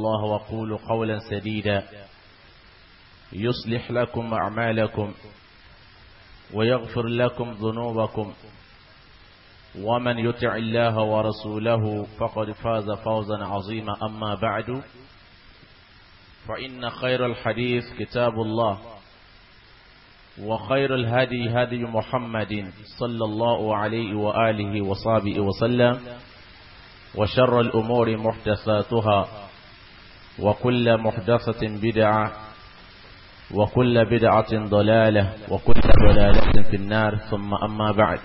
الله وقولوا قولا سديدا يصلح لكم أعمالكم ويغفر لكم ذنوبكم ومن يطع الله ورسوله فقد فاز فوزا عظيما أما بعد فإن خير الحديث كتاب الله وخير الهدي هدي محمد صلى الله عليه وآله وصحبه وسلم وشر الأمور محدثاتها وكل محدثة بدعة وكل بدعة ضلالة وكل ضلالة في النار ثم أما بعد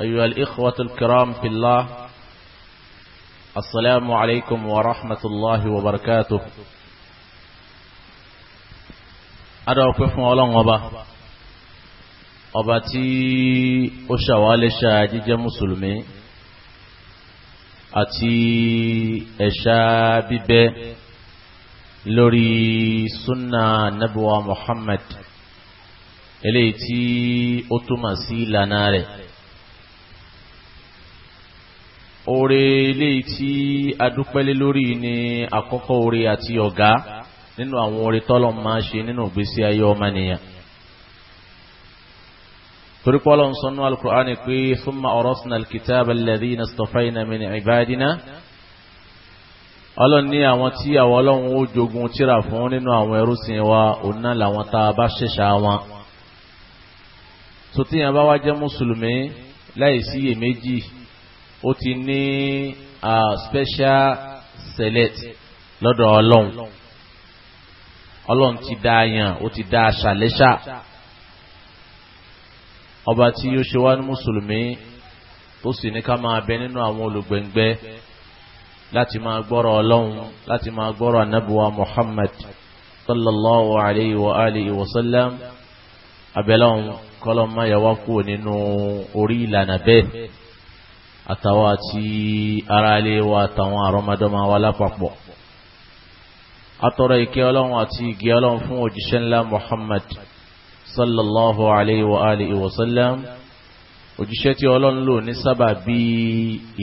أيها الإخوة الكرام في الله السلام عليكم ورحمة الله وبركاته أدعوكم فمولانا وبركاته وبا tí أشوال شاجج مسلمين àti ẹ̀ṣà bíbẹ́ lórí súnà nabuwa Muhammad eléyìí tí ó túmọ̀ sí ìlànà rẹ̀ oore eléyìí tí a dúpẹ́lé lórí ni àkọ́kọ́ oore àti ọ̀gá nínú àwọn oore tọ́lọ̀ máa ṣe nínú ìgbésí ayé ọmọnìyàn torí pé ọlọ́run sọ́nú alukur'ani pé thumma awrasna alkitaba alladhina istafayna min ibadina ọlọ́run ní àwọn tí àwọn ọlọ́run ó jogun tíra fún nínú àwọn ẹrúsìn wa òun náà làwọn tá a bá ṣẹ̀ṣà wọn. sotíyàn bá wá jẹ́ mùsùlùmí láì sí ó ti ní special select lọ́dọ̀ ọlọ́run ọlọ́run ti dá yàn ó ti dá aṣàlẹ́ṣà ọba tí ó ṣe wá ní mùsùlùmí ó sì ní ká máa bẹ nínú àwọn olùgbẹ̀ngbẹ́ láti máa gbọ́rọ̀ ọlọ́run láti máa gbọ́rọ̀ anábùwà Muhammad sallallahu alayhi wa alihi wa sallam abẹ́lọ́run kọ́lọ́n máa yàwá kúrò nínú orí ìlànà bẹ́ẹ̀ àtàwọn àti aráalé wa àtàwọn àrọ́mọdọ́mọ wa lápapọ̀ atọ́rọ ìkẹ́ ọlọ́run àti ìgẹ́ ọlọ́run fún òjíṣẹ́ ńlá Muhammad sallallahu alayhi wa alihi wa sallam òjíṣẹ́ tí ọlọ́run lò ní sábà bí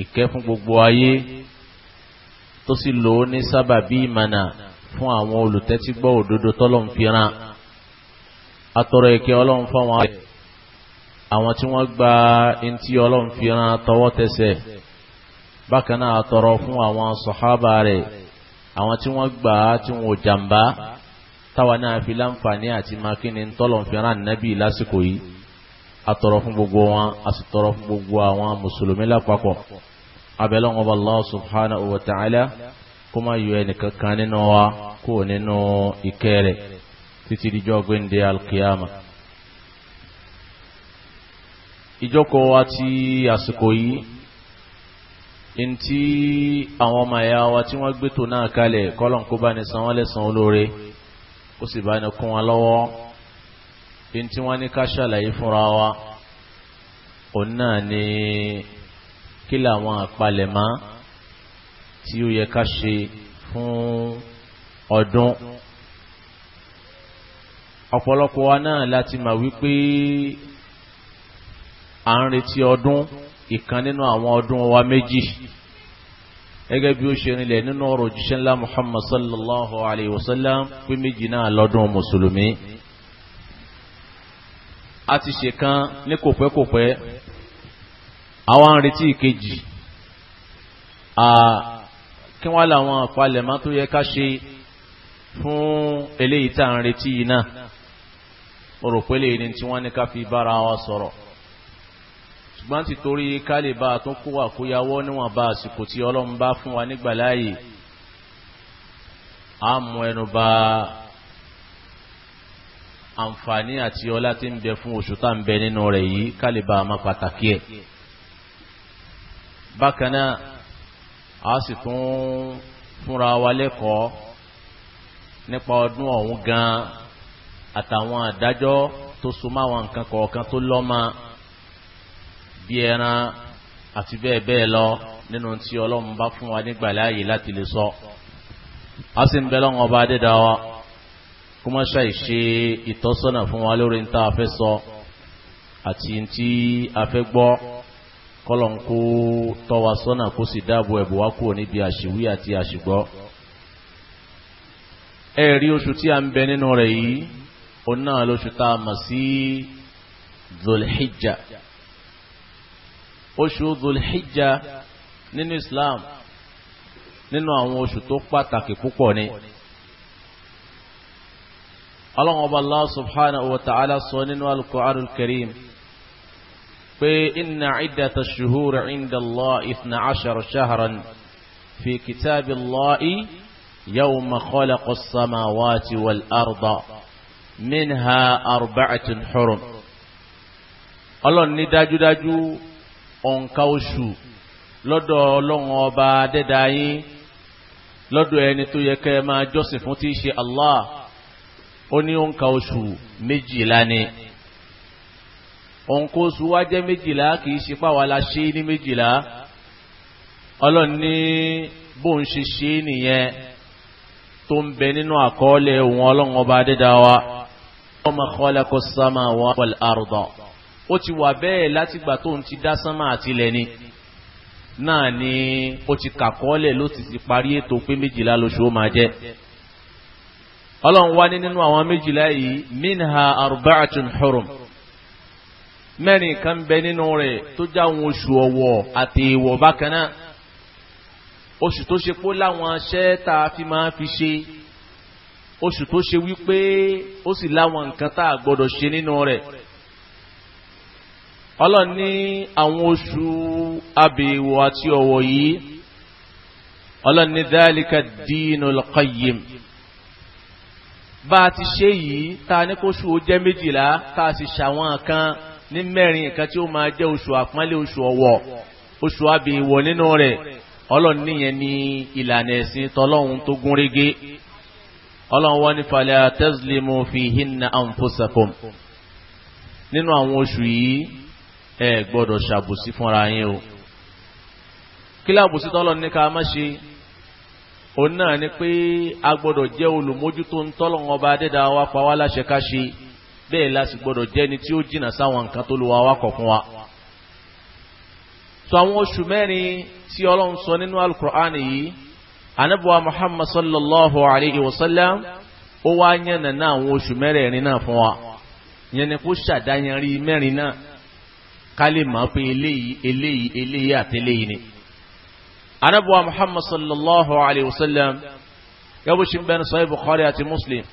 ìkẹ́ fún gbogbo ayé tó sì lò ó ní sábà bí ìmànà fún àwọn olùtẹ́tígbọ́ òdodo tọ́lọ́run fi rán atọrọ ìkẹ́ ọlọ́run fáwọn àwọn tí gba ntí ọlọ́run fi rán tọwọ́ tẹsẹ̀ bákan náà atọrọ fún àwọn sọ̀hábà rẹ̀ àwọn tí wọ́n gbà á tí Tawana náà fi láǹfààní àti makíni tọ́lọ̀ fi rán nábì lásìkò yìí atọ̀rọ̀ fún gbogbo wọn a sì fún gbogbo àwọn mùsùlùmí lápapọ̀ abẹ́lẹ́ wọn bá Allah subhanahu wa ta'ala kó má yọ ẹnìkan kan nínú wa kó nínú ìkẹ́ rẹ̀ títí dijọ́ gbéǹde alkiyama. ìjókòó wa ti àsìkò yìí ntí àwọn ọmọ ẹ̀yà wa tí wọ́n gbé tò náà kalẹ̀ kọ́lọ̀ ń kó bá ní sanwó-ẹlẹ́sàn olóore ó sì bá ní kún wa lọ́wọ́ in tí wọ́n ní ká ṣàlàyé fúnra wa òun náà ni kí làwọn àpalẹ̀mọ́ tí ó yẹ ká ṣe fún ọdún ọ̀pọ̀lọpọ̀ wa náà láti mà wípé à ń retí ọdún ìkan nínú àwọn ọdún wa méjì gẹ́gẹ́ bí ó ṣe rinlẹ̀ nínú ọ̀rọ̀ òjíṣẹ́ ńlá Muhammad sallallahu alayhi wa sallam pé méjì náà lọ́dún mùsùlùmí a ti ṣe kan ní kòpẹ́kòpẹ́ àwọn arìntí ìkejì kí wọ́n làwọn àpalẹ̀mọ́ tó yẹ ká ṣe fún eléyìí tá à ń retí yìí náà mo rò pé lè ní tí wọ́n ní ká fi bára wa sọ̀rọ̀ ṣùgbọ́n ti torí kálíbà tó kó wà kó yáwọ́ níwọ̀n bá àsìkò tí ọlọ́run bá fún wa nígbà láàyè a mú ẹnu bà àǹfààní àti ọlá tí ń bẹ fún oṣù tá ń bẹ nínú rẹ̀ yìí kálíbà má pàtàkì ẹ̀ bákan a sì tún fúnra wa lẹ́kọ̀ọ́ nípa ọdún ọ̀hún gan àtàwọn àdájọ́ tó so máwọn nǹkan kọ̀ọ̀kan tó lọ́mọ bí ẹran àti bẹ́ẹ̀ bẹ́ẹ̀ lọ nínú tí ọlọ́run bá fún wa nígbà láàyè láti lè sọ a sì ń bẹ lọ́wọ́ ọba adẹ́dá wa kó má ṣàì ṣe ìtọ́sọ́nà fún wa lórí ń tá a fẹ́ sọ àti tí a fẹ́ gbọ́ kọ́lọ̀ kó tọ́ wa sọ́nà kó sì dáàbò ẹ̀bù wa kúrò níbi àṣìwí àti àṣìgbọ́ ẹ rí oṣù tí a ń bẹ nínú rẹ̀ yìí òun náà lóṣù tá a mọ̀ sí Dhul oṣù zulhijja nínú islam nínú àwọn oṣù tó pàtàkì púpọ̀ ni ọlọ́run ọba allah subhanahu wa ta'ala sọ nínú al-Qur'an al-Karim pé inna iddata shuhur inda allah ifna ashara shahran fi kitabi allahi yawma khalaqa as-samawati wal arda minha arba'atun hurum ọlọ́run dájúdájú òǹkà oṣù lọ́dọ̀ ọlọ́run ọba dẹ́dà yín lọ́dọ̀ ẹni tó yẹ kẹ́ máa jọ́sìn fún tí í ṣe Allah ó ní òǹkà oṣù méjìlá ni òǹkà oṣù wá jẹ́ méjìlá kì ṣe páwa la ṣe ní méjìlá ọlọ́run ní bóun ṣe ṣe nìyẹn tó ń bẹ nínú àkọọ́lẹ̀ òun ọlọ́run ọba dẹ́dà wa. Wa ma khalaqa as ó ti wà bẹ́ẹ̀ látìgbà tó ń ti dá sánmà àtilẹ̀ ni náà ni ó ti kàkọ́ọ́lẹ̀ ló ti ti parí ètò pé méjìlá lóṣù ó máa jẹ́ ọlọ́run wá ní nínú àwọn méjìlá yìí minha arba'atun hurum mẹ́rin kan bẹ nínú rẹ̀ tó já àwọn oṣù ọ̀wọ̀ àti ìwọ̀ bákan náà oṣù tó ṣe pé láwọn aṣẹ́ tá a fi máa fi ṣe oṣù tó ṣe wípé ó sì láwọn nǹkan tá a gbọ́dọ̀ ṣe nínú rẹ̀ ọlọ́run ní àwọn oṣù abèèwọ̀ àti ọ̀wọ̀ yìí ọlọ́run ní dhalika dinul qayyim bá a ti ṣe yìí ta ní kó oṣù ó jẹ́ méjìlá tá sì ṣàwọn kan ní mẹ́rin nǹkan tí ó máa jẹ́ oṣù àpọ́nlé oṣù ọ̀wọ̀ oṣù abèèwọ̀ nínú rẹ̀ ọlọ́run níyẹn ní ìlànà ẹ̀sìn tọlọ́run tó gún régé ọlọ́run wọ́n ní fala tazlimu fihinna anfusakum nínú àwọn oṣù yìí ẹ gbọ́dọ̀ ṣàbòsí fúnra yín o kí lábòsí tọ́lọ̀ ní ká má ṣe òun náà ni pé a gbọ́dọ̀ jẹ́ olùmójútó ń tọ́lọ̀ ọba adẹ́dá wa pa wá láṣẹ ká ṣe bẹ́ẹ̀ la sì jẹ́ ni tí ó jìnnà sáwọn nǹkan tó lu wa wá kọ̀ wa so àwọn oṣù mẹ́rin tí ọlọ́run sọ nínú alukur'ani yìí anabuwa muhammad sallallahu alayhi wa sallam ó wá yànnà náà àwọn oṣù mẹ́rẹ̀ẹ̀rin náà fún wa yẹn ni kó ṣàdáyanrí mẹ́rin náà ká lè máa pé eléyìí eléyìí eléyìí àtẹléyìí ni anábọ̀wá muhammad sallallahu alayhi wa sallam yóò bó ṣe ń bẹ́ẹ̀ ní sọ́yìn bukhari àti muslim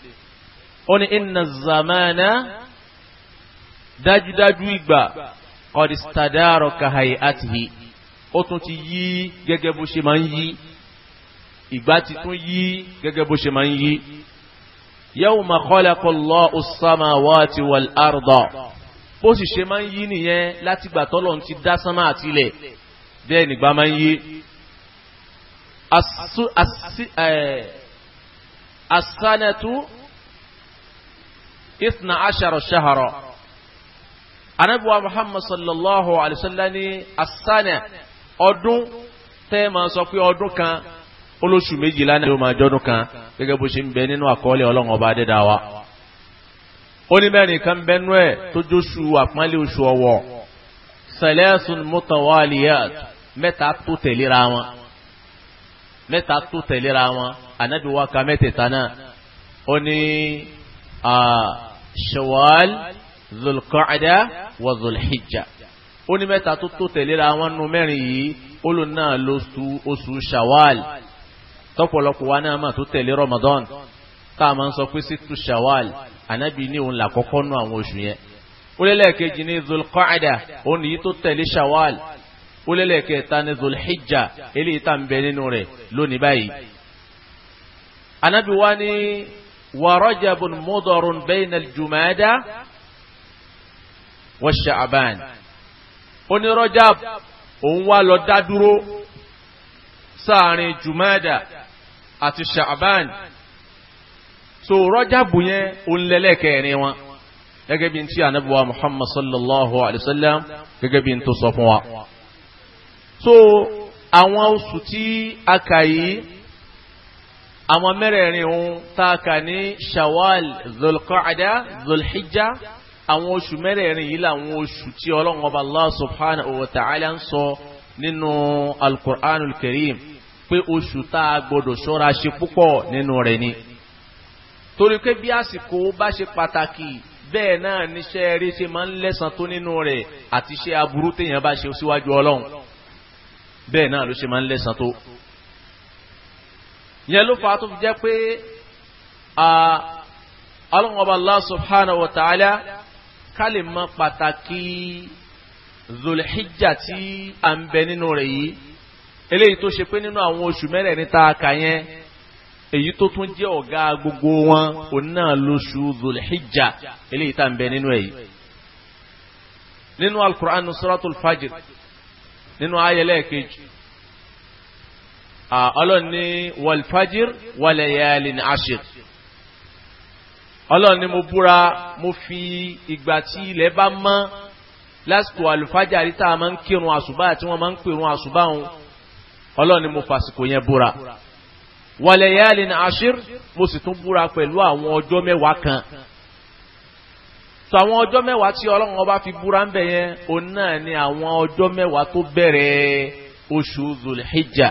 ó ní inna zamana dájúdájú ìgbà qad istadaro ka hay'atihi ó tún ti yí gẹ́gẹ́ bó ṣe máa ń yí ìgbà ti tún yí gẹ́gẹ́ bó ṣe máa ń yí yawma khalaqa Allahu as-samawati wal arda bó sì ṣe máa ń yí nìyẹn látìgbà tọ́lọ́run ti dá sánmà àti ilẹ̀ bẹ́ẹ̀ nígbà máa ń yí. asanatu eh, ithna ashara shahara anabiwa muhammad sallallahu alayhi wa sallam ni asana ọdún tẹ́ máa sọ pé ọdún kan olóṣù méjìlá ni ó máa jọ́dún kan gẹ́gẹ́ bó ṣe ń bẹ nínú àkọọ́lẹ̀ ọlọ́run ọba adẹ́dáwa ó ní mẹ́rin kan bẹ́nu ẹ̀ tó jóṣù àpọ́nlé oṣù ọ̀wọ̀ sẹlẹ́sùn mutawaliyat mẹ́ta tó tẹ̀léra wọn mẹ́ta tó tẹ̀léra wọn ànábì wa ka mẹ́tẹ̀ẹ̀ta náà ó ní shawal zulqaada wa zulhijja ó ní mẹ́ta tó tó tẹ̀léra wọn nu mẹ́rin yìí ó lò náà lóṣù oṣù shawal tọ́pọ̀lọpọ̀ wa náà mà tó tẹ̀lé ramadan tá máa ń sọ pé sí tu shawal ànábì ní òun làkọ́kọ́ nú àwọn oṣù yẹn olélẹ́ẹ̀kejì ní zulqaada òun nìyí tó tẹ̀lé shawal olélẹ́ẹ̀kẹta ní zulhijja eléyìí tá ń bẹ nínú rẹ̀ lónìí báyìí ànábì wá ní wa rajabun mudarun bayna al-jumada wa sha'ban ó rajab òun wá lọ dá dúró sáàrin jumada àti sha'ban so rọ́jàbù yẹn òǹlẹ́lẹ́kẹ̀ẹ́rin wọn gẹ́gẹ́ bí n tí anabuwa muhammad sallallahu alayhi wa sallam gẹ́gẹ́ bí n tó sọ fún wa. so àwọn oṣù tí a kà yìí àwọn mẹ́rẹ̀ẹ̀rin ohun tá a kà ní shawwal zulqaada zulhijja àwọn oṣù mẹ́rẹ̀ẹ̀rin yìí làwọn oṣù tí ọlọ́run ọba allah subhanahu wa ta'ala ń sọ nínú alqur'anul karim pé oṣù tá a gbọdọ̀ ṣọ́ra ṣe púpọ̀ nínú rẹ̀ ni torí pé bí àsìkò bá ṣe pàtàkì bẹ́ẹ̀ náà níṣẹ́ eré ṣe máa ń lẹ́sàn tó nínú rẹ̀ àti iṣẹ́ aburú téèyàn bá ṣe síwájú ọlọ́run bẹ́ẹ̀ náà ló ṣe máa ń lẹ́sàn tó. yẹn ló fà á tó fi jẹ́ pé ọlọ́run ọba Allah ká lè mọ pàtàkì zulhijja tí à ń bẹ nínú rẹ̀ yìí eléyìí tó ṣe pé nínú àwọn oṣù mẹ́rẹ̀ẹ̀rin tá a kà yẹn èyí tó tún jẹ́ ọ̀gá gbogbo wọn òun náà lóṣù zulhijja eléyìí tá ń bẹ nínú èyí nínú alukur'an suratul fajr nínú ayẹlẹ kejì ọlọ́run ní walfajr walayalin ashir ọlọ́run ní mo búra mo fi ìgbà tí ilẹ̀ bá mọ́ lásìkò alufájà rí máa ń kírun àṣùbá àti wọ́n máa ń pèrun àṣùbá òun ọlọ́run ní mo fàsìkò yẹn búra wàlẹ̀yàlì ní àṣírí mo sì tún búra pẹ̀lú àwọn ọjọ́ mẹ́wàá kan so àwọn ọjọ́ mẹ́wàá tí ọlọ́run ọba fi búra ń bẹ̀ yẹn òun náà ni àwọn ọjọ́ mẹ́wàá tó bẹ̀rẹ̀ oṣù zulhijja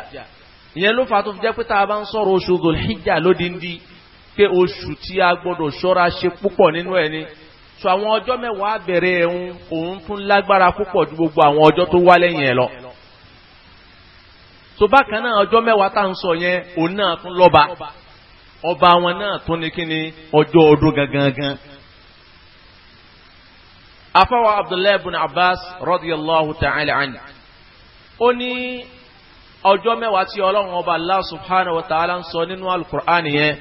ìyẹn ló fà tó fi jẹ́ pé tá a bá ń sọ̀rọ̀ oṣù zulhijja lódindi pé oṣù tí a gbọ́dọ̀ ṣọ́ra ṣe púpọ̀ nínú ẹ̀ ni so àwọn ọjọ́ mẹ́wàá bẹ̀rẹ̀ ẹ̀hún òun tún lágbára púpọ̀ ju gbogbo àwọn ọjọ́ tó wá lẹ́yìn ẹ̀ lọ so bákan náà ọjọ́ mẹ́wàá tá à ń sọ yẹn òun náà tún lọ́ba ọba wọn náà tún ní kí ni ọjọ́ ọdún gangan gan. afawa abdullahi ibn abbas radiyallahu ta'ala anhu ó ní ọjọ́ mẹ́wàá tí ọlọ́run ọba allah subhanahu wa ta'ala ń sọ nínú alukur'an yẹn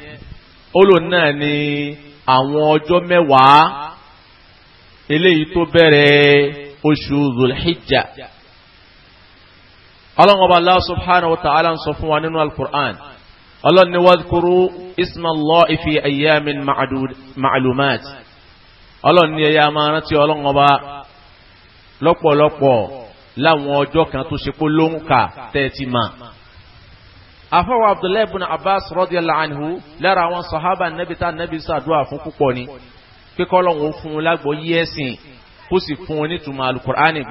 olóòn náà ni àwọn ọjọ́ mẹ́wàá eléyìí tó bẹ̀rẹ̀ oṣù zulhijjah ọlọ́run ọba Allah subhanahu wa ta'ala ń sọ fún wa nínú al-Qur'an ọlọ́run ni wadhkuru ismallahi fi ayyamin ma'lumat ọlọ́run ni ẹ̀yà máa rántí ọlọ́run ọba lọ́pọ̀lọpọ̀ láwọn ọjọ́ kan tó ṣe pé ló ń kà tẹ́ẹ̀tì mà. afọwọ́ abdullahi ibn abbas radiyallahu anhu lára àwọn sahaba nabi tá nabi sàdúrà fún púpọ̀ ni pé kọ́lọ́run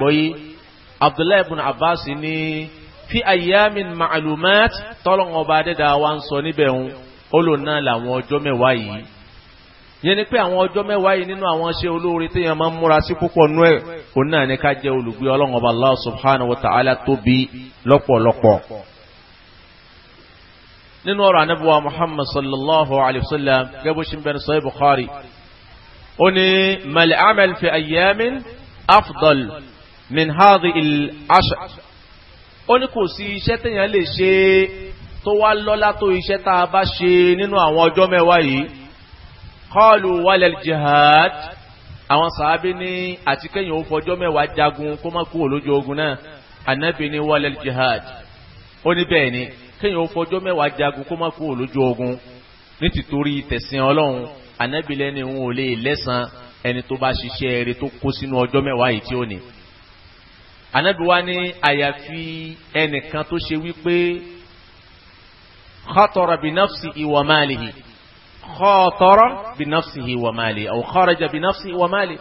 ó abdullahi ibn abbas ní fi ayamin ma'lumat tọ́lọ́n ọba dẹ́dà wa ń sọ níbẹ̀ ń olóòna làwọn ọjọ́ mẹ́wàá yìí yẹn ni pé àwọn ọjọ́ mẹ́wàá yìí nínú àwọn iṣẹ́ olóore téèyàn máa ń múra sí púpọ̀ nú ẹ̀ òun náà ní ká jẹ́ olùgbé ọlọ́run ọba Allah subhanahu wa ta'ala tóbi lọ́pọ̀lọpọ̀ nínú ọ̀rọ̀ anábíwá Muhammad sallallahu alayhi wa sallam gẹ́gbó ṣe ń bẹ̀rẹ̀ Bukhari ó mal amal fi ayamin afdal min hadhi il ashar ó ní kò sí iṣẹ́ tẹ̀yàn lè ṣe tó wá lọ́lá tó iṣẹ́ tá a bá ṣe nínú àwọn ọjọ́ mẹ́wàá yìí kọ́ọ̀lù wálẹ̀ jihad àwọn sàábí ní àti kẹ́yìn ó fọjọ́ mẹ́wàá jagun kó má kúrò lójú ogun náà ànábì ní wálẹ̀ jihad ó ní bẹ́ẹ̀ ni kẹ́yìn ó fọjọ́ mẹ́wàá jagun kó má kúrò lójú ogun ní tìtorí tẹ̀sìn ọlọ́run ànábì lẹ́ni òun ò lè lẹ́sàn ẹni tó bá ṣiṣẹ́ eré tó kó sínú ọjọ́ mẹ́wàá yìí tí ó ní anabi wa ni àyàfi ẹnìkan tó ṣe wípé khatara bi nafsihi wa malihi khatara bi nafsihi wa malihi aw kharaja bi nafsihi wa malihi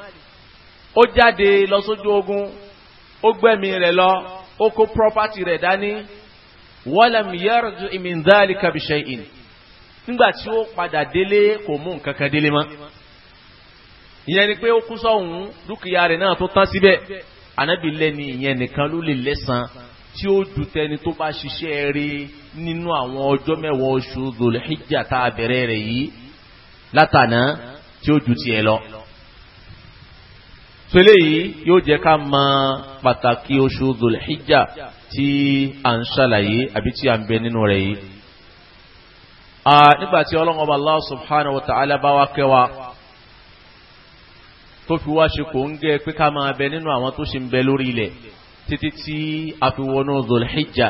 ó jáde lọ sójú ogun ó gbẹ̀mí rẹ̀ lọ ó kó property rẹ̀ dání walam yarji min dhalika bi shay'in nígbà tí ó padà délé kò mú nǹkan délé mọ́ ìyẹn ni pé ó kú sọ́hùn dúkìá rẹ̀ náà tó tán síbẹ̀ anábì lẹ́ni ìyẹn nìkan ló lè lẹ́san tí ó ju tẹni tó bá ṣiṣẹ́ rí nínú àwọn ọjọ́ mẹ́wàá oṣù zolhijjá tá a bẹ̀rẹ̀ rẹ̀ yìí látànà tí ó ju tiẹ̀ lọ. sọlẹ̀ yìí yóò jẹ́ ká mọ pàtàkì oṣù zolhijjá tí a ń ṣàlàyé àbí tí a ń bẹ nínú rẹ̀ yìí. nígbà tí ọlọ́run Allah subhanahu wa ta'ala bá wá kẹwàá tó fi wá ṣe kò ń gẹ́ pé ká máa bẹ nínú àwọn tó ṣe ń bẹ lórí ilẹ̀ títí tí a fi wọnú zolhijja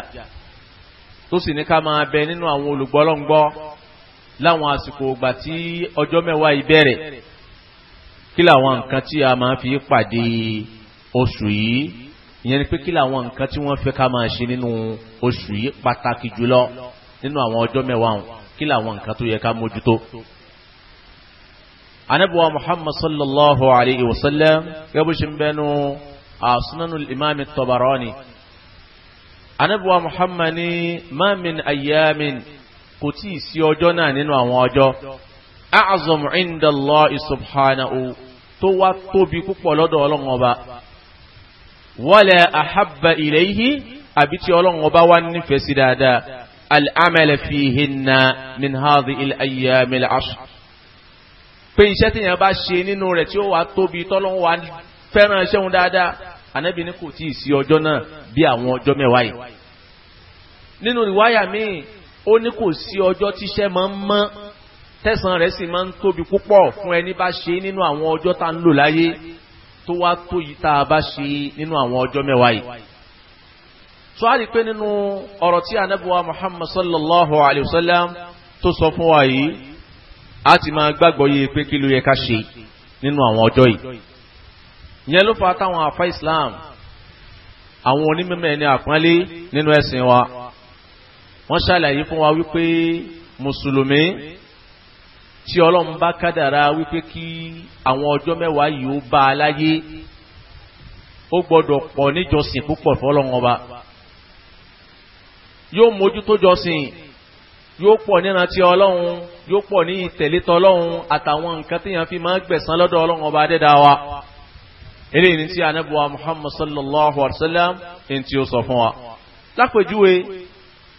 tó sì ní ká máa bẹ nínú àwọn olùgbọ́lọ́ngbọ́ láwọn àsìkò ìgbà tí ọjọ́ mẹ́wàá yìí bẹ̀rẹ̀ kí làwọn nǹkan tí a máa fi pàdé oṣù yìí ìyẹn ni pé kí làwọn nǹkan tí wọ́n fẹ́ ká máa ṣe nínú oṣù yìí pàtàkì jùlọ nínú àwọn ọjọ́ mẹ́wàá kí làwọn nǹkan tó yẹ ká mójútó anabuwa muhammad sallallahu alaihi wasallam gabashin benu a sunanul imami tabarani anabuwa muhammad ni ma min ayyamin kò tí ì sí ọjọ́ náà nínú àwọn ọjọ́ a'azam inda allah subhanahu tó wá tóbi púpọ̀ lọ́dọ̀ ọlọ́run ọba wala ahabba ilayhi àbí tí ọlọ́run ọba wá nífẹ̀ẹ́ sí al'amala fihinna min hadhihi al-ayyam ashr pé iṣẹ́ tí èèyàn bá ṣe nínú rẹ̀ tí ó wà tóbi tọ́lọ́wọ́ wa fẹ́ràn iṣẹ́ òun dáadáa ànábì ní kò tí ì sí ọjọ́ náà bí àwọn ọjọ́ mẹ́wàá yìí. nínú ìwáyà míì ó ní kò sí ọjọ́ tíṣẹ́ máa ń mọ́ tẹ̀sán rẹ̀ sì máa ń tóbi púpọ̀ fún ẹni bá ṣe nínú àwọn ọjọ́ tá ń lò láyé tó wá tó yìí tá a bá ṣe nínú àwọn ọjọ́ mẹ́wàá yìí. tó a rí pé nínú ọ̀rọ̀ tí ànábì wa Muhammad sallallahu alayhi wa sallam tó sọ fún wa yìí a ti máa gbàgbọ́ yé pé kí ló yẹ ká ṣe nínú àwọn ọjọ́ yìí ìyẹn ló fa táwọn àfa Islam àwọn onímọ̀ ẹni àpọ́nlé nínú ẹ̀sìn wa wọ́n ṣàlàyé fún wa wípé mùsùlùmí tí ọlọ́run bá kádàrá wípé kí àwọn ọjọ́ mẹ́wàá yìí ó bá a láyé ó gbọ́dọ̀ pọ̀ níjọsìn púpọ̀ fọlọ́run ọba yóò mójútó jọsìn yóò pọ̀ ní ìrántí ọlọ́run yóò pọ̀ ní ìtẹ̀lé tọlọ́run àtàwọn nǹkan tí yàn fi máa ń gbẹ̀sán lọ́dọ̀ ọlọ́run ọba dẹ́dà wa eléyìí ní tí anábùwà muhammad sallallahu alaihi wa sallam ní tí ó sọ fún wa. lápèjúwe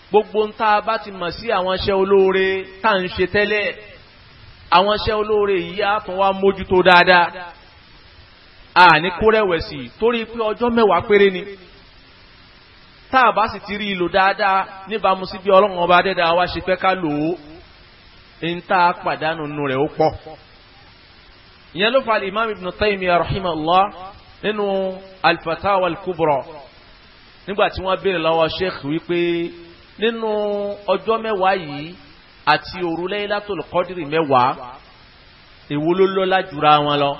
gbogbo ń tá a bá ti mọ̀ sí àwọn iṣẹ́ olóore tá à ń ṣe tẹ́lẹ̀ àwọn iṣẹ́ olóore yìí á tún wá mójútó dáadáa àní kórẹ̀wẹ̀sì torí pé ọjọ́ mẹ́wàá péré ni tá a bá sì ti rí i lò dáadáa níbàámu sí bí ọlọ́run ọba dẹ́dá wa ṣe fẹ́ ká lò ó ń tá a pàdánù nù rẹ̀ ó pọ̀. ìyẹn ló fa imam ibn Taymiyyah rahimahullah nínú al-Fatawa al-Kubra nígbà tí wọ́n béèrè lọ́wọ́ sheikh wípé nínú ọjọ́ mẹ́wàá yìí àti òru Laylatul Qadri mẹ́wàá èwo jura wọn lọ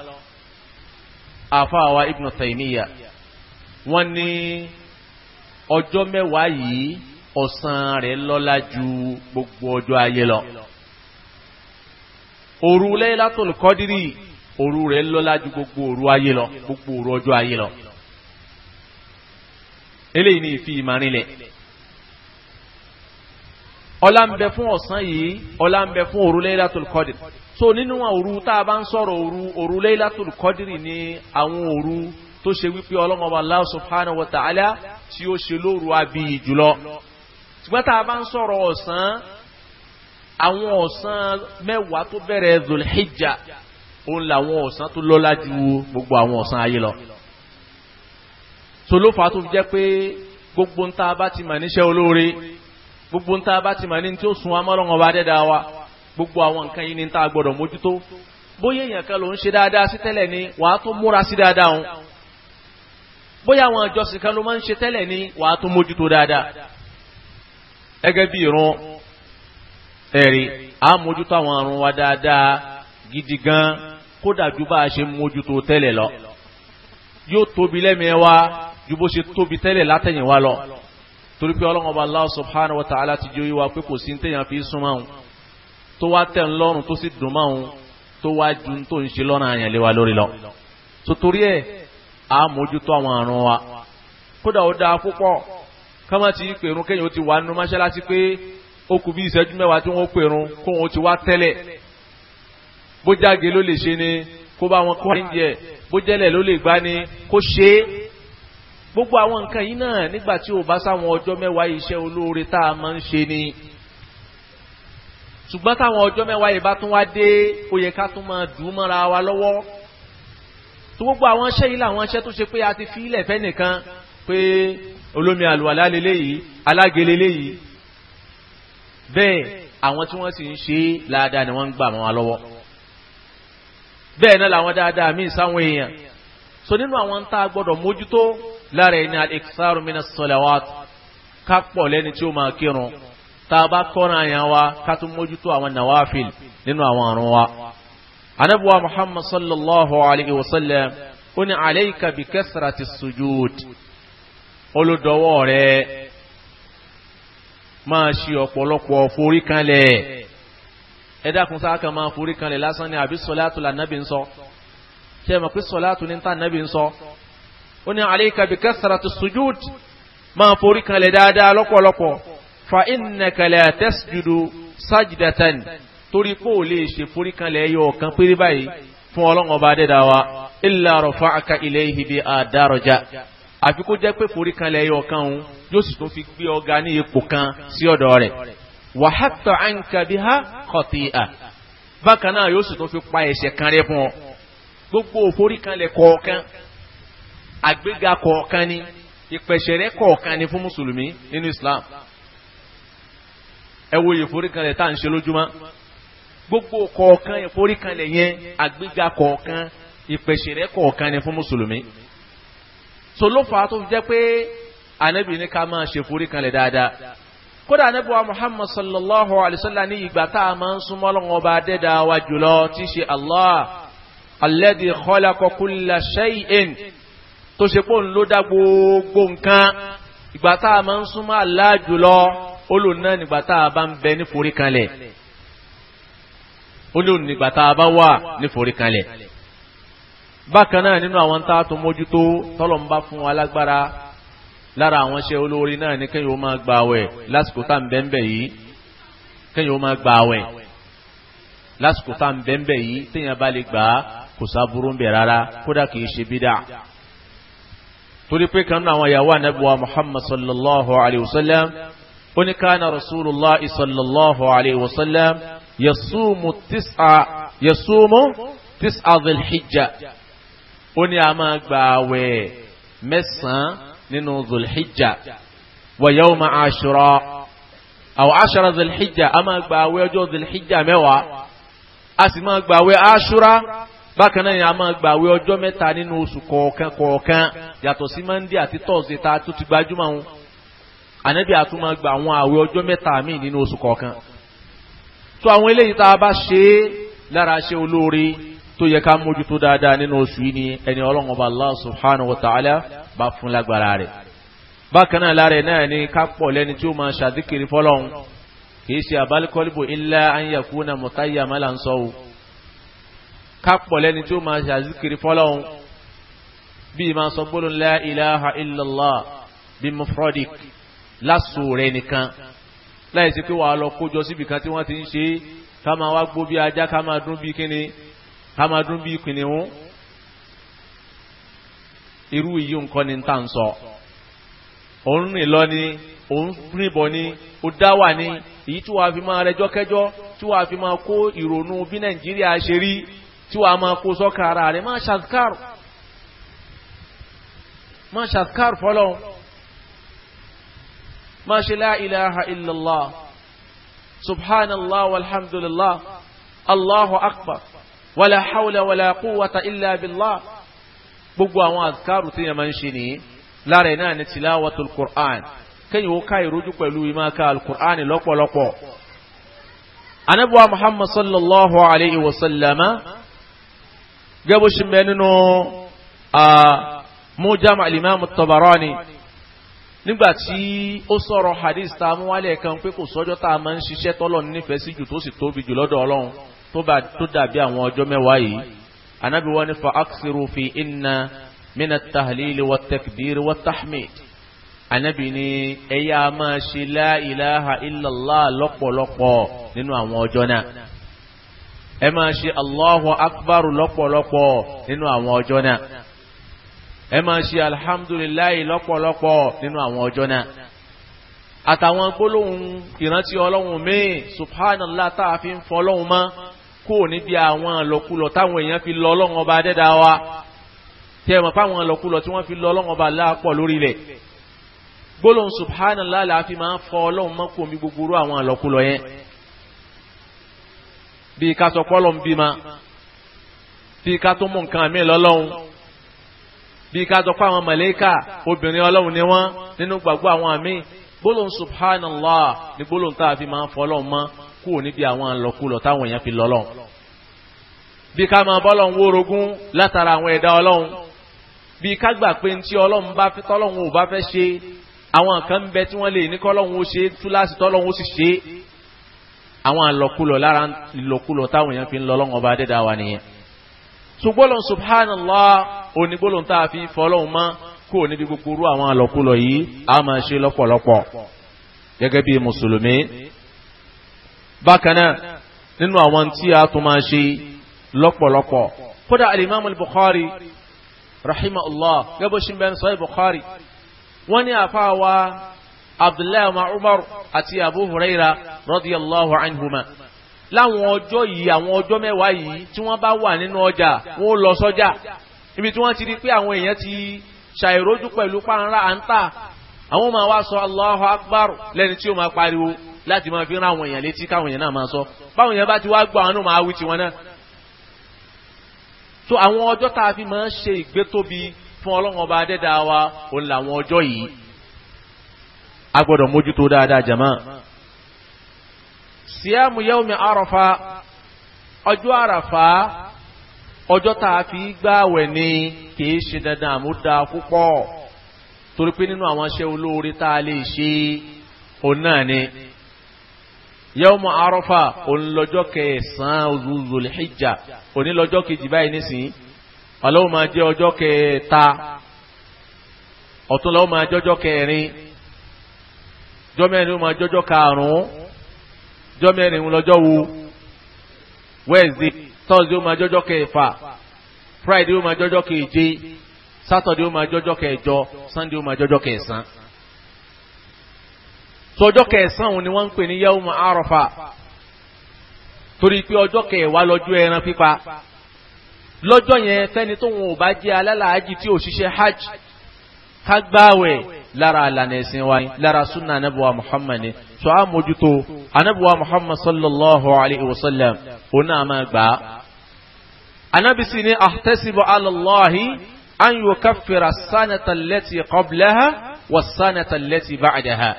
àfáà wa ibn Taymiyyah wọ́n ní ọjọ́ mẹ́wàá yìí ọ̀sán rẹ̀ lọ́lá ju gbogbo ọjọ́ ayé lọ òru Laylatul Qadri òru rẹ̀ lọ́lá ju gbogbo òru ayé lọ gbogbo òru ọjọ́ ayé lọ eléyìí ni ìfi ìmọ̀rinlẹ̀ ọlá ń bẹ fún ọ̀sán yìí ọlá ń bẹ fún òru Laylatul Qadri so nínú àwọn òru tá a bá ń sọ̀rọ̀ òru òru Laylatul Qadri ni àwọn òru tó ṣe wípé ọlọ́mọba Allah subhanahu wa ta'ala tí ó ṣe lóru abiyì jùlọ ṣùgbọ́n tá a bá ń sọ̀rọ̀ ọ̀sán àwọn ọ̀sán mẹ́wàá tó bẹ̀rẹ̀ zulhijja òun làwọn ọ̀sán tó lọ́lá ju gbogbo àwọn ọ̀sán ayé lọ so ló fà á tó fi jẹ́ pé gbogbo ń tá a bá ti mà níṣẹ́ olóore gbogbo ń tá bá ti mà tí ó sun bóyá àwọn ìjọsìn kan ló máa ń ṣe tẹ́lẹ̀ ní wàá tún mójútó dáadáa gẹ́gẹ́ bí irun ẹ̀rí a mójútó àwọn irun wa dáadáa gidi gan kódà ju bá a ṣe mójútó tẹ́lẹ̀ lọ yóò tóbi lẹ́mìí wa ju bó ṣe tóbi tẹ́lẹ̀ látẹ̀yìn wa lọ torí pé ọlọ́run ọba Allah subhanahu wa ta'ala ti jẹ́ wa pé kò sí téèyàn fi súnmọ́ òun tó wá tẹ̀ ń lọ́rùn tó sì dùn mọ́ tó wá ju tó ń ṣe lọ́nà àyànlé wa lórí lọ. sotori ẹ̀ a mójútó àwọn àrùn wa kódà ó dáa púpọ̀ kọ́mọ́ ti pèrún kéyìn ó ti wà nínú mọ́ṣáláṣí pé ó kù bí ìṣẹ́jú mẹ́wàá tí wọ́n pèrún kóhun ó ti wá tẹ́lẹ̀ bó jáde ló lè ṣe ni kó bá wọn kọ́ ẹ̀ǹjẹ̀ bó jẹ́lẹ̀ ló lè gbá ni kó ṣe é gbogbo àwọn nǹkan yìí náà nígbà tí ò bá sáwọn ọjọ́ mẹ́wàá iṣẹ́ olóore tá a máa ń ṣe ni ṣùgbọ́n táwọn ọjọ́ mẹ́wàá yìí bá tún wá dé ó yẹ ká tún máa dùn mọ́ra wa lọ́wọ́ tó gbogbo àwọn iṣẹ́ yìí làwọn iṣẹ́ tó ṣe pé a ti fi ilẹ̀ fẹ́ nìkan pé olómi àlùwàlá leléyìí alágé leléyìí bẹ́ẹ̀ àwọn tí wọ́n sì ń ṣe láadáa ni wọ́n ń gbà mọ́ wa lọ́wọ́ bẹ́ẹ̀ náà làwọn dáadáa míì sáwọn èèyàn so nínú àwọn tá a gbọ́dọ̀ mójútó lára ẹni al-iktharu minas salawat ká pọ̀ lẹ́ni tí ó máa kírun tá a bá kọ́ra àyàn wa ká tún mójútó àwọn nawafil nínú àwọn àrùn wa anabuwa muhammad sallallahu alaihi wasallam ó ní alayka bi kasrati sujud olùdọwọ́ rẹ̀ máa ṣe ọ̀pọ̀lọpọ̀ forí kanlẹ̀ ẹ dákun sáàkà máa forí kanlẹ̀ lásán ni àbí sọlátù lànàbì ń sọ ṣe mọ̀ pé sọlátù ní tá nàbì ń sọ ó ní alayka bi kasrati sujud máa forí kanlẹ̀ dáadáa lọ́pọ̀lọpọ̀ fa innaka la tasjudu sajdatan torí pé ò lè ṣe foríkanlẹ̀ ẹyọ ọ̀kan péré báyìí fún ọlọ́run ọba dẹ́dà wa illa rafa'aka ilayhi bi àdárọjà àfi kó jẹ́ pé foríkanlẹ̀ ẹyọ ọ̀kan òun yóò sì tún fi gbé ọ̀gá ní ipò kan sí ọ̀dọ̀ rẹ̀ wa hatta anka biha khati'a bákan náà yóò sì tún fi pa ẹ̀ṣẹ̀ kan rẹ́ fún ọ gbogbo foríkanlẹ̀ kọ̀ọ̀kan àgbéga kọ̀ọ̀kan ni ìpẹ̀ṣẹ̀ rẹ̀ kọ̀ọ̀kan ni fún mùsùlùmí nínú Islam ẹ wo ìforíkanlẹ̀ tá à ń ṣe lójúmọ́ gbogbo kọ̀ọ̀kan ìforíkanlẹ̀ yẹn àgbéga kọ̀ọ̀kan ìpèsèrè kọ̀ọ̀kan ni fún mùsùlùmí. so ló fà á tó fi jẹ́ pé anabi ní ká máa ṣe ìforíkanlẹ̀ dáadáa. kódà anabi wa muhammad sallallahu alayhi wa sallam ní ìgbà tá a máa ń súnmọ́ lọ́wọ́ ọba dẹ́dá wa jùlọ tí ṣe allah alladhi khalaqa kulla shay'in tó ṣe pé òun ló dá gbogbo nǹkan ìgbà tá a máa ń súnmọ́ allah jùlọ olùnà nígbà tá a bá ń bẹ ní ìforíkanlẹ̀ ó lóun nígbà tá a bá wà níforí kanlẹ̀ bákan náà nínú àwọn tá a tó mójútó tọ́lọ̀ ń bá fún wa lágbára lára àwọn iṣẹ́ olórí náà ni kéèyàn ó máa gba àwẹ̀ lásìkò tá à ń bẹ́ńbẹ̀ yìí kéèyàn ó máa gba àwẹ̀ lásìkò tá à ń bẹ́ńbẹ̀ yìí téèyàn bá lè gbà á kò sáburú ń bẹ̀ rárá kódà kì í ṣe bídà torí pé kan náà àwọn ìyàwó anábìwá muhammad sallallahu alayhi wa sallam ó ní sallallahu alayhi wa sallam yasumu tis'a yasumu tis'a dhil hijja ó ní a máa gba àwẹ̀ mẹ́sàn-án nínú dhil hijja wa yawma ashura aw ashara dhil hijja a máa gba àwẹ̀ ọjọ́ dhil hijja mẹ́wàá a sì máa gba àwẹ̀ ashura bákan náà ni a máa gba ọjọ́ mẹ́ta nínú oṣù kọ̀ọ̀kan kọ̀ọ̀kan yàtọ̀ sí mọ́ndé àti tọ́sí ta tó ti gbajúmọ̀ wọn ànábì àtúmọ̀ gba àwọn àwẹ̀ ọjọ́ mẹ́ta míì nínú oṣù kọ̀ọ̀kan so àwọn eléyìí tá a bá ṣe é lára ṣe olóore tó yẹ ká mójútó dáadáa nínú oṣù yìí ni ẹni ọlọ́run ọba Allah subhanahu wa ta'ala bá fún lágbára rẹ̀ bákan náà lára ẹ̀ náà ni ká pọ̀ lẹ́ni tí ó máa ṣàdíkiri fọlọ́run kìí ṣe àbálíkọ́líbò illa an yakuna mọ̀táyà má ń sọ o ká pọ̀ lẹ́ni tí ó máa ṣàdíkiri fọlọ́run bí láìsí pé wàá lọ kójọ síbi kan tí wọ́n ti ń ṣe é ká máa wá gbó bí ajá ká máa dún bí kíni ká máa dún bí kìnìún irú yìí nǹkan ni tá à ń sọ òun rìn lọ ni òun rìnbọn ni ó dá wà ní èyí tí wàá fi máa rẹjọ kẹjọ tí wàá fi máa kó ìrònú bí nàìjíríà ṣe rí tí wàá máa kó sọ́kà ara rẹ̀ má ṣàkàrù fọlọ́hún máa ṣe la ilaha illallah subhanallah walhamdulillah allahu akbar wala hawla wala quwwata illa billah gbogbo àwọn azkaru tí yẹn máa ń ṣe nìyí lára náà ni tilawatul qur'an kẹ́yìn ó ká ìrójú pẹ̀lú ìmáka al-qur'an lọ́pọ̀lọpọ̀ anabuwa muhammad sallallahu alayhi wa sallama gẹ́bù ṣe mẹ́ nínú a ah, mujam al-imam at-tabarani nígbàtí ó sọ̀rọ̀ hadith ta mú wálé kan pé kò sọ́jọ́ tá a máa ń ṣiṣẹ́ tọ́lọ̀ nífẹ̀ẹ́ sí jù tó sì tóbi jù lọ́dọ̀ ọlọ́run tó dàbí àwọn ọjọ́ mẹ́wàá yìí anábì wọn ni fa aksiru fi inna mina tahlili wa takdiri wa tahmid anábì ni ẹ̀yà máa ṣe la ilaha lọ́pọ̀lọpọ̀ nínú àwọn ọjọ́ náà ẹ máa ṣe allahu akbar lọ́pọ̀lọpọ̀ nínú àwọn ọjọ́ náà ẹ máa ṣe alhamdulilayi lọ́pọ̀lọpọ̀ nínú àwọn ọjọ́ náà àtàwọn gbólóhùn ìrántí ọlọ́hun míì subhanallah tá a fi ń fọ ọlọ́hun mọ́ kó o níbi àwọn àlọ́kulọ̀ táwọn èèyàn fi lọ ọlọ́hun ọba dẹ́dá wa tẹ́ ẹ mọ̀ fáwọn àlọ́kulọ̀ tí wọ́n fi lọ ọlọ́hun ọba láàpọ̀ lórí ilẹ̀ gbólóhùn subhanallah la fi máa ń fọ ọlọ́hun mọ́ kó omi gbogbo àwọn àlọ́kulọ̀ yẹn bí ká sọ pọ́lọ́ ń bímọ bí ká tó mú nǹkan mí lọ́lọ́hun bí ká sọ pé àwọn màláíkà obìnrin ọlọ́run ni wọ́n nínú gbàgbọ́ àwọn àmì gbólóhùn subhanallah ní gbólóhùn tá a fi máa ń fọ́ ọlọ́run mọ́ kúrò níbi àwọn àlọ́kulọ táwọn èèyàn fi lọ́lọ́run bí ká máa bọ́lọ́run wórogún látara àwọn ẹ̀dá ọlọ́run bí ká gbà pé ntí ọlọ́run bá fẹ́ tọ́lọ́run ò bá fẹ́ ṣe àwọn nǹkan bẹ tí wọ́n lè ní kọ́lọ́run ó ṣe ṣùgbọ́lọ̀ subhanallah onígbọ́lọ̀ tá a fi fọlọ́hún mọ́ kó níbi gbogbo orú àwọn àlọ́kùlọ̀ yìí a máa ṣe lọ́pọ̀lọpọ̀ gẹ́gẹ́ bí mùsùlùmí. bákan náà nínú àwọn tí a tún máa ṣe lọ́pọ̀lọpọ̀ kódà alimami bukhari rahimahullah gẹ́gẹ́ bó ṣe ń bẹ́ẹ̀ sọ́yì bukhari wọ́n ní àfa abdullahi umar àti abu huraira radiyallahu anhuma láwọn ọjọ́ yìí àwọn ọjọ́ mẹ́wàá yìí tí wọ́n bá wà nínú ọjà wọ́n lọ sọ́jà ibi tí wọ́n ti rí pé àwọn èèyàn ti ṣàìrójú pẹ̀lú pàǹrà à ń tà àwọn máa wá sọ Allahu Akbar lẹ́ni tí ó máa pariwo láti máa fi rán àwọn èèyàn létí káwọn èèyàn náà máa sọ báwọn èèyàn bá ti wá gbọ́ àwọn náà máa wí tiwọn náà so àwọn ọjọ́ tá a fi máa ń ṣe ìgbétóbi fún ọlọ́run ọba adẹ́dàá wa òun làwọn ọjọ́ yìí a gbọ́dọ̀ mójútó dáadáa jàmáà síyáàmù yẹ́wùmí àràfà ọjọ́ àràfà ọjọ́ tá a fi gbààwẹ̀ ni kìí ṣe dandan àmúdá púpọ̀ torí pé nínú àwọn iṣẹ́ olóore tá a lè ṣe òun náà ni yẹ́wùmú àràfà òun lọ́jọ́ kẹsàn-án oṣù zòlìhìjà òní lọ́jọ́ kejì báyìí nísìnyí ọlọ́wọ́ jọ́mẹ́rin ló máa karùn-ún jọ́ mẹ́rin ń wo wednesday thursday ó máa jọ́jọ́ kẹfà friday ó máa jọ́jọ́ keje saturday ó máa jọ́jọ́ kẹjọ sunday ó máa jọ́jọ́ kẹsàn-án tọjọ́ kẹsàn-án òun ni wọ́n ń pè ní yawma arafa torí pé ọjọ́ kẹwàá lọ́jọ́ ẹran pípa lọ́jọ́ yẹn fẹ́ni tóun ò bá jẹ́ alálàájì tí ò ṣiṣẹ́ hajj ká lára àlànà ẹ̀sìn wa ni lára súnà anábùwà muhammad ni so a mójútó anábùwà muhammad sallallahu alayhi wa sallam ó náà máa gbà á. anábì sì ni àtẹ́síbọ̀ alọ́láhi an yóò káfíra sánàtà lẹ́tì kọ́bláha wà sánàtà lẹ́tì báàdáha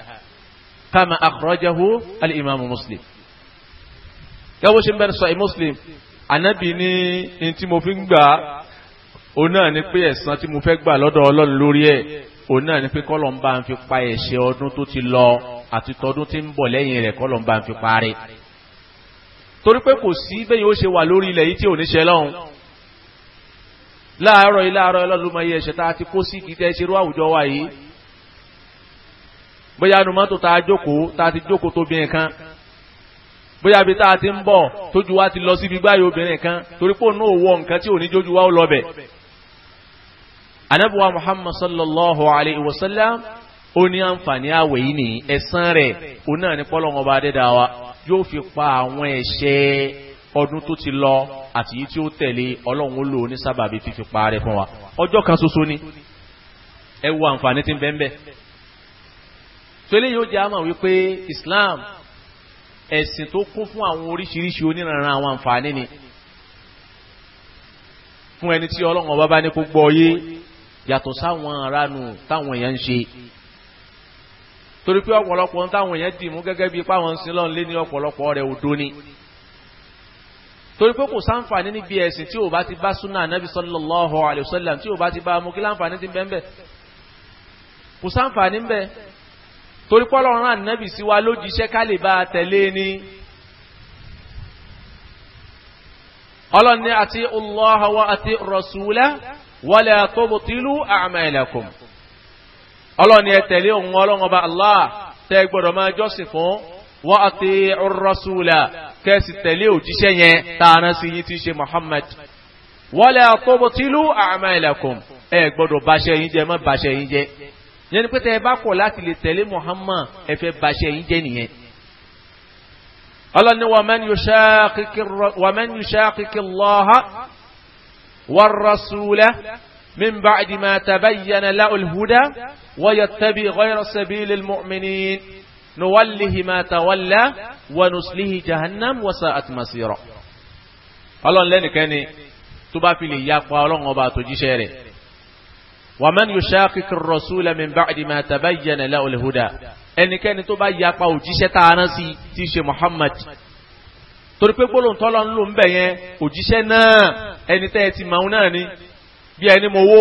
kama àkọ́rọ́jáhu alìmọ́mù muslim. gẹ́gẹ́ ṣe ń bẹ́ẹ̀ sọ ẹ̀ muslim anábì ní ní mo fi ń gbà ó náà ni pé ẹ̀san tí mo fẹ́ gbà lọ́dọ̀ ọlọ́run lórí ẹ̀ òun náà ni pé kọ́lọ̀n bá ń fi pa ẹ̀ṣẹ̀ ọdún tó ti lọ àti tọdún tí ń bọ̀ lẹ́yìn rẹ̀ kọ́lọ̀n bá ń fi parí torí pé kò sí bẹ́yìn ó ṣe wà lórí ilẹ̀ yìí tí ò ní ṣe lọ́hùn láàárọ̀ ilé àárọ̀ ọlọ́dúnmọ̀ iye ẹ̀ṣẹ̀ tá a ti kó sí kìí tẹ́ ṣe àwùjọ wa yìí bóyá nu mọ́tò tá a jókòó tá a ti jókòó tó bìnrin kan bóyá bí tá a ti ń bọ̀ tójú wa ti lọ síbi gbáyé obìnrin kan torí pé òun náà wọ nǹkan tí ò ní jójú wa ó lọ bẹ̀ anábíwá muhammad sallallahu alayhi wa sallam ó ní àǹfààní àwẹ̀ yìí ní ẹ̀san rẹ̀ ó náà ní pọ́lọ́wọ́n bá dẹ́dà wa yóò fi pa àwọn ẹ̀ṣẹ̀ ọdún tó ti lọ àti yìí tí ó tẹ̀lé ọlọ́run lò ní sábàbí fífi pa rẹ̀ fún wa ọjọ́ kan ṣoṣo ni ẹ wo àǹfààní tí ń bẹ́ńbẹ́ tó eléyìí jẹ́ àmà wípé islam ẹ̀sìn tó kún fún àwọn oríṣiríṣi oníranran àwọn àǹfààní ni fún ẹni tí ọlọ́run ọba bá ní kó gbọ́ yé yàtọ̀ sáwọn aránù táwọn èèyàn ń ṣe torí pé ọ̀pọ̀lọpọ̀ táwọn èèyàn dì mú gẹ́gẹ́ bíi páwọn sin lọ́n lé ní ọ̀pọ̀lọpọ̀ rẹ̀ òdo ni torí pé kò sáǹfààní níbi ẹ̀sìn tí ò bá ti bá súnà ànábì sallallahu alaihi wasallam tí ò bá ti bá mú kí láǹfààní ti bẹ́ẹ̀ bẹ́ẹ̀ kò sáǹfààní ń bẹ torí pé ànábì sí wa lójíṣẹ́ ká lè bá a tẹ̀lé e ni Ọlọ́run àti Allah àti rasula wala tubtilu a'malakum ọlọ́ni ẹ tẹ̀lé òun ọlọ́run ọba Allah tẹ́ gbọ́dọ̀ máa jọ́sìn fún wa ati'u rasula kẹ́sì tẹ̀lé òjíṣẹ́ yẹn tààrán sí yí ti ṣe Muhammad wala tubtilu a'malakum ẹ gbọ́dọ̀ bàṣẹ yín jẹ má bàṣẹ yín jẹ yẹn ni pé tẹ́ bá kọ̀ láti lè tẹ̀lé Muhammad ẹ fẹ́ yín jẹ nìyẹn ọlọ́ni wa man yushaqiqi Allaha والرسول من بعد ما تبين له الهدى ويتبع غير سبيل المؤمنين نوله ما تولى ونسله جهنم وساءت مسيرا الله لنكني تبا في لي يقوى الله وبا تجيشيري ومن يشاقق الرسول من بعد ما تبين له الهدى ان كان تبا يقوى òjíṣẹ́ tààrán محمد torí pé gbólóhùn tọ́lọ́ ń lò ń bẹ̀ yẹn òjíṣẹ́ náà ẹni tẹ́ ẹ ti màá náà ni bí ẹni mo wó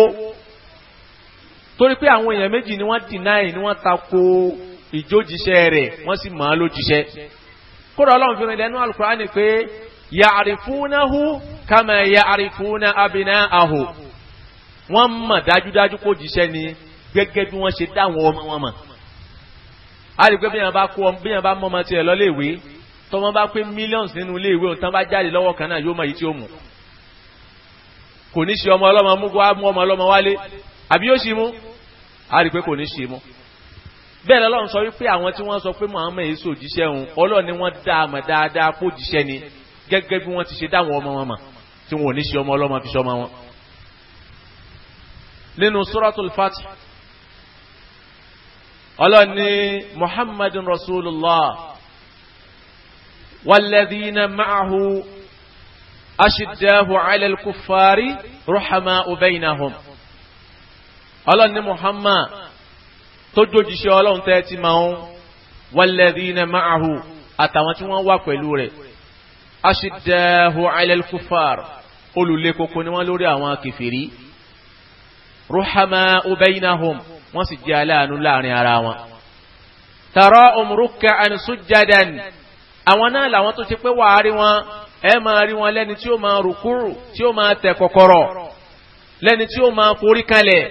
torí pé àwọn èèyàn méjì ni wọ́n dìnáì ni wọ́n tako ìjójíṣẹ́ rẹ̀ wọ́n sì màá lójíṣẹ́ kódà ọlọ́run fi rìnlẹ̀ nínú Al-Qur'ani pé ya'rifunahu kama ya'rifuna abina'ahu wọ́n mọ̀ dájúdájú kó jíṣẹ́ ni gẹ́gẹ́ bí wọ́n ṣe dáwọn ọmọ wọn mọ̀ á rí i tọmọ bá pé millions nínú ilé ìwé òun tán bá jáde lọ́wọ́ kan náà yóò mọ èyí tí ó mú kò ní ṣe ọmọ ọlọ́mọ mú wá mú ọmọ ọlọ́mọ wálé àbí yóò ṣe mú a rí pé kò ní ṣe mú bẹ́ẹ̀ lọ́lọ́run sọ wípé àwọn tí wọ́n sọ pé Muhammad èso òjíṣẹ́ òun ọlọ́run ni wọ́n dá àmọ̀ dáadáa kó òjíṣẹ́ ni gẹ́gẹ́ bí wọ́n ti ṣe dáwọn ọmọ wọn mọ̀ tí wọn ní ṣe ọmọ ọlọ́mọ fi ṣọmọ wọn. nínú suratul Fatih ọlọ́run ni Muhammadun Rasulullah والذين معه أشداه على الكفار رحماء بينهم ọlọ́run ní muhammad tó jòjìṣẹ́ ọlọ́run tẹ́ ti máa ń walladhina ma'ahu àtàwọn tí wọ́n wà pẹ̀lú rẹ̀ ashiddahu 'ala al-kuffar olùlé koko ni wọ́n lórí àwọn kèfèrí ruhama'u baynahum wọ́n sì jẹ́ aláàánú láàrin ara wọn tara'um ruk'an sujjadan àwọn náà làwọn tó ṣe pé wàá rí wọn ẹ máa rí wọn lẹ́ni tí ó máa rùkúrù tí ó máa tẹ̀ kọ̀kọ̀rọ̀ lẹ́ni tí ó máa forí kanlẹ̀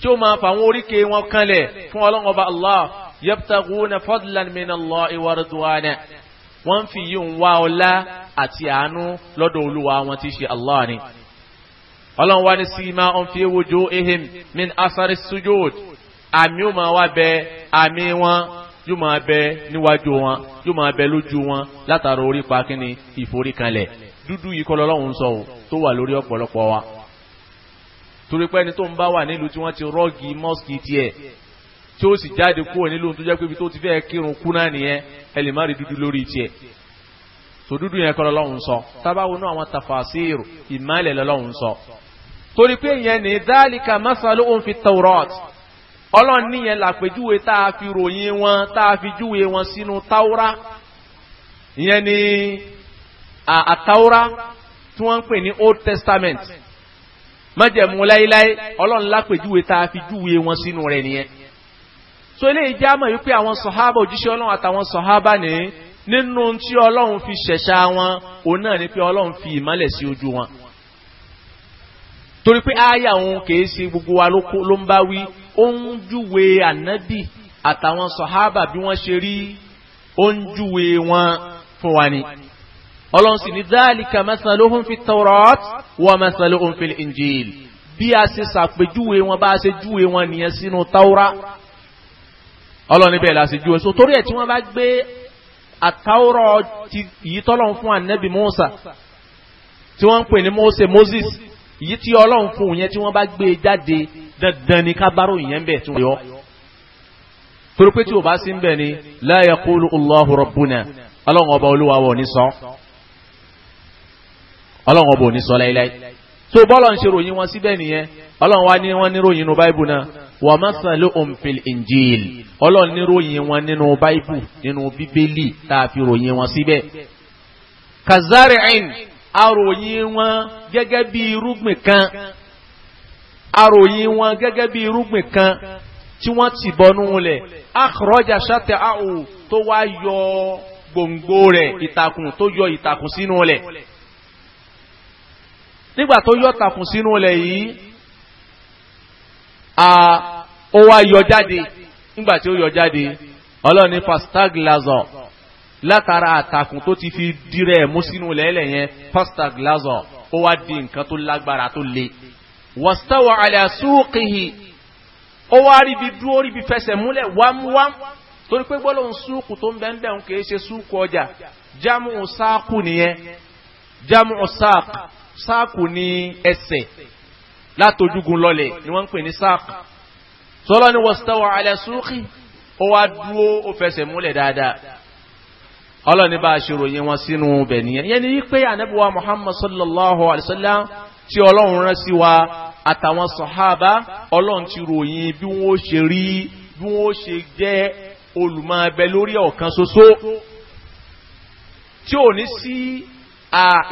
tí ó máa fàwọn oríkè wọn kanlẹ̀ fún ọlọ́run ọba allah yabtaguna fadlan min allahi wa ridwana wọ́n fi yí ń wá ọlá àti àánú lọ́dọ̀ olúwa wọn ti ṣe allah ni ọlọ́run wá ní síma ọ̀n fi wujuhihim min asari sujud àmì ó máa wá bẹ àmì wọn yóò máa bẹ níwájú wọn yóò máa bẹ lójú wọn látara orí pa kíni ìforíkanlẹ̀ dúdú yìí kọ́ lọ́lọ́run sọ ò tó wà lórí ọ̀pọ̀lọpọ̀ wa torí pé ẹni tó ń bá wà nílùú tí wọ́n ti rọ́ọ̀gì mọ́sìkì tiẹ̀ tí ó sì jáde kúrò nílùú tó jẹ́ pé ibi tó ti fẹ́ kírun kú náà nìyẹn ẹ lè má rí dúdú lórí tiẹ̀ tó dúdú yẹn kọ́ lọ́lọ́run sọ tábàwọn náà àwọn tàfàṣírù ìmálẹ̀ lọ́lọ́run sọ torí pé ìyẹn ní dhalika masalu òun fi tawrat ọlọ́run níyẹn làpèjúwe tá a fi ròyìn wọn tá a fi júwe wọn sínú táwúrá ìyẹn ni àtàwúrá tí wọ́n ń pè ní old testament májẹ̀mú láíláí ọlọ́run lápèjúwe tá a fi júwe wọn sínú rẹ̀ nìyẹn so eléyìí já mọ̀ wípé àwọn sọ̀hábà òjíṣẹ́ ọlọ́run àtàwọn sọ̀hábà ní nínú tí ọlọ́run fi ṣẹ̀ṣà wọn òun náà ni pé ọlọ́run fi ìmọ́lẹ̀ sí ojú wọn torí pé ááyà òun kìí ṣe gbogbo wa ló ń bá wí ó ń júwe ànábì àtàwọn sọ̀hábà bí wọ́n ṣe rí ó ń júwe wọn fún wa ni. ọlọ́run sì ní dhalika masaluhum fi tawrat wa masaluhum fil injil bí a ṣe ṣàpèjúwe wọn bá a ṣe júwe wọn nìyẹn sínú tawra ọlọ́run níbẹ̀ la ṣe júwe torí ẹ̀ tí wọ́n bá gbé àtàwọ̀rọ̀ yìí tọ́lọ́run fún ànábì Musa tí wọ́n ń pè ní Mose Moses èyí tí ọlọ́run fún un yẹn tí wọ́n bá gbé e jáde dandan ni ká bárò yẹn bẹ̀ tí wọ́n yọ. torí pé tí o bá sí ń bẹ̀ ni la yaqulu Allahu rabbuna ọlọ́run ọba olúwa wọ̀ ní sọ ọlọ́run ọba ò ní sọ láíláí tó bọ́lọ̀ ń ṣe ròyìn wọn síbẹ̀ nìyẹn ọlọ́run wá ní wọ́n ní ròyìn nínú báíbù náà wa masaluhum fil injil ọlọ́run ní ròyìn wọn nínú báíbù nínú bíbélì tá a fi ròyìn wọn síbẹ̀ kazari'in aròyìn wọn gẹ́gẹ́ bí irúgbìn kan àròyìn wọn gẹ́gẹ́ bí irúgbìn kan tí wọ́n ti bọnú lẹ̀ akọrọjà ṣàtẹ àwò tó wá yọ gbòǹgbò rẹ̀ ìtakùn tó yọ ìtakùn sínú lẹ̀ nígbà tó yọ ìtàkùn sínú lẹ̀ yìí a ó wá yọ jáde nígbà tí ó yọ jáde ọlọ́ọ̀ni fastag lazar látara àtàkùn tó ti fi dirẹ̀ mú sínú lẹ́lẹ̀ yẹn pasta glazo ó wá di nǹkan tó lágbára tó le wàstáwà àlẹ́sùkìhì ó wá rí bí dúó rí bí fẹsẹ̀ múlẹ̀ wámúwám torí pé gbọ́lọ̀ sùkù tó ń bẹ́ ń bẹ́ ń kìí ṣe sùkù ọjà jámù sáàkù nìyẹn jámù sáàkù ní ẹsẹ̀ látòjúgun lọlẹ̀ ni wọ́n ń pè ní sáàkù sọ́lọ́ ni wàstáwà àlẹ́sùkì ó wá dúó ó fẹsẹ̀ múlẹ̀ dáadáa ọlọ́ni bá ṣòròyìn wọn sínú bẹ̀ nìyẹn yẹn ni wípé ànábíwá muhammad sallallahu alaihi wasallam tí ọlọ́run rán sí wa àtàwọn sọ̀hábà ọlọ́run ti ròyìn bí wọ́n ṣe rí bí wọ́n ṣe jẹ́ olùmọ̀ọ́bẹ lórí ọ̀kan ṣoṣo tí ò ní sí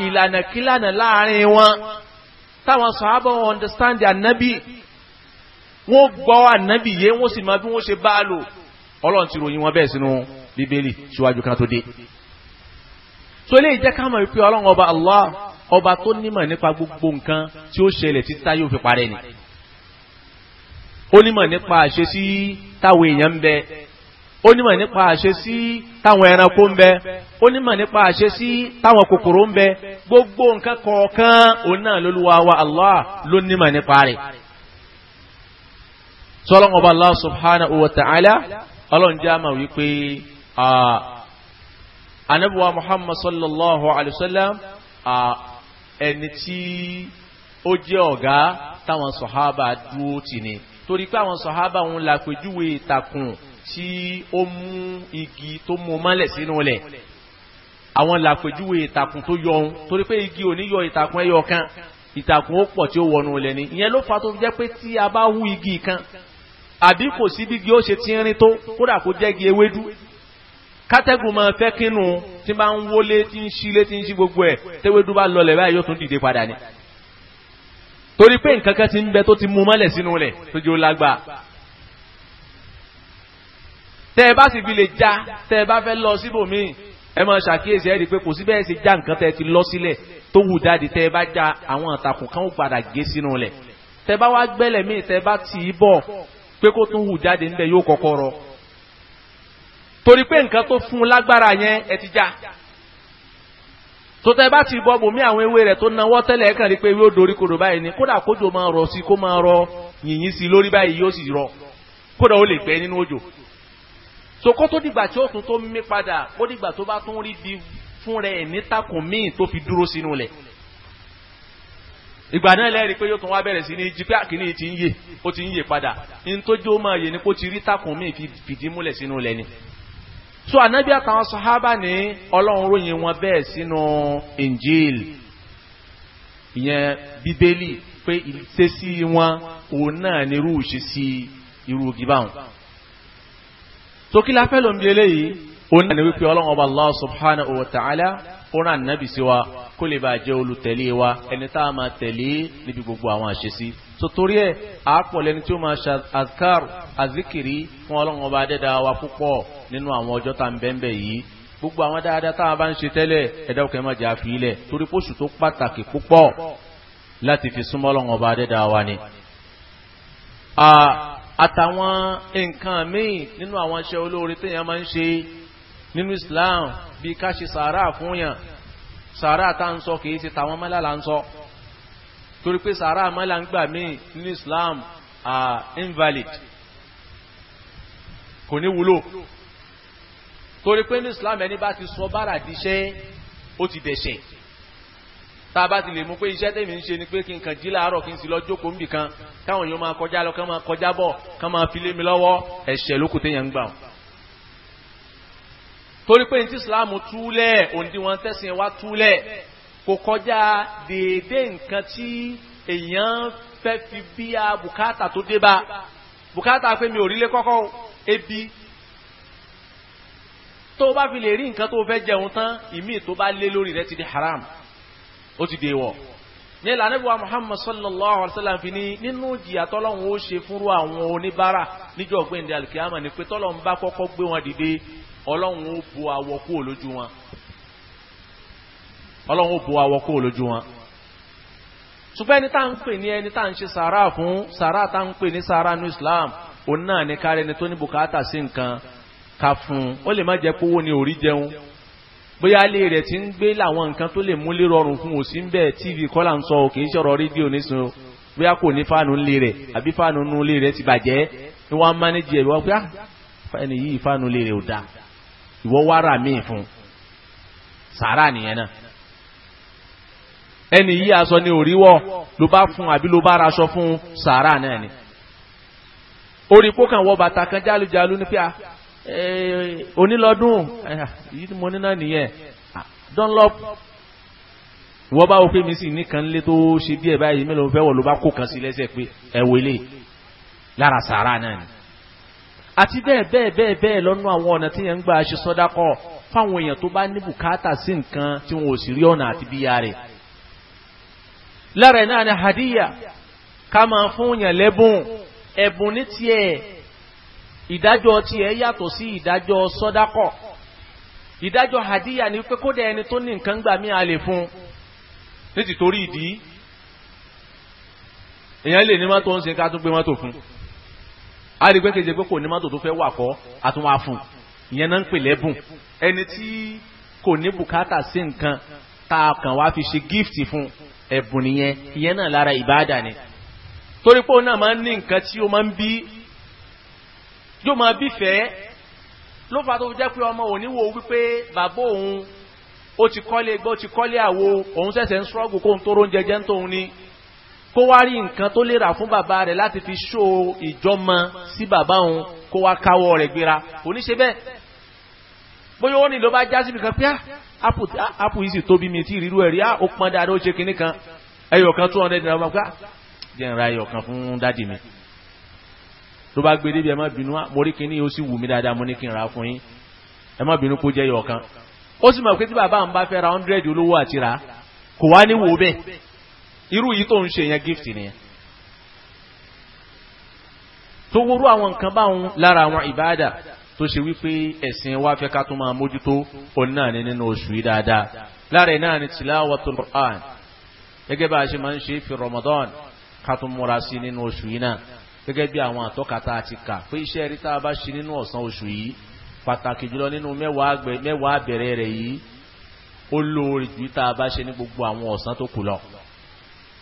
ìlànà kílànà láàrin wọn táwọn sọ̀hábà wọn understand ànábì wọ́n gbọ́ ànábì wọ́n sì máa bí wọ́n ṣe bá lò ọlọ́run ti ròyìn wọn bẹ́ẹ̀ sínú bíbélì síwájú kan tó dé so eléyìí jẹ́ ká mọ̀ wípé ọlọ́run ọba allah ọba tó nímọ̀ nípa gbogbo nǹkan tí ó ṣẹlẹ̀ títí táyé òfin parẹ́ ni ó nímọ̀ nípa àṣesí táwọn èèyàn ń bẹ ó nímọ̀ nípa àṣesí táwọn ẹranko ń bẹ ó nímọ̀ nípa àṣesí táwọn kòkòrò ń bẹ gbogbo nǹkan kọ̀ọ̀kan òun náà lólúwa wa allah ló nímọ̀ nípa rẹ̀ sọlọ́run ọba allah subhanahu wa ta'ala ọlọ́run jẹ́ àmà wípé anabuwa muhammad sallallahu alaihi wasallam ẹni tí ó jẹ́ ọ̀gá táwọn sọ̀hábà dúó tì ní torí pé àwọn sọ̀hábà wọn la pèjúwe ìtàkùn tí ó mú igi tó mú mọ́lẹ̀ sínú lẹ̀ àwọn la ìtàkùn tó yọ ohun torí pé igi ò ní yọ ìtàkùn ẹyọ kan ìtàkùn ó pọ̀ tí ó wọnú lẹ̀ ni ìyẹn ló fa tó jẹ́ pé tí a bá hú igi kan àbí kò sí bí igi ó ṣe tínrín tó kódà kó jẹ́ igi ewédú kátẹ́gùn máa fẹ́ kínú tí bá ń wólé tí ń sílé tí ń sí gbogbo ẹ̀ tẹ́wédú bá lọlẹ̀ báyìí yóò tún dìde padà ni torí pé nǹkan kan ti ń bẹ tó ti mú mọ́lẹ̀ sínú rẹ̀ tó jẹ́ ó lágbà tẹ́ ẹ bá sì fi lè já tẹ́ ẹ bá fẹ́ lọ síbòmíì ẹ máa ṣàkíyèsí ẹ rí i pé kò sí bẹ́ẹ̀ sì já nǹkan tẹ́ ẹ ti lọ sílẹ̀ tó wù jáde tẹ́ ẹ bá já àwọn àtàkùn kan ó padà gé sínú rẹ̀ tẹ́ ẹ bá wá gbẹ́lẹ̀ míì tẹ́ ẹ bá tì í bọ̀ pé kó tún wù jáde níbẹ̀ yóò kọ́kọ́ rọ torí pé nǹkan tó fún un lágbára yẹn ẹ ti já tó tẹ bá ti bọ́ bòmí àwọn ewé rẹ̀ tó náwó tẹ́lẹ̀ kàn rí pé yóò dorí kodò báyìí ni kódà kójò máa rọ̀ sí kó máa rọ yìnyín sí lórí báyìí yóò sì rọ̀ kódà ó lè gbẹ nínú òjò sokó tó dìgbà tí ó tún tó mí padà ó dìgbà tó bá tún rí di fún rẹ̀ ní takùn míì tó fi dúró sínú lẹ̀ ìgbà náà lẹ́rìí pé yóò tún wá bẹ̀rẹ̀ sí ní jí pé àkíní ti ń yè ó ti ń yè padà ní tó jó máa yè ni kó ti rí takùn míì fìdí múlẹ̀ sínú lẹ̀ ni so anabi àtàwọn sahaba ni ọlọ́run ròyìn wọn bẹ́ẹ̀ sínú injil ìyẹn bíbélì pé ìṣesí wọn òun náà ní irú ìṣesí irú gíbáwọn tókí la fẹ́ ló ń bi eléyìí òun náà ní wípé ọlọ́run ọba allah subhanahu wa ta'ala ó rán anabi sí wa kó lè bàa jẹ́ olùtẹ̀lé wa ẹni tá a máa tẹ̀lé níbi gbogbo àwọn àṣesí sotori ẹ àápọ̀ lẹni tí ó máa ṣe azkar azikiri fún ọlọ́run ọba adẹ́dá wa púpọ̀ nínú àwọn ọjọ́ tá ń bẹ́ńbẹ́ yìí gbogbo àwọn dáadáa tá a bá ń ṣe tẹ́lẹ̀ ẹ̀dá òkè má jẹ́ àfihìlẹ̀ torí pósù tó pàtàkì púpọ̀ láti fi súnmọ́ ọlọ́run ọba adẹ́dá wa ni. àtàwọn nǹkan míì nínú àwọn iṣẹ́ olóore téèyàn máa ń ṣe nínú Islam bíi ká ṣe sàárà fún yàn sàárà tá à ń sọ kì í ṣe tàwọn mọ́lá là ń sọ torí pé sàárà àmàlà ń gbà míì nínú Islam invalid kò ní wúlò torí pé ní Islam ẹni bá ti sọ bára díṣẹ́ ó ti dẹ̀ṣẹ̀ tá a bá ti lè mú pé iṣẹ́ tèmi ń ṣe ni pé kí n kàn jí láàárọ̀ kí n sì lọ jókòó níbì kan káwọn èèyàn máa kọjá lọ kán máa kọjá bọ̀ kán máa fi lé mi lọ́wọ́ ẹ̀ṣẹ̀ lókù téèyàn ń gbà wọn. torí pé ní ti Islam túlẹ̀ òǹdíwọ̀n tẹ̀sìn wa túlẹ̀ kò kọjá déédé nǹkan tí èèyàn fẹ́ fi bí a bùkátà tó dé bá bùkátà pé mi ò rílé kọ́kọ́ ebi tó bá fi lè rí nǹkan tó fẹ́ jẹun tán ìmí tó bá lé lórí rẹ ti di haram ó ti dèwọ̀ ní ìlànà ìbúwa Muhammad sallallahu alaihi wa sallam fi ni nínú ìjìyà tọ́lọ́hún ó ṣe fúnrú àwọn oníbàárà níjọ́ ọ̀gbìn ìdí alkiyama ni pé tọ́lọ́hún bá kọ́kọ́ gbé wọn dìde ọlọ́hún ó bu àwọ̀ kúrò lójú wọn ọlọ́run ó bo awọ kó lójú wọn ṣùgbọ́n ẹni tá ń pè ní ẹni tá ń ṣe sàárà fún sàárà tá ń pè ní sàárà ní Islam òun náà ní kárí ẹni tó ní bùkátà sí nǹkan ká fún un ó lè má jẹ́ pé owó ni òrí jẹun bóyá ilé rẹ̀ ti ń gbé làwọn nǹkan tó lè múlé rọrùn fún òsì ń bẹ́ẹ̀ tv kọ́là ń sọ kì í ṣọ̀rọ̀ rédíò nísun bóyá kò ní fáànù ńlé rẹ̀ àbí fáànù nù lé rẹ̀ ti bàjẹ́ ni wọ́n á mánéjì ẹ̀ wọ́n pé ẹni ah, yìí fáànù lé rẹ̀ ò dáa ìwọ́ wá rà míì fún sàárà nìyẹn náà ẹni yí aṣọ ni òríwọ̀ ló bá fún àbí ló bá raṣọ fún sàárà náà ni orí kó kàn wọ bàtà kan jálujálu ní pé a onílọ́dún yìí tí mo ní náà nìyẹn dunlop wọ́n bá wọ́n pé mi sì nìkan lé tó ṣe díẹ̀ báyìí mélòó fẹ́ wọ̀ ló bá kó kan sí lẹ́sẹ̀ pé ẹ̀wọ̀ ilé lára sàárà náà ni àti bẹ́ẹ̀ bẹ́ẹ̀ bẹ́ẹ̀ bẹ́ẹ̀ lọ́nà àwọn ọ̀nà tí yẹn ń gbà ṣe sọ́dákọ̀ fáwọn èèyàn tó bá ní bùkátà sí nǹkan tí wọn ò sì rí ọ̀nà àti bíyà rẹ̀ lára ẹ̀ náà ni hadiya ká máa fún yàn lẹ́bùn ẹ̀bùn ní tiẹ̀ ìdájọ́ tiẹ̀ yàtọ̀ sí ìdájọ́ sọ́dákọ̀ ìdájọ́ hadiya ni pé kódà ẹni tó ní nǹkan gbà mí a lè fún ní ti torí ìdí èèyàn lè ní mọ́tò ń sin ká tún gbé mọ́tò fún a rí pé keje pé kò ní mọ́tò tó fẹ́ wà kọ́ àtúnwá fún ìyẹn náà ń pè lẹ́bùn ẹni tí kò ní bùkátà sí nǹkan tá a kàn wá fi ṣe gífìtì fún ẹ̀bùn nìyẹn ìyẹn náà lára ìbáàdà ni torí pé òun náà máa ń ní nǹkan tí ó máa ń bí yóò máa bífẹ̀ẹ́ ló fà tó jẹ́ pé ọmọ òní wo wípé bàbá òun ó ti kọ́lé gbọ́ ó ti kọ́lé àwo òun ṣẹ̀ṣẹ̀ ń ṣọ́ọ̀gù kóun tó róúnjẹ jẹ́ ń tóun ni kó wá rí nǹkan tó lè rà fún bàbá rẹ̀ láti fi ṣó ìjọmọ sí bàbá òun kó wá káwọ́ rẹ̀ gbéra òní ṣe bẹ́ẹ̀ bóyá ó ní ló bá já síbi pé ah, apu yìí sì tóbi mi tí ìrírú ẹ̀rí ah, ó pọn dáadáa ó ṣe kinní kan ẹyọ kan two hundred naira gbà jẹ́ ń ra ẹyọ kan fún dáàdì mi tó bá gbé débi ẹ má bínú ah, mo rí kinní yìí ó sì wù mí dáadáa mo ní kí n ra fún yín ẹ má bínú kó jẹ́ ẹyọ kan ó sì mọ̀ pé tí bàbá àwọn bá fẹ́ ra hundred olówó àti ra kò wá ní wò bẹ́ẹ̀ irú yìí tó ń ṣe yẹn gift nìyẹn tó wúrú àwọn nǹkan báwọn lára àwọn ìbáàdà tó ṣe wípé ẹ̀sìn wa fẹ́ ká tó máa mójútó òun náà ni nínú oṣù yìí dáadáa láàrẹ̀ náà ni tilawatul Qur'an gẹ́gẹ́ bá a ṣe máa ń ṣe fi Ramadan ká tó múra sí nínú oṣù yìí náà gẹ́gẹ́ bí àwọn àtọ́kàtà àti kà pé iṣẹ́ rí tá a bá ṣe nínú ọ̀sán oṣù yìí pàtàkì jùlọ nínú mẹ́wàá bẹ̀rẹ̀ rẹ̀ yìí ó lóore jù tá a bá ṣe ní gbogbo àwọn ọ̀sán tó kù lọ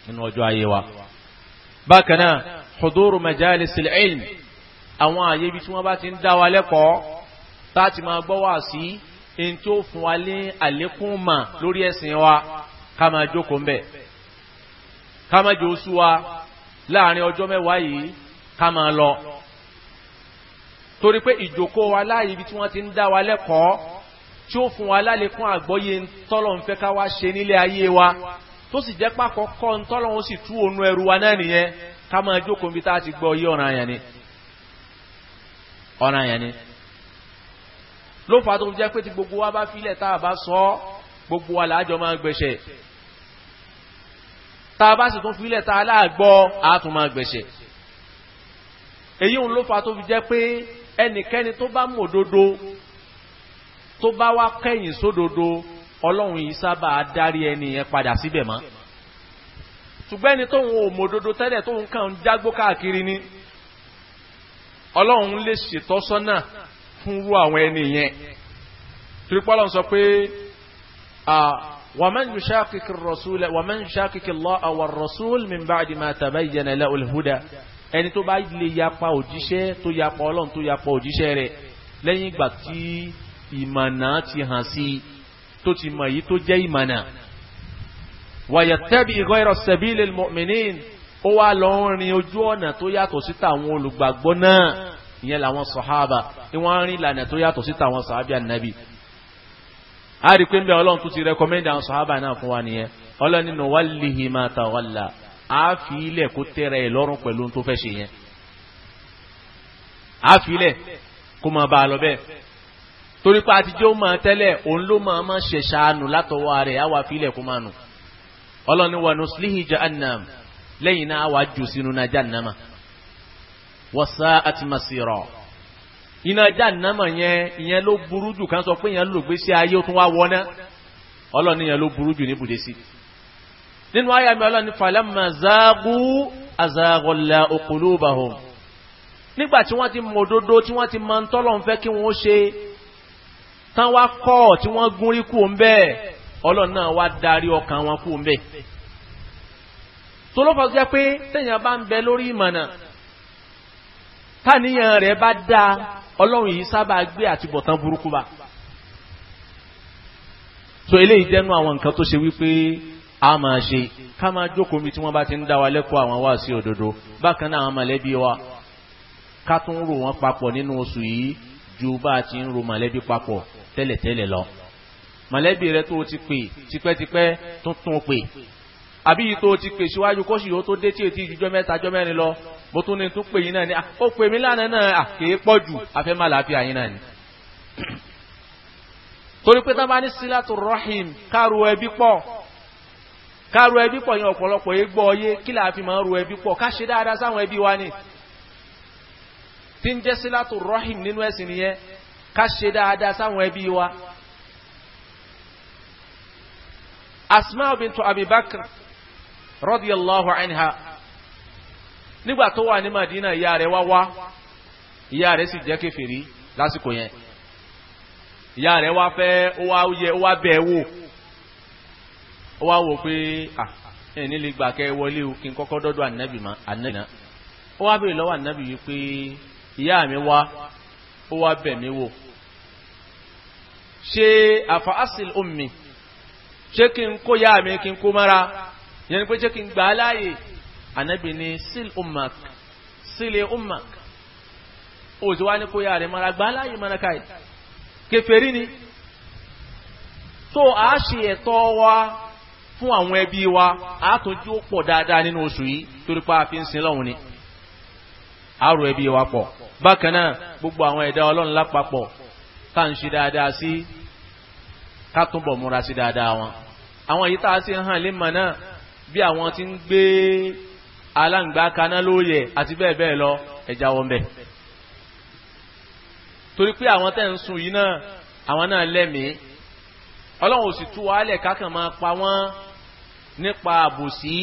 nínú ọjọ́ ayé wa. bákan náà huduru majalisil ilm àwọn àyè ibi tí wọ́n bá ti ń dá wa lẹ́kọ̀ọ́ láti máa gbọ́ wà sí in tó fún wa lé àlékún mà lórí ẹ̀sìn wa ká máa jókòó ń bẹ̀ ká máa jò sú wa láàrin ọjọ́ mẹ́wàá yìí ká máa lọ torí pé ìjókòó wa láàyè ibi tí wọ́n ti ń dá wa lẹ́kọ̀ọ́ tí ó fún wa lálékún àgbọ́yé tọ́lọ̀ ń fẹ́ ká wá ṣe nílé ayé wa tó sì jẹ́ pàkọ́kọ́ ń tọ́lọ̀ ń sì tú òun ẹrù wa náà nìyẹn ká máa jókòó ibi tá a ti gbọ́ yí ọ̀ràn àyàn ni ọ̀ràn yẹn ni ló fà tó jẹ́ pé tí gbogbo wa bá filẹ̀ tá a bá sọ ọ́ gbogbo wa làájọ máa gbẹ̀ṣẹ̀ tá a bá sì tún filẹ̀ tá a láàgbọ́ a tún máa gbẹ̀ṣẹ̀ èyí òun ló fà tó fi jẹ́ pé ẹnikẹ́ni tó bá mọ̀ òdodo tó bá wá kẹ́yìn sódodo ọlọ́run yìí sábà darí ẹni yẹn padà síbẹ̀ mọ́ ṣùgbẹ́ni tóun ò mọ̀ òdodo tẹ́lẹ̀ tóun kàn ń jágbó káàkiri ni ọlọ́run lè ṣètọ́sọ́nà fún irú àwọn ẹni yẹn torí pé ọlọ́run sọ pé wàmán yushakiki rọ̀súlẹ̀ wàmán yushakiki lọ́ àwọn rọ̀súl min ba'di ma tabayyana lahul huda ẹni tó bá lè yapa òjíṣẹ́ tó yapa ọlọ́run tó yapa òjíṣẹ́ rẹ̀ lẹ́yìn ìgbà tí ìmọ̀nà ti hàn sí tó ti mọ̀ yìí tó jẹ́ ìmọ̀nà wàyàtẹ́bì ghayra sabilil mu'minin ó wá lọ rin ojú ọ̀nà tó yàtọ̀ sí tàwọn olùgbàgbọ́ náà ìyẹn làwọn sọ̀háàbà ni wọ́n rin ìlànà tó yàtọ̀ sí tàwọn sọ̀háàbì ànábì a rí pé ń bẹ ọlọ́run tó ti rẹkọmẹ́ndì àwọn sọ̀háàbà náà fún wa nìyẹn ọlọ́run nínú wà lìhì máa ta wàlà á fi ilẹ̀ kó tẹ́rẹ̀ ẹ̀ lọ́rùn pẹ̀lú tó fẹ́ ṣe yẹn á fi ilẹ̀ kó máa bá a lọ bẹ́ẹ̀ torí pé àtijọ́ máa tẹ́lẹ̀ òun ló máa máa ṣẹ̀ṣàánù látọwọ́ rẹ̀ á wà fi ilẹ̀ kó máa nù ọlọ́run wà nù sílíhì jahannam lẹ́yìn náà wàá jù sínú náà jahannama wọ́sá àti màsírọ̀ iná jahannama yẹn ìyẹn ló burú jù kan sọ pé ìyẹn ló gbèsè ayé ó tún wá wọ́ná ọlọ́ni ìyẹn ló burú jù ní bùdésì nínú àyà mi ọlọ́ni falamma zaagu azaagọ̀lá qulubahum nígbà tí wọ́n ti mọ òdodo tí wọ́n ti mọ ntọ́lọ̀ ń fẹ́ kí wọ́n ṣe tán kọ́ tí wọ́n gúnrí kú ń bẹ́ẹ̀ ọlọ́run náà wá darí ọkàn wọn kú ń bẹ́ẹ̀ tó ló fọ́sí pé téèyàn bá ń bẹ lórí ìmọ̀nà táníyàn rẹ̀ bá dá ọlọ́run yìí sábà gbé àtúbọ̀tán burúkú bá so eléyìí jẹ́nu àwọn nǹkan tó ṣe wípé a máa ṣe ká máa jókòó mi tí wọ́n bá ti ń dá wa lẹ́kọ̀ọ́ àwọn wá sí òdodo bákan náà àwọn mọ̀lẹ́bí wa ká tún rò wọ́n papọ̀ nínú àbí ìtò ti pè síwájú kó sì yóò tó dé tí èti ìjújọ́ mẹ́ta jọ́ mẹ́rin lọ mo tún ní tún pè yín náà ni ah, ó pè mí lánàá náà àkéé ah, pọ̀ jù afẹ́ má làáfíà yín náà ni. torí pé tábà ní sílátù rahim káru ẹbí pọ̀ káru ẹbí pọ̀ yẹn ọ̀pọ̀lọpọ̀ yé gbọ́ yé kí làá máa ń ru ẹbí pọ̀ ká ṣe dáadáa sáwọn ẹbí wa ni. tí ń jẹ́ sílátù rahim nínú ẹ̀sìn nìyẹn ká ṣe dáadáa sáwọn ẹbí wa. Asma bintu Abi radiyallahu anha nígbà tó wà ní Madina ìyá rẹ̀ wá wá ìyá rẹ̀ sì jẹ́ kèfèrí lásìkò yẹn ìyá rẹ̀ wá fẹ́ ó wá yẹ ó wá bẹ̀ wò ó wá wò pé à ẹni lè gbà kẹ́ wọlé o kí n kọ́kọ́ dọ́dọ̀ ànábì ànábì náà ó wá bèèrè lọ́wọ́ ànábì yìí pé ìyá mi asil ṣé kí n kó yẹn pé jẹ́ kí n gbà á láàyè ànábì ní síl sílé ummak òjò e wá ní kó yára mara gbà á láàyè mara káyì kèfèrí ni tó a ṣe ẹ̀tọ́ wa fún àwọn ẹbí wa a tún jí ó pọ̀ dáadáa nínú oṣù yìí torí pa àfi ń sin lọ́hùn ni àrò ẹbí wa pọ̀ bákan náà gbogbo àwọn ẹ̀dá ọlọ́run lápapọ̀ ká ń ṣe dáadáa sí ká túnbọ̀ múra sí dáadáa wọn àwọn èyí tá a sì ń hàn lé mọ̀ náà bí àwọn tí ń gbé aláǹgbá kaná lóòyẹ̀ àti bẹ́ẹ̀ bẹ́ẹ̀ lọ ẹja wọn bẹ̀ torí pé àwọn tẹ́ ń sun yìí náà àwọn náà lẹ́mìí ọlọ́run ò sì tú wàhálẹ̀ kákan máa pa wọ́n nípa àbòsí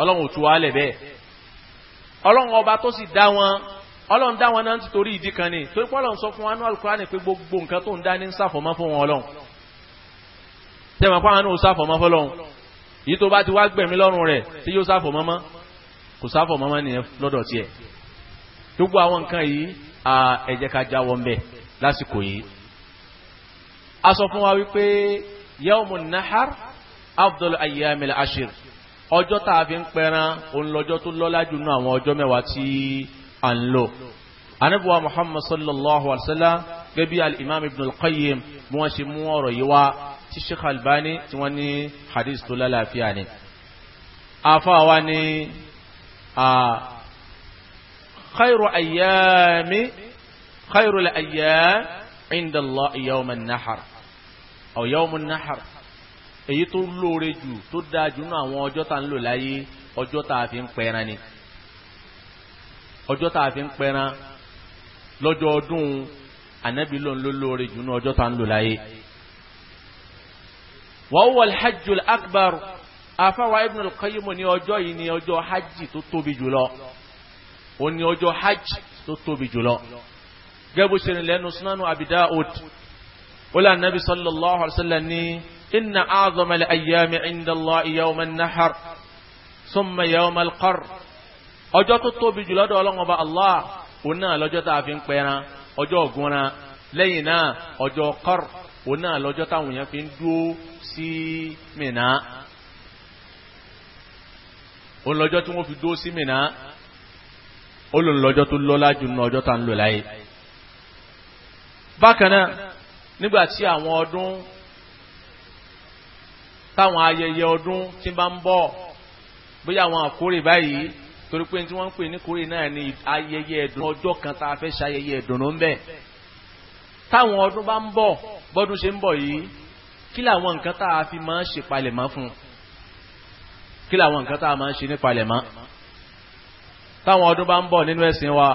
ọlọ́run ò tú wàhálẹ̀ bẹ́ẹ̀ ọlọ́run ọba tó sì dá wọn ọlọ́run dá wọn náà nítorí ìdí kan ni torí pé ọlọ́run sọ fún wa ní Al-Qur'ani pé gbogbo nǹkan tó ń dá ní ń ṣàfọ̀mọ́ fún wọn ọlọ́run tẹ̀wọ̀n pa àwọn yìí tó bá ti wá gbẹ̀mí lọ́rùn rẹ̀ tí yóò sáfọ̀ mọ́mọ́ kò sáfọ̀ mọ́mọ́ nìyẹn lọ́dọ̀ tiẹ̀ gbogbo àwọn nǹkan yìí ẹ jẹ́ ká jáwọ́ ń bẹ̀ lásìkò yìí a sọ fún wa wípé yawmun nahar afdol ayyamil ashir ọjọ́ tá a fi ń pẹran òun lọ́jọ́ tó lọ́lá jù nú àwọn ọjọ́ mẹ́wàá tí a ń lò anabuwa muhammad sallallahu alaihi wasallam gẹ́bí al-imam ibn al-qayyim bí wọ́n ṣe mú ọ̀rọ̀ yìí wá tí Sheikh Albani tí wọ́n ní hadith tó lálàáfíà ni afọ́ àwa ni a khairu ayyami khairu al-ayyam inda Allah yawm an-nahar aw yawm an-nahar èyí tó lóore jù tó dáa jù náà àwọn ọjọ́ tá ń lò láyé ọjọ́ tá fi ń pẹran ni ọjọ́ tá fi ń pẹran lọ́jọ́ ọdún ànábì jù náà ọjọ́ tá ń lò láyé wọ́wọ́ alhajj akbar afáwa ibn al-qayyim ní ọjọ́ yìí ní ọjọ́ hajj tó tóbi jùlọ ó ní ọjọ́ hajj tó tóbi jùlọ gẹ́gbó ṣe lẹ́nu sunanu abi daud ó lè anabi sallallahu alayhi wa sallam ní inna a'zama al-ayyami inda allah yawm an òun náà lọ́jọ́ táwọn èèyàn fi ń dúó sí mìnà òun lọ́jọ́ tí wọ́n fi dúó sí mìnà ó lòun lọ́jọ́ tó lọ́lá jù nínú ọjọ́ tá ń lò láyé bákan náà nígbà tí àwọn ọdún táwọn ayẹyẹ ọdún tí bá ń bọ̀ bóyá àwọn àkórè báyìí torí pé tí wọ́n ń pè ní kórè náà ni ayẹyẹ ẹ̀dùn ọjọ́ kan tá a fẹ́ ṣayẹyẹ ẹ̀dùn ló ń bẹ̀ táwọn ọdún bá ń bọ̀ bọ́dún ṣe ń bọ̀ yìí kí làwọn nǹkan tá a fi máa ń ṣe palẹ̀mọ́ fún un kí làwọn nǹkan tá a máa ń ṣe ní palẹ̀mọ́ táwọn ọdún bá ń bọ̀ nínú ẹ̀sìn wa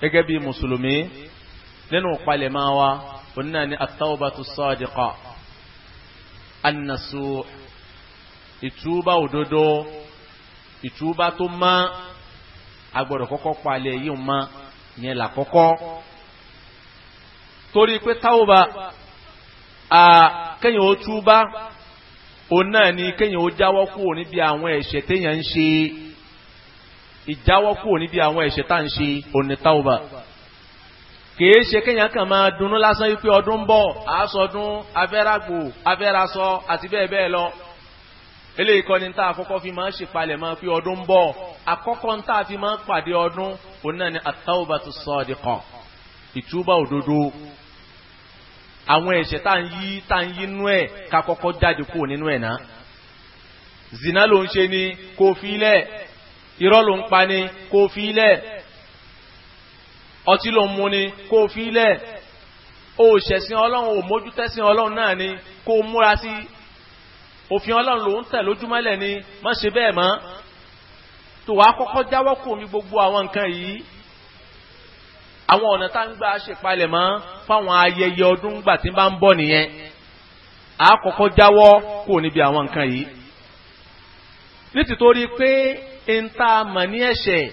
gẹ́gẹ́ bí mùsùlùmí nínú palẹ̀mọ́ wa onínà ní at-tawbatu sadiqa annasu ìtúbà òdodo ìtúbà tó má agbọ́dọ̀ kọ́kọ́ palẹ̀ yìí má yẹn là kọ́kọ́ torí pé táwọ̀bà kẹ́yìn ó túbá òun náà ni kẹ́yìn ó jáwọ́ kúrò níbi àwọn ẹ̀ṣẹ̀ téèyàn ń ṣe ìjáwọ́ kúrò níbi àwọn ẹ̀ṣẹ̀ tá ń ṣe òun ni táwọ̀bà kìí ṣe kéèyàn kàn máa dunnú lásán yìí pé ọdún ń bọ̀ àásọdún abẹ́ràgbò abẹ́rasọ àti bẹ́ẹ̀ bẹ́ẹ̀ lọ. eléyìí kọ́ ni tá a kọ́kọ́ fi máa ń ṣèpalẹ̀ máa fi ọdún ń bọ̀ àkọ́kọ́ tá a fi máa ń pàdé ọdún òun náà ni at-tawbatu sadiqa ìtúbà òdodo àwọn ẹ̀ṣẹ̀ tá ń yí tá ń yí nú ẹ̀ ká kọ́kọ́ jáde kúrò nínú ẹ̀ náà zina ló ń ṣe ni kò fi ilẹ̀ irọ́ ló ń pa ni kò fi ilẹ̀ ọtí ló ń mu ni kò fi ilẹ̀ òṣẹ̀sìn ọlọ́run òmójútẹ́sìn ọlọ́run náà ni kò múra sí òfin ọlọ́run ló ń tẹ̀ lójúmọ́lẹ̀ ni má ṣe bẹ́ẹ̀ mọ́ tó wàá kọ́kọ́ jáwọ́ kò mi gbogbo àwọn nǹkan yìí àwọn ọ̀nà tá ń gbà ṣèpalẹ̀ mọ́ fáwọn ayẹyẹ ọdún gbà tí bá ń bọ̀ nìyẹn a kọ́kọ́ jáwọ́ kò níbi àwọn nǹkan yìí nítorí pé n ta mọ̀ ní ẹ̀ṣẹ̀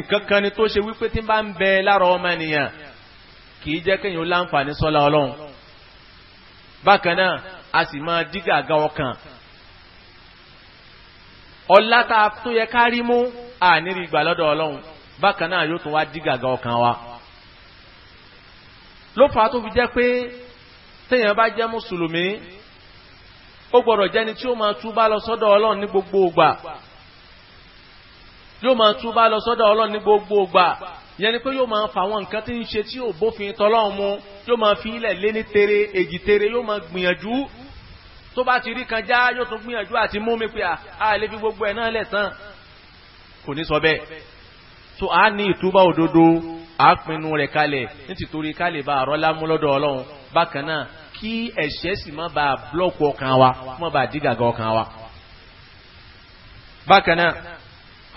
nǹkan kan ni tó ṣe wípé tí bá ń bẹ lára ọmọ ènìyàn kì í jẹ́ kéèyàn láǹfààní sọ́lá ọlọ́run bákan náà a sì máa dígàgá ọkàn ọlá tá tó yẹ ká rí mú ànírígbà lọ́dọ̀ ọlọ́run bákan náà yóò tún wá dí gàgà ọkàn wa ló fà á tó fi jẹ́ pé téèyàn bá jẹ́ mùsùlùmí ó gbọ́dọ̀ jẹ́ni tí ó máa túbá lọ sọ́dọ̀ ọlọ́run ní gbogbo ògbà yóò máa túbá lọ sọ́dọ̀ ọlọ́run ní gbogbo ògbà yẹn ni pé yóò máa fa àwọn nǹkan tí ń ṣe tí ò bófin tọlọ́run mu yóò máa fi ilẹ̀ lé ní tere èjì tere yóò máa gbìyànjú tó bá ti rí kan já yóò tún gbìyànjú àti mú mi pé à á lè fi gbogbo ẹ̀ náà lẹ̀ tán kò ní sọ bẹ́ẹ̀ so a ní ìtúbà òdodo a pinnu rẹ̀ kalẹ̀ nítorí kalẹ̀ bá àrọ́ lámú lọ́dọ̀ ọlọ́run bákan náà kí ẹ̀ṣẹ̀ sì má bàa blọ́ọ̀kù ọkàn wa má bàa dígàgà ọkàn wa. bákan náà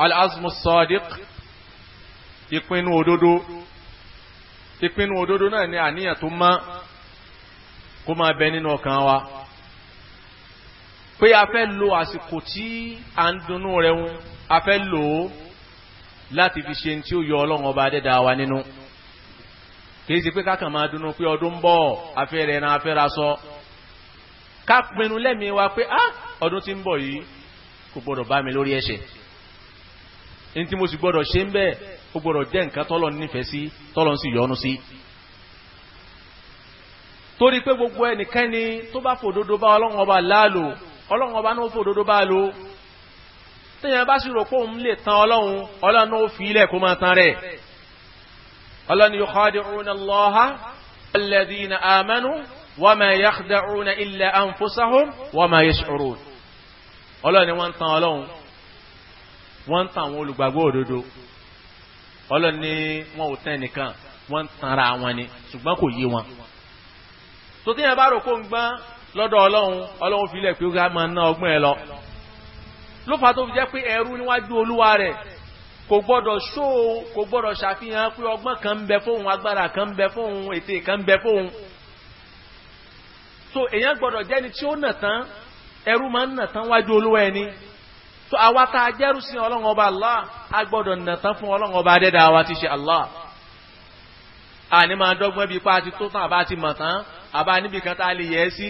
al-azmu sadiq ìpinnu òdodo ìpinnu òdodo náà ni àníyàn tó mọ́ kó máa bẹ nínú ọkàn wa pé a fẹ́ lo àsìkò tí à ń dunnú rẹ̀ wọn a fẹ́ lò ó láti fi ṣe tí ó yọ ọlọ́run ọba dẹ́dà wa nínú kìí ṣe pé kákan máa dùnnú pé ọdún ń bọ̀ afẹ́rẹ́ ẹran afẹ́ra sọ ká pinnu lẹ́mìí wa pé ah ọdún tí ń bọ̀ yìí kò gbọ́dọ̀ bá mi lórí ẹ̀ṣẹ̀ ní tí mo sì gbọ́dọ̀ ṣe ń bẹ́ẹ̀ ó gbọ́dọ̀ jẹ́ nǹkan tọ́lọ̀ nífẹ̀ẹ́ sí tọ́lọ̀ sì yọ́nú sí torí pé gbogbo ẹnikẹ́ni tó bá fòdodo bá ọlọ́run ọba láàlò ọlọ́run ọba náà fòdodo bá lò tíyàn bá sì rò pé òun lè tan ọlọ́run ọlọ́run ó fi ilẹ̀ kó máa tan rẹ̀ ọlọ́run yóò kọ́ dìrún lọ́ha alladhina amanu wa ma yakhda'una illa anfusahum wa ma yash'urun ọlọ́run ni wọ́n tan ọlọ́run wọ́n tan ọlọ́run wọ́n ò tẹ́ nìkan ló fà tó fi jẹ́ pé ẹrú níwájú olúwa rẹ̀ kò gbọ́dọ̀ ṣó kò gbọ́dọ̀ ṣàfihàn pé ọgbọ́n kan ń bẹ fóun agbára kan ń bẹ fóun ète kan ń bẹ fóun so èèyàn gbọ́dọ̀ jẹ́ni tí ó nà tán ẹrú máa ń nà tán wájú olúwa ẹni so àwa tá a jẹ́rú sí ọlọ́run ọba Allah a gbọ́dọ̀ nà tán fún ọlọ́run ọba adẹ́dàá wa ti ṣe Allah àní máa dọ́gbọ́n bíi pa àti tó tán àbá ti mọ̀ tán àbá níbi kan tá a lè yẹ sí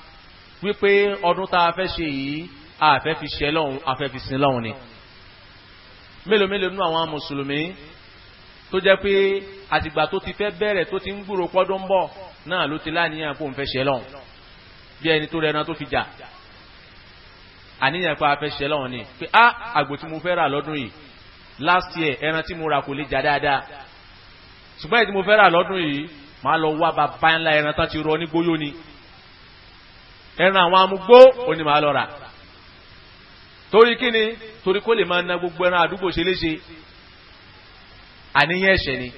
wípé ọdún tá a fẹ́ ṣe yìí a fẹ́ fi ṣe lọ́hun a fẹ́ fi sin lọ́hun ni mélòó mélòó nínú àwọn mùsùlùmí tó jẹ́ pé àtìgbà tó ti fẹ́ bẹ̀rẹ̀ tó ti ń gbúrò pọ́dún ń bọ̀ náà ló ti láníyàn pò ń fẹ́ ṣe lọ́hun bí ẹni tó rẹran tó fi jà àníyàn pé a fẹ́ ṣe lọ́hun ni pé a àgbò tí mo fẹ́ rà lọ́dún yìí last year ẹran tí mo rà kò lè jà dáadáa ṣùgbọ́n èyí tí mo fẹ́ rà lọ́dún yìí màá lọ wá bàbá ńlá ẹran tán ti rọ ní gbóyó ni ẹran àwọn amúgbó òní màá lọ rà torí kí ni torí kó lè máa na gbogbo ẹran àdúgbò ṣe léṣe àníyàn ẹ̀ṣẹ̀ ni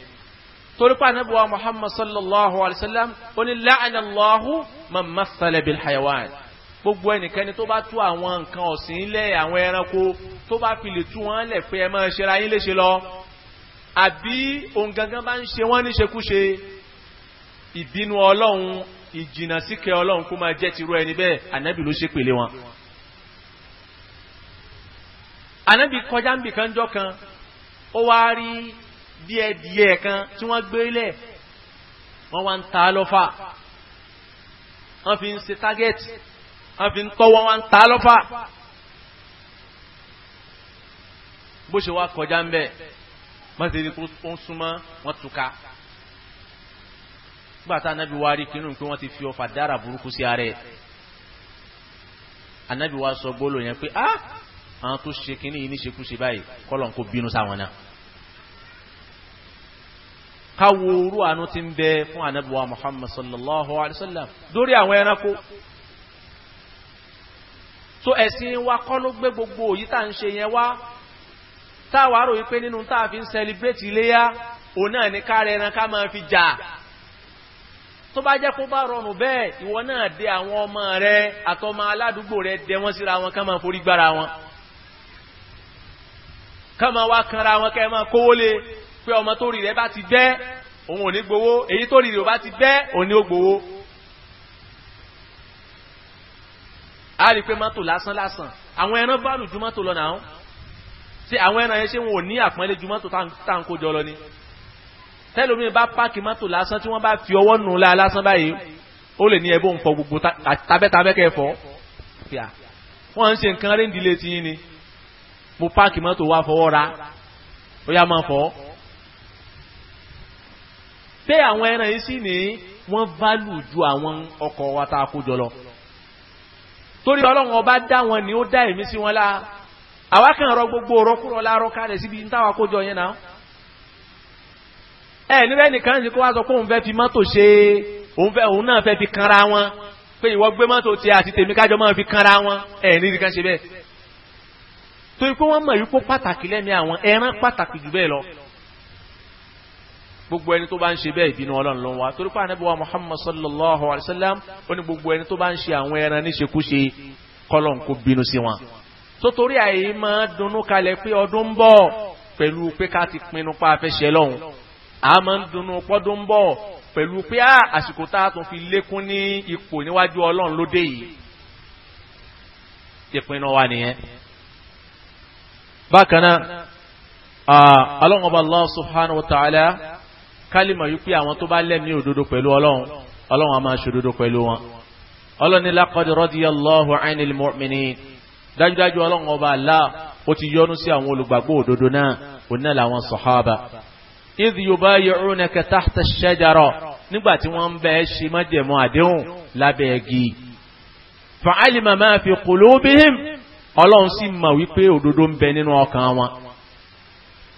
torí pa ànábì wa muhammad sallallahu alayhi wa sallam ó ní la'ana allahu man masala bil hayawan gbogbo ẹnikẹ́ni tó bá tú àwọn nǹkan ọ̀sìn lẹ̀ àwọn ẹranko tó bá fi lè tú wọn lẹ̀ pé ẹ máa ṣe ra yín léṣe lọ àbí ohun gangan bá ń ṣe wọ́n níṣekúṣe ìbínú ọlọ́run ìjìnà síkẹ́ ọlọ́run kó máa jẹ́ ti rú ẹni bẹ́ẹ̀ ànábì ló ṣe pèlé wọn. ànábì kọjá ń bì kan jọ kan ó wá rí díẹ̀díẹ̀ kan tí wọ́n gbé lẹ̀ wọ́n wá ń ta lọ́fà wọ́n fi ń ṣe tágẹ́ẹ̀tì wọ́n fi ń tọ́wọ́ wá ń ta lọ́fà bó ṣe wá kọjá ń bẹ̀ mọ́tẹ́ni tó ń súnmọ́ wọ́n túká gbàtà anabi wa rí kinu pé wọ́n ti fi ọfà dára burúkú sí ara ẹ̀ anabi wa sọ gbólò yẹn pé ah àwọn tó ṣe kínní yìí níṣekúṣe báyìí kọ́lọ̀ ń kó bínú sáwọn náà káwo orú àánú ti ń bẹ fún anabi wa muhammad sallallahu alayhi wa sallam lórí àwọn ẹranko so ẹ̀sìn wa kọ́ ló gbé gbogbo òyí tá à ń ṣe yẹn wá táwa rò wípé nínú tá a fi ń sẹlibrétì iléyà òun náà ní ká rẹran ká máa fi jà tó bá jẹ́ kó bá rọrùn bẹ́ẹ̀ ìwọ náà dé àwọn ọmọ rẹ àtọmọ aládùúgbò rẹ dẹ wọ́n síra wọn ká máa forí gbára wọn ká máa wá kanra wọn kẹ́ máa kówó lé pé ọmọ tó rí rẹ bá ti bẹ́ òun ò ní gbowó èyí tó rí rẹ bá ti bẹ́ òun ní ó gbowó. a rí pé mọ́tò lásán lásán àwọn ẹran bá lù ju mọ́tò àwọn ẹran yẹn ṣé wọn ò ní àpọ́nlé ju mọ́tò kó jọ lọ ni. tẹ́lómi bá páàkì mọ́tò lásán tí wọ́n bá fi ọwọ́ nù la lásán báyìí ó lè ní ẹbí òun fọ gbogbo tabẹ́tabẹ́ kẹfọ́ wọ́n ń ṣe nǹkan rí ìdílé tí yín ni mo páàkì mọ́tò wá fọwọ́ ra ó yá máa fọ́ bẹ́ẹ̀ àwọn ẹran yìí sì ní wọ́n válù ju àwọn ọkọ̀ wa tá a kó jọ lọ torí ọlọ́run ọba dá wọn ni ó dá ẹ̀mí sí wọn lá àwa kàn rọ gbogbo rọkúrọ lárọ kálẹ̀ síbi táwa kó jọ yẹn náà. ẹ níbẹ̀ nìkan sì kó wá sọ pé òun fẹ́ fi mọ́tò ṣe òun fẹ́ òun náà fẹ́ fi kanra wọn pé ìwọ gbé mọ́tò tí àti tèmi kájọ máa fi kanra wọn ẹ ní nìkan ṣe bẹ́ẹ̀ torí pé wọ́n mọ̀ yìí pàtàkì lẹ́mí àwọn ẹran pàtàkì jù bẹ́ẹ̀ lọ gbogbo ẹni tó bá ń ṣe bẹ́ẹ̀ ìbínú ọlọ́run ló ń wá torí pé ànábì wa Muhammad sallallahu alayhi wa sallam ó ní gbogbo ẹni tó bá ń ṣe àwọn ẹran níṣekúṣe kọ́lọ́n kó bínú sí wọn tó torí àyè máa dunnú kalẹ̀ pé ọdún ń bọ̀ pẹ̀lú pé ká ti pinnu pa afẹ́ṣẹ́ lọ́hùn a máa ń dunnú pọ́dún ń bọ̀ pẹ̀lú pé ah, àsìkò tá a tún fi lékún ní ipò níwájú ọlọ́run lóde yìí ìpinnu wa nìyẹn. bákan náà ọlọ́run ọba allah subhanahu wa ta'ala kálímọ̀ yìí pé àwọn tó bá lẹ́mí òdodo pẹ̀lú ọlọ́run ọlọ́run a máa ṣòdodo pẹ̀lú wọn. ọlọ́run ní laqad radiyallahu 'anil mu'minin dájúdájú ọlọ́run ọba allah ó ti yọ́nú sí àwọn olùgbàgbọ́ òdodo náà òun náà làwọn sàhábà إذ يبايعونك تحت الشجرة shajara nígbà tí wọ́n ń bẹ ṣe májẹ̀mú àdéhùn lábẹ́ igi fa'alima ma fi qulubihim ọlọ́run sì mọ̀ wípé òdodo ń bẹ nínú ọkàn wọn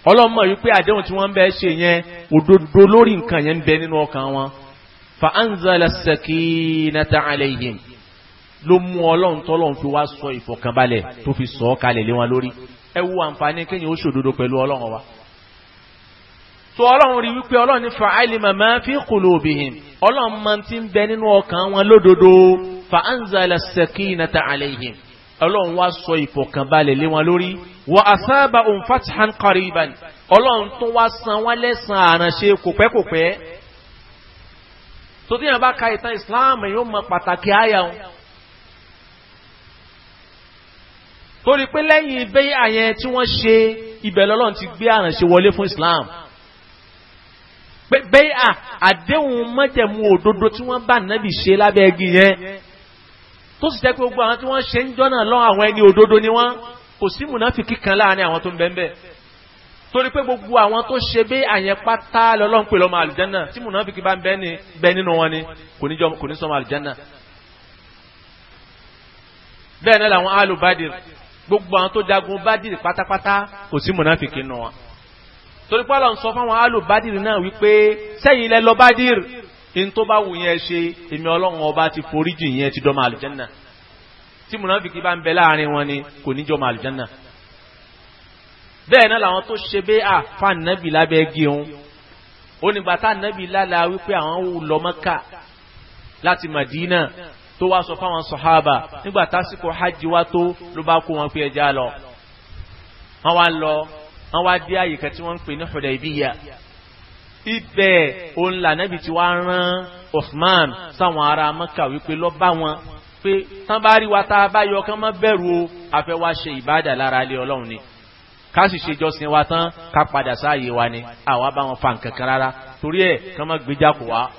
ọlọ́run mọ̀ wípé àdéhùn tí wọ́n ń bẹ ṣe yẹn òdodo lórí nǹkan yẹn ń bẹ nínú ọkàn wọn fa'anzala as-sakinata alayhim ló mú ọlọ́run tọ́lọ́run fi wá sọ ìfọ̀kànbalẹ̀ tó fi sọ ọ́ kalẹ̀ lé wọn lórí ẹ wo àǹfààní kéèyàn ó ṣòdodo pẹ̀lú ọlọ́run wa so ọlọ́run rí wípé ọlọ́run ní fa àìlèmọ̀ máa fi qulubihim ọlọ́run máa ti ń bẹ nínú ọkàn wọn lódodo fa anzala sakinata alayhim ọlọ́run wá sọ ìfọ̀kànbalẹ̀ lé wọn lórí wa asaba um fathan qariban ọlọ́run tún wá san wọ́n lẹ́sàn-án àránṣe kòpẹ́kòpẹ́ tó tí yàn ka ìtàn islam yóò mọ pàtàkì àyà wọn torí pé lẹ́yìn ibẹ́ àyẹn tí wọ́n ṣe ibẹ̀ lọ́lọ́run ti gbé àránṣe wọlé fún islam. islam bẹ́ẹ̀ à àdéhùn mọ́jẹ̀mú òdodo tí wọ́n bá nàbì ṣe lábẹ́ ẹgbì yẹn tó sì jẹ́ pé gbogbo àwọn tí wọ́n ṣe ń jọ́nà lọ àwọn ẹni òdodo ni wọ́n kò sí mùnáfìkì kan láàrin àwọn tó ń bẹ́ẹ̀ bẹ́ẹ̀ torí pé gbogbo àwọn tó ṣe bí àyẹn pátá lọ́lọ́run pè lọ́mọ àlùjánà tí mùnáfìkì bá ń bẹ nínú wọn ni kò ní sọmọ àlùjánà bẹ́ẹ̀ náà làwọn alùbádìr gbogbo àwọn tó torí pọ́lọ̀ ń sọ fáwọn alùbádìrì náà wípé sẹ́yìn ilẹ̀ lọ bádìrì in tó bá wù yẹn ṣe èmi ọlọ́run ọba ti foríjì yẹn ti dọ́mọ àlùjẹ́nà tí mùnàfíkì bá ń bẹ láàrin wọn ni kò ní jọmọ àlùjẹ́nà bẹ́ẹ̀ náà làwọn tó ṣe bẹ́ àfàn nẹ́bì lábẹ́ gé òun ó nígbà tá nẹ́bì lálàá wípé àwọn wù lọ Mẹ́kà láti Màdínà tó wá sọ fáwọn sọ̀hábà nígbà tásìkò hajj wá tó ló bá kó wọn pé ẹja lọ wọn wá lọ wọ́n wá dé àyè kan tí wọ́n ń pè ní Hudaybiya ibẹ̀ òun lànàbì tí wàá rán Uthman sáwọn ará Mẹ́kà wípé lọ bá wọn pé tán bá rí wa tá a bá yọ kán má bẹ̀rù o àfẹ́ wá ṣe ìbádà lára ilé Ọlọ́run ni ká sì ṣe jọ́sìn wa tán ká padà sáàyè wa ni àwa bá wọn fa nǹkan kan rárá torí ẹ̀ kán má gbéjà kó wa.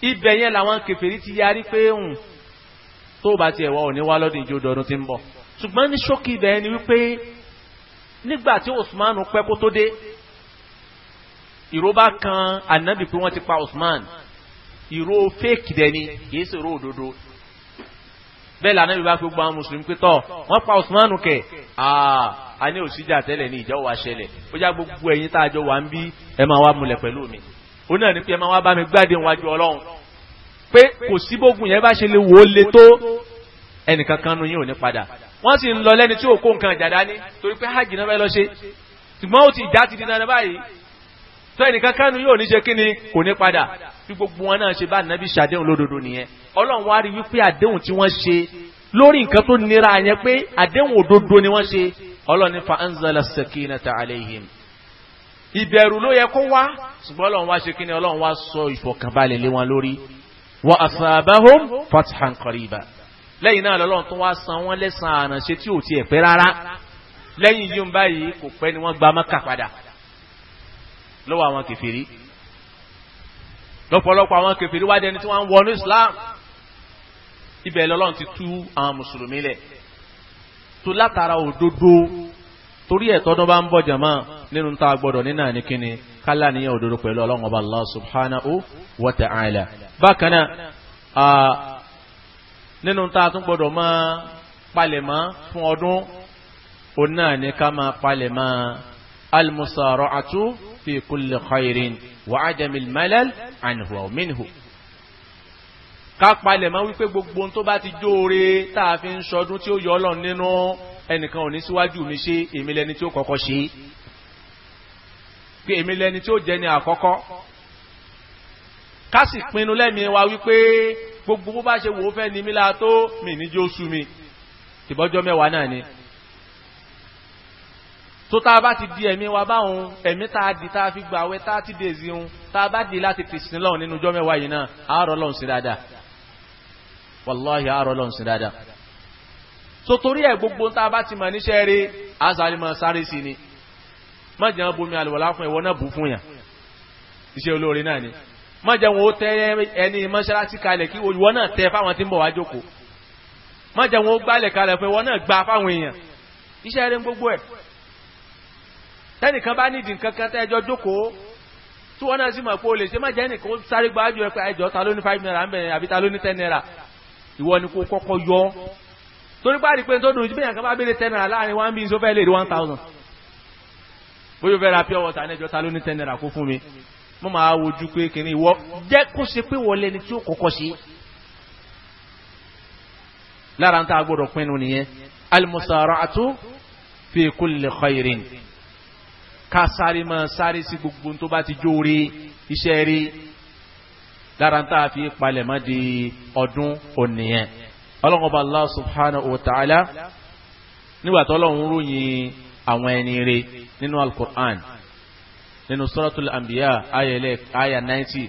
ibẹ̀ yẹn làwọn kèfèrí ti yarí pé ń tó bá tiẹ̀ wọ òní wá lọ́dún ìjọ dọ̀dún ti ń bọ̀ ṣùgbọ́n ní ṣókí ibẹ̀ ni wípé nígbà tí Usman pẹ́ kó tó dé ìró bá kan ànábì pé wọ́n ti pa Usman ìró fake dẹ̀ ni kìí ṣe ìró òdodo bẹ́ẹ̀ lànà ìbá gbogbo àwọn mùsùlùmí pé tọ́ wọ́n pa Usman kẹ̀ a ní òsíjà tẹ́lẹ̀ ní ìjọ wa ṣẹlẹ̀ ó já gbogbo ẹ̀yin tá a jọ wà ń bí ẹ máa wá múlẹ̀ pẹ̀lú mi ó náà ní pé ẹ máa wá bá mi gbádùn wájú Ọlọ́run pé kò síbógun yẹn bá ṣe lè wò ó le tó ẹnìkan kan nu yín ò ní padà wọ́n sì ń lọ lẹ́ni tí ò kó nǹkan ìjàdá ní torí pé hajj náà fẹ́ lọ ṣe ṣùgbọ́n ó ti ìjà ti di dandan báyìí tó ẹnìkan kánú yóò ní ṣe kí ni kò ní padà bí gbogbo wọn náà ṣe bá nàbí ṣàdéhùn lódodo nìyẹn ọlọ́run wá rí wípé àdéhùn tí wọ́n ṣe lórí nǹkan tó nira yẹn pé àdéhùn òdodo ni wọ́n ṣe ọlọ́run fa anzala sakinata aleihim ìbẹ̀rù ló yẹ kó wá ṣùgbọ́n ọlọ́run wá ṣe kí ni ọlọ́run wá sọ ìfọ̀kànbalẹ̀ lé wọn lórí wa asabahum fathan qariba lẹ́yìn náà lọ́lọ́run tó wá san wọ́n lẹ́sàn àrànṣe tí ò ti ẹ̀pẹ́ rárá lẹ́yìn yíò báyìí kò pẹ́ ni wọ́n gba mọ́kà padà lọ́wọ́ àwọn kèfèrí lọ́pọ̀lọpọ̀ àwọn kèfèrí wá dẹni tí wọ́n ń wọnú Islam ibẹ̀ lọ́lọ́run ti tú àwọn mùsùlùmí lẹ̀ tó látara òdodo torí ẹ̀ tọ́dún bá ń bọ̀ jàmọ́ nínú tá a gbọ́dọ̀ nínú àníkíni kálá níyàn òdodo pẹ̀lú ọlọ́run ọba Allah subhanahu wa ta'ala bákan náà nínú tá a tún gbọdọ̀ máa palẹ̀mọ́ fún ọdún òun náà ní ká máa palẹ̀mọ́ al-musara'atu fi kulli khairin wa adamil malal anhu wa minhu ká palẹ̀mọ́ wípé gbogbo tó bá ti jóore tá a fi ń ṣọdún tí ó yọ ọlọ́run nínú ẹnìkan ò ní síwájú mi ṣe èmi lẹni tí ó kọ́kọ́ ṣe pé èmi lẹni tí ó jẹ ní àkọ́kọ́ ká sì pinnu lẹ́mìí wa wípé gbogbo bó bá ṣe wò ó fẹ́ ni mí la tó mi níjó sú mi tìbọ́jọ́ mẹ́wàá náà ni tó tá a bá ti di ẹ̀mí wa báhùn ẹ̀mí tá a di tá a fi gbà wẹ́ tá a ti dè sí un tá a bá di láti tìsín lọ́hùn nínú ọjọ́ mẹ́wàá yìí náà àárọ̀ lọ́hùn sí dáadáa wàláhì àárọ̀ lọ́hùn sí dáadáa so torí ẹ̀ gbogbo tá a bá ti mọ̀ níṣẹ́ rí azàlímọ̀ sáré sí ni má jẹ́ bomi àlùwàlá fún ẹ̀wọ́ náà bù fún yàn iṣẹ́ olóore náà ni má jẹ́ wọn ó tẹ́ ẹni mọ́ṣáláṣí kalẹ̀ kí ìwọ náà tẹ́ fáwọn tí ń bọ̀ wá jókòó má jẹ́ wọn ó gbálẹ̀ kalẹ̀ fún ìwọ náà gba fáwọn èèyàn iṣẹ́ rẹ̀ ń gbogbo ẹ̀ tẹ́nìkan bá nídìí nǹkan kan tẹ́jọ́ jókòó tí wọ́n náà sì mọ̀ pé o lè ṣe má jẹ́ ó sáré gbájú ẹ pé ẹjọ́ ta ló ní five naira ńbẹ̀rẹ̀ àbí ta ló ní ten naira ìwọ ni kò kọ́kọ́ yọ torí pàdé pé tó dùn ìjúbẹ̀yàn kan bá béèrè ten naira láàrin one bíi tó fẹ́ lè rí one thousand bóyá o fẹ́ ra pure water ní ta ló ní ten naira kó fún mi mọ́ máa wojú pé kìíní ìwọ jẹ́ kó ṣe pé wọlé ni tí ó kọ́kọ́ ṣe lára ń tá a gbọ́dọ̀ pinnu nìyẹn almusara'atu fi kulli khairin ká sáré mọ́ sáré sí gbogbo tó bá ti jóore iṣẹ́ rí lára ń tá fi palẹ̀ mọ́ di ọdún ònìyẹn ọlọ́run allah subhanahu wa ta'ala nígbà tó ọlọ́run ròyìn àwọn ẹni rẹ̀ nínú al nínú suratul anbiya ayẹlẹ aya 90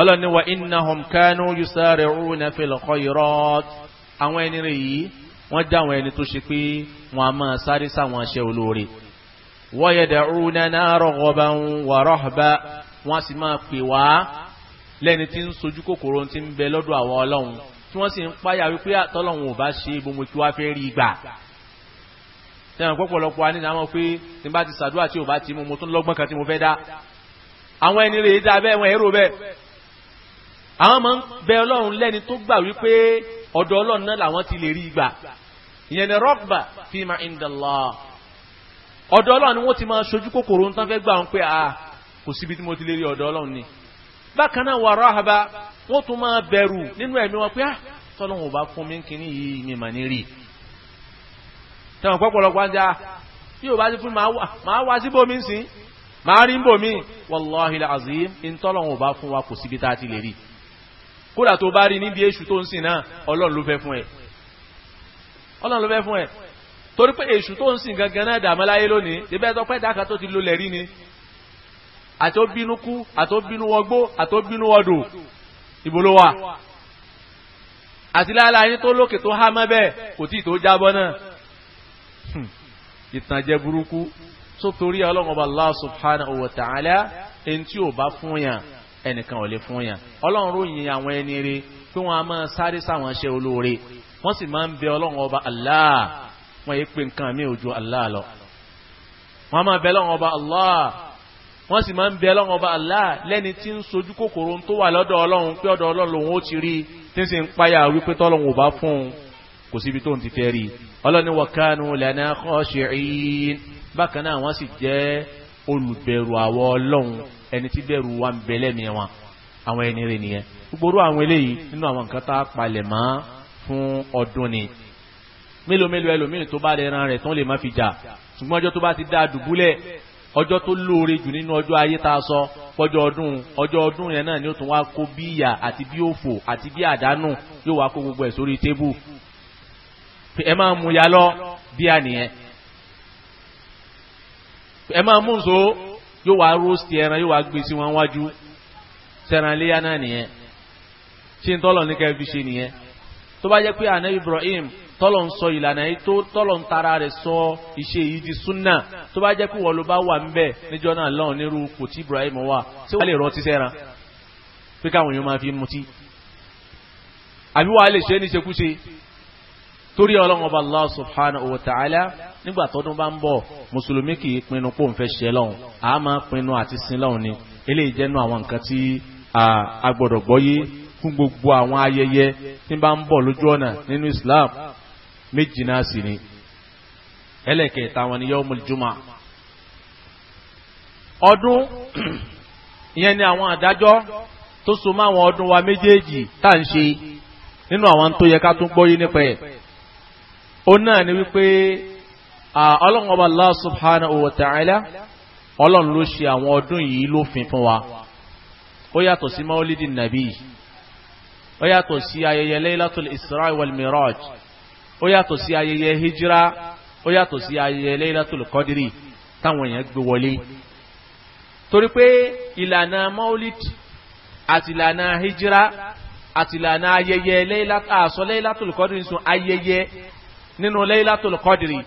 ọlọ́ni wa innahum kanu yusari'una fil khayrat àwọn ẹni rẹ̀ yìí wọ́n dá àwọn ẹni tó ṣe pé wọ́n a máa sáré sáwọn aṣẹ́ olóore wa yad'unana raghaban wa rahba wọ́n sì máa pè wá lẹ́ni tí ń sojú kòkòrò tí ń bẹ lọ́dọ̀ àwọn ọlọ́run tí wọ́n sì ń páyà wípé àtọ́lọ́run ò bá ṣe gbogbo kí wá fẹ́ rí gbà tẹ̀wọ̀n pọ̀pọ̀lọpọ̀ àní àwọn pé tí bá ti sàdúrà tí ò bá ti mú mo tún lọ́gbọ́n kan tí mo fẹ́ dá àwọn ẹni rèé dá bẹ́ẹ̀ wọn èrò bẹ́ẹ̀ àwọn máa ń bẹ ọlọ́run lẹ́ni tó gbà wípé ọ̀dọ̀ ọlọ́run náà làwọn ti lè rí gbà ìyẹn ni rọ́gbà fi máa ń dàlọ́ ọ̀dọ̀ ọlọ́run ni wọ́n ti máa ṣojú kòkòrò tán fẹ́ gbà wọn pé a ah, kò síbi tí mo ti lè rí ọ̀dọ̀ ọlọ́run ni bákan náà wàrà àbá wọ́n tún máa bẹ̀rù nínú ẹ̀mí wọn pé a ah, tọ́lọ́run ò bá fún mi kíní yìí mi mà ní rí i tẹ̀wọ̀n pọ̀pọ̀lọpọ̀ ajá tí ò bá ti fún máa wá síbòmí sí máa rí bòmí wallahi alazim ìntọ́lọ̀wọ̀n bá fún wa kò síbi tá a ti lè rí kódà tó bá rí níbi èṣù tó ń sìn náà ọlọ́run ló fẹ́ fún ẹ ọlọ́run ló fẹ́ fún ẹ torí pé èṣù tó ń sìn gangan náà dàmọ́ láyé lónìí débẹ́ tó pẹ́ dáka tó ti lo lẹ̀rí ni àtó bínú kú àtó bínú wọgbó àtó bínú wọdò ìbòlówà àti láàlá yín tó lókè tó há mọ́ bẹ́ẹ̀ kò tí ì tó jábọ́ náà ìtànjẹ burúkú tó torí ọlọ́run ọba Allah subhanahu wa ta'ala ẹni tí ò bá fún yàn ẹnìkan ò lè fún yàn ọlọ́run ròyìn àwọn ẹni rere pé wọ́n a máa sáré sáwọn iṣẹ́ olóore wọ́n sì máa ń bẹ ọlọ́run ọba Allah wọ́n yé pé nǹkan mi ò ju Allah lọ wọ́n a máa bẹ ọlọ́run ọba wọ́n sì máa ń bẹ ọlọ́run ọba lẹ́ni tí ń sojú kòkòrò tó wà lọ́dọ̀ ọlọ́run pé ọ̀dọ̀ ọlọ́run òun ń sì ti rí ọlọ́ni wakanu lana khashi'in bákan náà wọ́n sì jẹ́ olùbẹ̀rù àwọ ọlọ́run ẹni tí bẹ̀rù wa ń bẹ̀lẹ̀ mi wọn àwọn ẹni rẹ̀ nìyẹn gbogbo àwọn eléyìí nínú àwọn nǹkan tá a palẹ̀ mọ́ fún ọdún ni mélòó mélòó ẹlòmíràn tó bá rẹ ran rẹ̀ tán lè má fi jà ṣùgbọ́n ọjọ́ tó bá ti dá dùbúlẹ̀ ọjọ́ tó lóore jù nínú ọjọ́ ayé tá a sọ pọ́jọ́ ọdún ọjọ́ ọdún yẹn náà ni ó tún wá kó bí ìyà àti bí òfò àti bí àdánù yóò wá kó gbogbo ẹ̀ sórí tébù ẹ máa mú ya lọ bí a nìyẹn ẹ máa mú nso yóò wá ẹran yóò wá gbé sí wọn wájú sẹran léyà náà nìyẹn tí n tọ́lọ̀ ní kẹfì ṣe nìyẹn tó bá Ibrahim tọ́lọ̀ ń sọ ìlànà yìí tó tọ́lọ̀ ń tara rẹ̀ sọ ìṣe yìí di súnà tó bá jẹ́ pé wọ́n ló bá wà ń bẹ̀ níjọ́ náà nírú kò tí Ibrahim wà tí wọ́n lè rọtí sẹ́ran pé fi mutí àbí lè ṣe é níṣekúṣe torí ọlọ́run ọba allah subhanahu wa ta'ala nígbà tọdún bá ń bọ̀ kìí pinnu kó ń fẹ́ ṣe a máa pinnu àti sin lọ́hùn ni eléyìí jẹ́nu àwọn nǹkan tí a gbọ́dọ̀ gbogbo àwọn ayẹyẹ tí bá ń bọ̀ islam méjì náà sì ni ni juma ọdún ìyẹn ni àwọn àdájọ́ tó so mọ́ wa méjèèjì tá à ń ṣe nínú àwọn tó yẹ ká tún ó náà ni wípé ọlọ́run ọba Allah subhanahu wa ta'ala ọlọ́run ló ṣe àwọn ọdún yìí lófin fún wa ó yàtọ̀ sí maulidi nabi ó yàtọ̀ sí ayẹyẹ laylatul isra wal miraj ó yàtọ̀ sí ayẹyẹ hijira ó yàtọ̀ sí ayẹyẹ laylatul qadri táwọn èèyàn gbé wọlé torí pé ìlànà maulid àti ìlànà hijira àti ìlànà ayẹyẹ laylatul qadri sun ayẹyẹ nínú Laylatul Qadri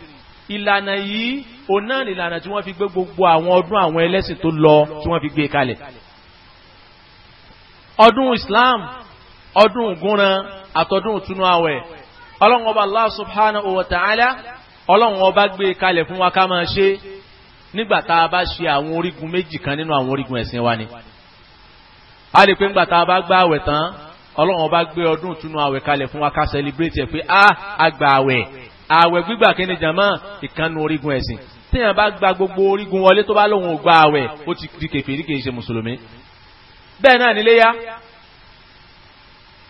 ìlànà yìí òun náà nìlànà tí wọ́n fi gbé gbogbo àwọn ọdún àwọn ẹlẹ́sìn tó lọ tí wọ́n fi gbé kalẹ̀ ọdún Islam ọdún gúnran àtọdún túnú àwẹ̀ ọlọ́run ọba Allah subhanahu wa ta'ala ọlọ́run ọba gbé kalẹ̀ fún wa ká máa ṣe nígbà tá a bá ṣe àwọn orígun méjì kan ọlọ́run bá gbé ọdún ìtúnú àwẹ̀ kalẹ̀ fún wa ká celebrate ẹ̀ pé ah, a àgbà àwẹ̀ àwẹ̀ gbígbà kíni jàmọ́ ìkanu orígun ẹ̀sìn téèyàn bá gba gbogbo orígun wọlé tó bá lóun ò gba àwẹ̀ ó ti di kèfèrí kì í ṣe mùsùlùmí bẹ́ẹ̀ náà níléyá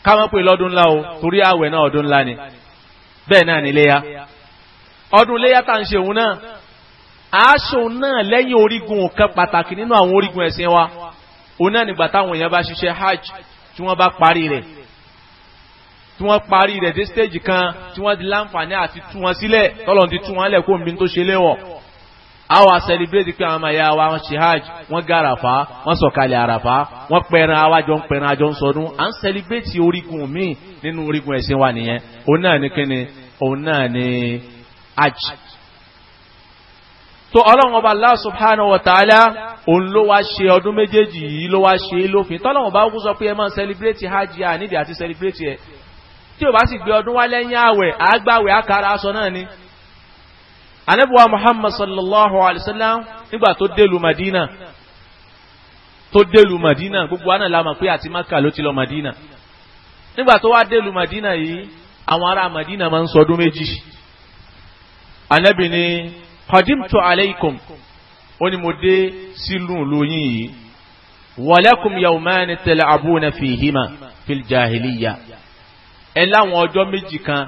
ká mọ́ pé lọ́dún ńlá o torí àwẹ̀ náà ọdún ńlá ni bẹ́ẹ̀ náà níléyá ọdún léyá tá à ń ṣe òun náà aṣọ náà lẹ́yìn orígun kan pàtàkì nínú àwọn orígun ẹ̀sìn wa òun náà nígbà táwọn èèyàn bá ṣiṣẹ́ hajj tí wọ́n bá parí rẹ̀ tí wọ́n parí rẹ̀ dé stage kan tí wọ́n di láǹfààní àti tú wọn sílẹ̀ tọ́lọ̀ ti tú wọn lẹ̀ kó mi tó ṣe léwọ̀n a wà celebrate pé àwọn àyà wa wọn ṣe hajj wọn gá àràfà wọn sọ̀kalẹ̀ àràfà wọn pẹran awájọ ń pẹran àjọ ń sọdún à ń celebrate orígun míì nínú orígun ẹ̀sìn wa nìyẹn òun náà ni kíni òun náà ni hajj so ọlọ́run ọba Allah subhanahu wa ta'ala òun ló wá ṣe ọdún méjèèjì yìí ló wá ṣe é lófin tọ́lọ́run ọba ogun sọ pé ẹ máa sẹlẹ̀bírẹ́tì hajj à nídìí àti sẹlẹ̀bírẹ́tì ẹ̀ tí ò bá sì gbé ọdún wá lẹ́yìn àwẹ̀ àgbàwẹ̀ àkàrà aṣọ náà ni. anábùwà Muhammad sallallahu alayhi wa sallam nígbà tó délu Madina tó délu Madina gbogbo qadimtu alaykum ó ní mo dé sílùú lóyìn yìí walakum yawmani tal'abuna fihima fil jahiliya ẹ láwọn ọjọ́ méjì kan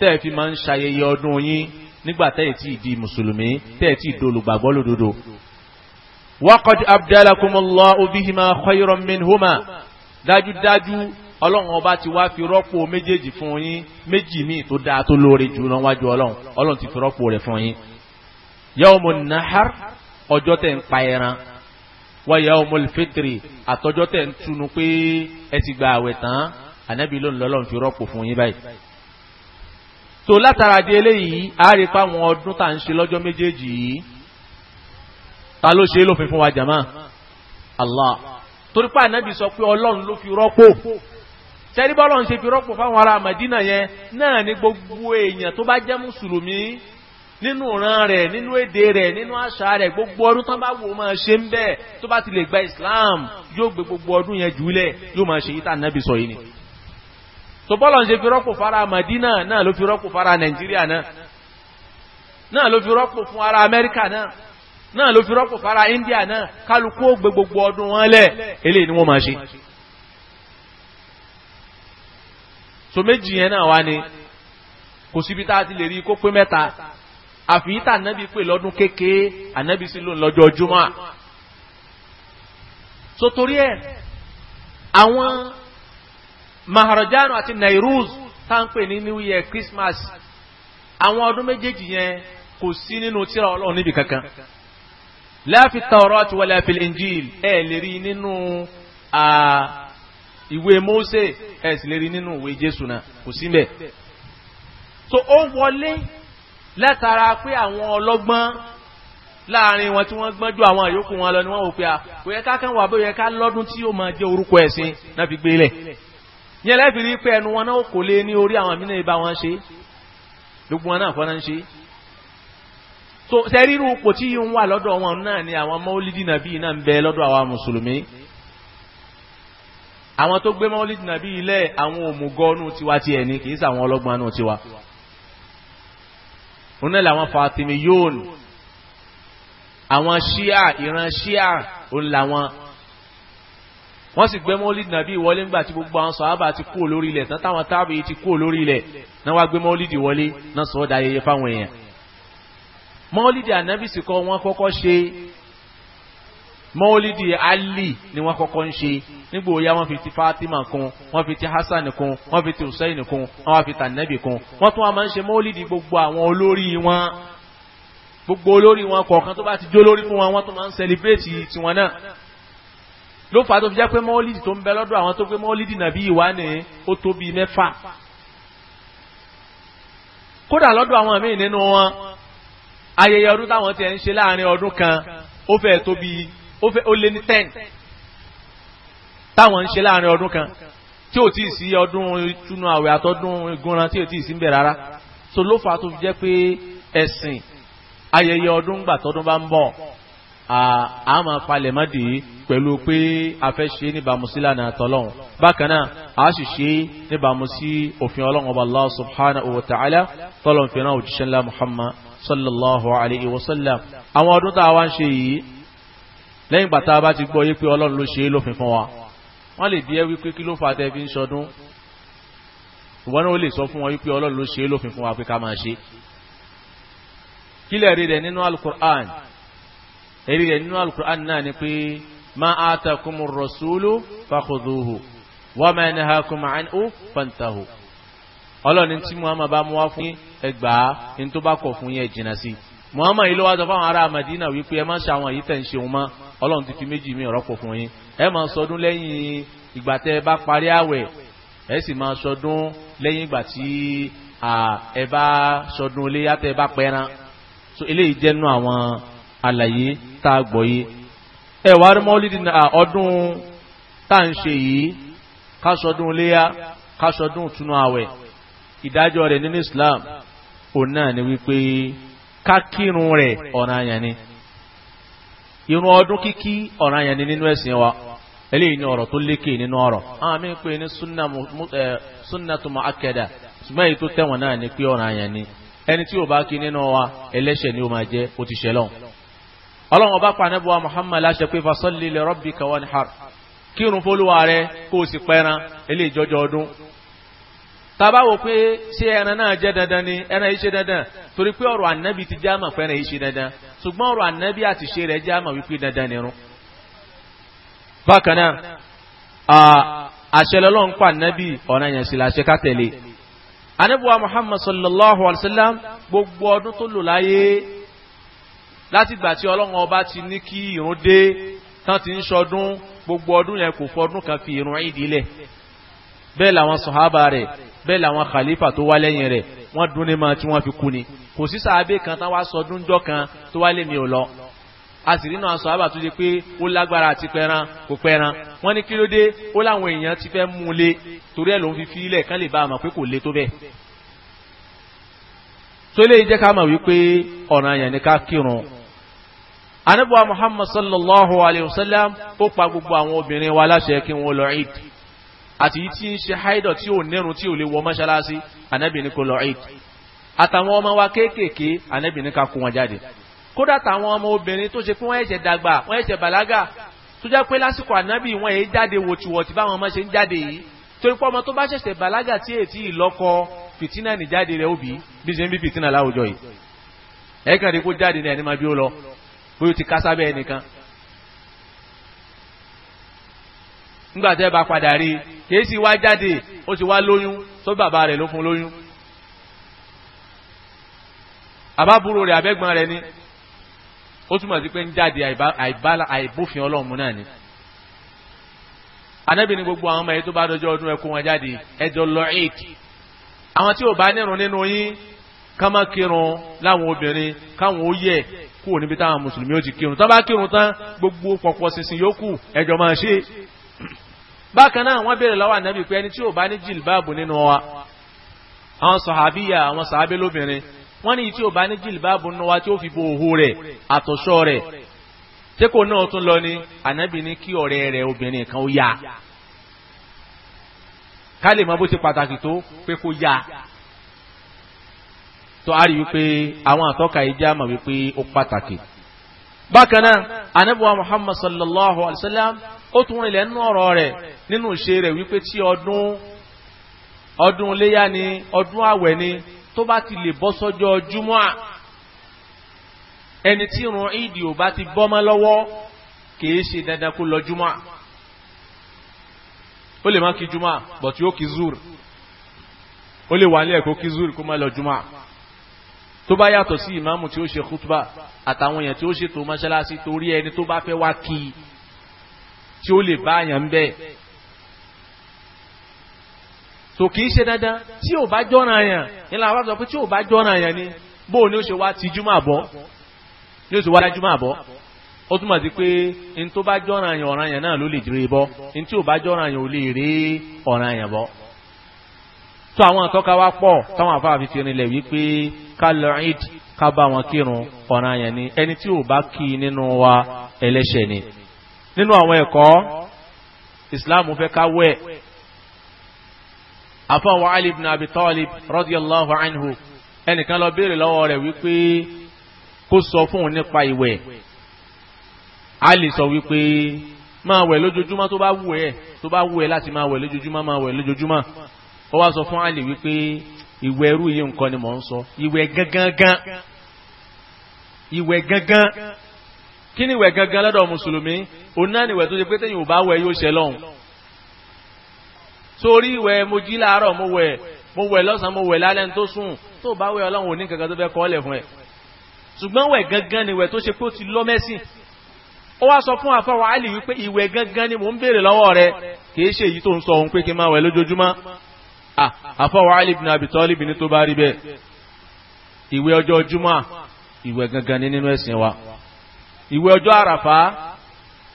tẹ́ ẹ fi máa ń ṣayẹyẹ ọdún yín nígbà tẹ́ ẹ ti di mùsùlùmí tẹ́ ẹ ti dolùgbàgbọ́ lódodo. wa qad abdalakumullahu bihima khayran minhuma dájúdájú ọlọ́run ọba ti wá fi rọ́pò méjèèjì fún yín méjì míì tó dáa tó lóore jù lọ́wájú ọlọ́run ọlọ́run ti fi rọ́pò rẹ̀ fún yín yawmun nahar ọjọ́ tẹ̀ ń pa ẹran wa yawmul fitri àtọ́jọ́ tẹ̀ ń tunu pé ẹ ti gba àwẹ̀ tán ànábì ló ń lọ́lọ́ fi rọ́pò fún yín báyìí. tó látara di eléyìí a rí pa àwọn ọdún tá à ń ṣe lọ́jọ́ méjèèjì yìí ta ló ṣe é lófin fún wa jàmá Allah torí pé ànábì sọ pé ọlọ́run ló fi rọ́pò tẹ́rí bọ́lọ́run ṣe fi rọ́pò fáwọn ará Madina yẹn náà ni gbogbo èèyàn tó bá jẹ́ mùsùlùmí nínú ìran rẹ̀ nínú èdè rẹ̀ nínú àṣà rẹ̀ gbogbo ọdún tán bá wò máa ṣe ń bẹ́ẹ̀ tó bá ti lè gba Islam yóò gbé gbogbo ọdún yẹn jùlẹ̀ yóò máa ṣe yíta nábì sọ yìí tó bọ́lọ̀ ń ṣe fi rọ́pò fara Madina náà ló fi rọ́pò fara Nàìjíríà náà ló fi rọ́pò fún ara Amẹ́ríkà náà náà ló fi rọ́pò fara India náà kálukú ó gbé gbogbo ọdún wọn lẹ̀ eléyìí ni wọ́n máa ṣe so méjì yẹn náà wá ni kò síbi tá a ti lè rí kó pé mẹ́ta àfi tá ànábì pè lọ́dún kékeré ànábì sí ló ń lọ́jọ́ júmọ́ so torí ẹ̀ àwọn maharajanu àti nairuz tá ń pè ní new year christmas àwọn ọdún méjèèjì yẹn kò sí nínú tíra ọlọ́run níbi kankan láàfi taurat wala fil injil ẹ̀ lè rí nínú ìwé mose ẹ̀ sì lè rí nínú ìwé jésù náà kò sí mbẹ̀ so ó wọlé látara pé àwọn ọlọ́gbọ́n láàrin wọn tí wọ́n gbọ́n ju àwọn àyókù wọn lọ ni wọ́n wò pé kò yẹ ká kàn wà bó yẹ ká lọ́dún tí yóò máa jẹ́ orúkọ ẹ̀sìn náà fi gbé lẹ̀ yẹn lẹ́fi rí pé ẹnu wọn náà kò lé ní orí àwọn mìíràn ibà wọn ṣe gbogbo wọn náà fọ́nà ń ṣe so sẹ́rírù kò tí yìí ń wà lọ́dọ̀ wọn náà ni àwọn mọ́lídì nàbí náà ń bẹ lọ́dọ̀ àwọn mùsùlùmí àwọn tó gbé mọ́lídì nàbí ilẹ̀ àwọn òmùgọ́ nù tiwa tiẹ̀ ní kì í sàwọn ọlọ́gbọ́n nù tiwa òun náà làwọn fatimi yóòn àwọn ṣíà ìran ṣíà òun làwọn wọ́n sì gbé mọ́lìd nàbí ìwọlé ńgbà tí gbogbo àwọn sọ̀hábà ti kú lórí ilẹ̀ tán táwọn tábì ti kú lórí ilẹ̀ náà wá gbé mọ́lìd ìwọlé náà sọ̀ọ́dà ayẹyẹ fáwọn èèyàn mọ́lìd ànábì kọ́ wọ́n kọ́kọ́ ṣe mọ́wólídì ali ni wọ́n kọ́kọ́ ń ṣe nígbà òya wọ́n fi ti fatima kún wọ́n fi ti hasan kún wọ́n fi ti hussein kún wọ́n fi ti anabi kún wọ́n tún wá máa ń ṣe mọ́wólídì gbogbo àwọn olórí wọn gbogbo olórí wọn kọ̀ọ̀kan tó bá ti jó lórí fún wọn wọ́n tún máa ń sẹlẹ̀bírẹ̀tì tiwọn náà ló fà á tó fi jẹ́ pé mọ́wólídì tó ń bẹ lọ́dọ̀ àwọn tó pé mọ́wólídì nàbí ìwà ni ó tó bíi mẹ́fà kódà lọ́dọ̀ àwọn míì nínú wọn ayẹyẹ ọdún táwọn ti ẹ̀ ń ṣe láàrin ọdún kan ó fẹ́ẹ̀ tó bíi ó lé ní ten táwọn ń ṣe láàrin ọdún kan tí ò tí ì sí ọdún túnú àwẹ̀ àtọ́dún ìgúnran tí ò tí ì sí ń bẹ̀ rárá so ló fà tó fi jẹ́ pé ẹ̀sìn ayẹyẹ ọdún gbà tọdún bá ń bọ̀ a máa palẹ̀ mọ́ dé pẹ̀lú pé a fẹ́ ṣe níbàámu sí lànà àtọ́lọ́hún bákan náà a sì ṣe níbàámu sí òfin ọlọ́run ọba Allah subhanahu wa ta'ala tọ́lọ̀ fi ràn òjíṣẹ́ ńlá Muhammad sallallahu alayhi wa sallam àwọn ọdún tá a wá ń ṣe yìí lẹ́yìn ìgbà tá a bá ti gbọ́ yé pé ọlọ́run ló ṣe é lófin fún wa wọ́n lè bí ẹ wípé kí ló fà tẹ́ fi ń ṣọdún ìwọ́n náà ó lè sọ fún wọn wípé ọlọ́run ló ṣe é lófin fún wa pé ká máa ṣe kílẹ̀ rí rẹ̀ nínú alukur'an èrí rẹ̀ nínú alukur'an náà ni pé ma atakumu rasulu fakhuduhu wa ma nahakum anhu fantahu ọlọ́run tí muhammad bá mú wá fún ẹgbàá ní tó bá kọ̀ fún yẹn jìnnà sí i muhammad yìí ló wá sọ fáwọn ará madina wípé ẹ má ṣe àwọn èyí tẹ̀ ń ṣeun mọ́ ọlọ́run ti fi méjì mi rọ́pò fún yín ẹ máa sọdún lẹ́yìn ìgbà tẹ́ ẹ bá parí àwẹ̀ ẹ sì máa sọdún lẹ́yìn ìgbà tí ẹ bá sọdún iléyà tẹ́ ẹ bá pẹran so eléyìí jẹ́nu àwọn àlàyé tá a gbọ́ yé ẹ wá rí mọ́lídì ọdún tá à ń ṣe yìí ká sọdún iléyà ká sọdún ìtúnu àwẹ̀ ìdájọ́ rẹ̀ nínú Islam òun náà ni wípé ká kírun rẹ̀ ọ̀ranyàn ni irun ọdún kíkí ọ̀ranyàn ni nínú ẹ̀sìn wa eléyìí ni ọ̀rọ̀ tó lékè nínú ọ̀rọ̀ àwọn mi pè ní sunnatu mu'akkada ṣùgbọ́n èyí tó tẹ̀wọ̀n náà ni pé ọ̀ranyàn ni ẹni tí ò bá kí nínú wa ẹlẹ́ṣẹ̀ ni ó máa jẹ́ ó ti ṣẹlọ́n ọlọ́run ọba pa muhammad láṣẹ pé fasalli li rabbika wanhar kírun fólúwa rẹ kó o sì pẹran eléyìí jọjọ ọdún tàbá wò pé ṣé ẹran náà jẹ́ dandan ni ẹran yìí ṣe dandan torí pé ọ̀rọ̀ ànábì ti jáàmà fẹ́ràn yìí ṣe dandan ṣùgbọ́n ọ̀rọ̀ ànábì àti ṣe rẹ̀ jáàmà wípé dandan ni irun. bákan náà àṣẹ ń pa ànábì ọ̀nà yẹn sì láṣẹ ká tẹ̀lé. anábùwà muhammad sallallahu alayhi wa sallam gbogbo ọdún tó lò láyé láti ìgbà tí ọlọ́run ọba ti ní kí irun dé tán ti ń ṣọdún gbogbo ọdún yẹn kò fọdún kan fi irun ìdílẹ̀ bẹ́ẹ̀ làwọn sọ̀hábà rẹ̀ bẹ́ẹ̀ làwọn khalifa tó wá lẹ́yìn rẹ̀ wọ́n dún ní ma tí wọ́n fi kú ni kò sí sàábé kan tán wá sọ dúnjọ́ kan tó wá lè mi ò lọ a sì nínú aṣọ àbà tó pé ó lágbára àti pẹran kò pẹran wọ́n ní kí ló dé ó láwọn èèyàn ti fẹ́ mú un lé torí ẹ̀ ló ń fi fílẹ̀ kán lè bá a mọ̀ pé kò lé tó bẹ́ẹ̀ tó lè jẹ́ ká mọ̀ wípé ọ̀ràn yẹn ni ká kírun anábùwà muhammad sallallahu alayhi wa sallam ó pa gbogbo àwọn obìnrin wa láṣẹ kí wọ́n lọ ìdí àti tí ń ṣe haidọ̀ tí ò nírun tí ò lè wọ mọ́ṣáláṣí ànábì ní kó lọ eid àtàwọn ọmọ wa kéékèèké ànábì ní ká kó wọn jáde kódà táwọn ọmọ obìnrin tó ṣe pé wọ́n ẹ̀ṣẹ̀ dàgbà wọ́n ẹ̀ṣẹ̀ bàlágà tó jẹ́ pé lásìkò ànábì wọn èyí jáde wòtíwọ̀tí báwọn ọmọ ṣe ń jáde yìí torí pé ọmọ tó bá ṣẹ̀ṣẹ̀ bàlágà tí èyí ìlọ́kọ fìtínà ní jáde rẹ̀ òbí bí ṣe ń bí fìtínà láwùjọ yìí ẹ̀ẹ́kàn rí kó jáde ní ẹni máa bí ó lọ bóyá ó ti kásábẹ́ ẹnìkan nígbà tẹ́ bá padà rí kìí sì wá jáde ó ti wá lóyún tó bàbá rẹ̀ ló fún lóyún àbábúrò rẹ̀ abẹ́gbọ́n rẹ̀ ni ó túmọ̀ sí pé ń jáde àìbófin ọlọ́run náà ni anábì ní gbogbo àwọn ọmọ yìí tó bá dọjọ́ ọdún ẹ kó wọn jáde ẹjọ́ lọ eid àwọn tí ò bá nírun nínú yín ká má kírun láwọn obìnrin káwọn ó yẹ kúrò níbi táwọn mùsùlùmí ó ti kírun tó bá kírun tán gbogbo pọ̀pọ̀ sísìn yòókù ẹjọ́ máa ṣe bákan náà wọ́n béèrè lọ́wọ́ ànábì pé ẹni tí ò bá ní jìlbáàbù nínú wa àwọn sọ̀hábíyà àwọn sàábé lóbìnrin wọ́n ní tí ò bá ní jìlbáàbù nínú wa tí ó fi bo òhó rẹ̀ àtọ̀ṣọ́ rẹ̀ tí kò náà tún lọ ní ànábì ní kí ọ̀rẹ́ rẹ̀ obìnrin kan ó yá ká lè mọ bó ti pàtàkì tó pé kó yá tó a rí wípé àwọn àtọ́ka yìí jẹ́ wípé ó pàtàkì bákan náà ànábì Muhammad sallallahu alayhi wa sallam ó tún rinlẹ̀ nínú ọ̀rọ̀ rẹ̀ nínú ìṣe rẹ̀ wípé tí ọdún ọdún léyá ni ọdún àwẹ̀ ni tó bá ti lè bọ́ sọ́jọ́ júmọ́ à ẹni tí ìrun ìdì ò bá ti bọ́mọ́ lọ́wọ́ kìí ṣe dandan kó lọ júmọ́ à ó lè má kí júmọ́ à bọ̀ tí ó kí zur ó lè wà nílẹ̀ kó kí zur kó má lọ júmọ́ à tó bá yàtọ̀ sí ìmáàmù tí ó ṣe kútúbà àtàwọn èèyàn tí ó ṣètò mọ́ṣáláṣí torí ẹni tó bá fẹ́ wá kí i tí ó lè bá yàn bẹ́ẹ̀ tò kìí ṣe dandan tí ò bá jọ́ra yàn nílá àwọn àbúrò pé tí ò bá jọ́ra yàn ni bóò ni ó ṣe wá ti júmọ̀ àbọ̀ ni ó ṣe wá dá júmọ̀ àbọ̀ ó túmọ̀ sí pé n tó bá jọ́ra yàn ọ̀ràn yàn náà ló lè jèrè bọ́ n tí ò bá jọ́ra yàn ò lè rí ọ̀ràn yàn bọ́ tó àwọn àtọ́ka wá pọ̀ táwọn àfáà fi fi rinlẹ̀ wípé ká ká bá wọn kírun ọ̀ràn yàn ni ẹni tí ò bá kí nínú wa ẹlẹ́ṣẹ̀ ni nínú àwọn ẹ̀kọ́ ìsìláàmù fẹ́ káwẹ́ afọ́wọ́ Ali ibn Abi Talib radiyallahu anhu ẹnìkan lọ béèrè lọ́wọ́ rẹ̀ wípé kó sọ fún òun nípa ìwẹ̀ Ali sọ wípé máa wẹ̀ lójoojúmọ́ tó bá wù ẹ́ tó bá wù ẹ́ láti máa wẹ̀ lójoojúmọ́ máa wẹ̀ lójoojúmọ́ ó wá sọ fún Ali wípé ìwẹ̀ irú yìí nǹkan ni mò ń sọ ìwẹ̀ gangan ìwẹ̀ gangan kí ni ìwẹ̀ gangan lọ́dọ̀ mùsùlùmí òun náà nìwẹ̀ tó ṣe pé téèyàn ò bá wẹ̀ yóò ṣe lọ́hùn sórí ìwẹ̀ mo jí láàárọ̀ mo wẹ̀ mo wẹ̀ lọ́sàn-án mo wẹ̀ lálẹ́ tó sùn tó bá wẹ̀ ọlọ́run òní kankan tó fẹ́ kọ́ ọ́lẹ̀ fún ẹ̀ ṣùgbọ́n wẹ̀ gangan nìwẹ̀ tó ṣe pé ó ti lọ mẹ́sìn ó wá sọ fún àfọwọ́ àìlì wípé ìwẹ̀ gangan ni mò ń béèrè lọ́wọ́ rẹ kìí ṣe èyí tó ń sọ òun pé kí n máa wẹ̀ lójoojúmọ́ àfọwọ́ àìlì bin Abi Talib ní tó bá rí bẹ́ẹ̀ ìwẹ̀ ọjọ́ júmọ́ ìwẹ̀ gangan ni nínú ẹ̀sìn wa ìwẹ̀ ọjọ́ àràfá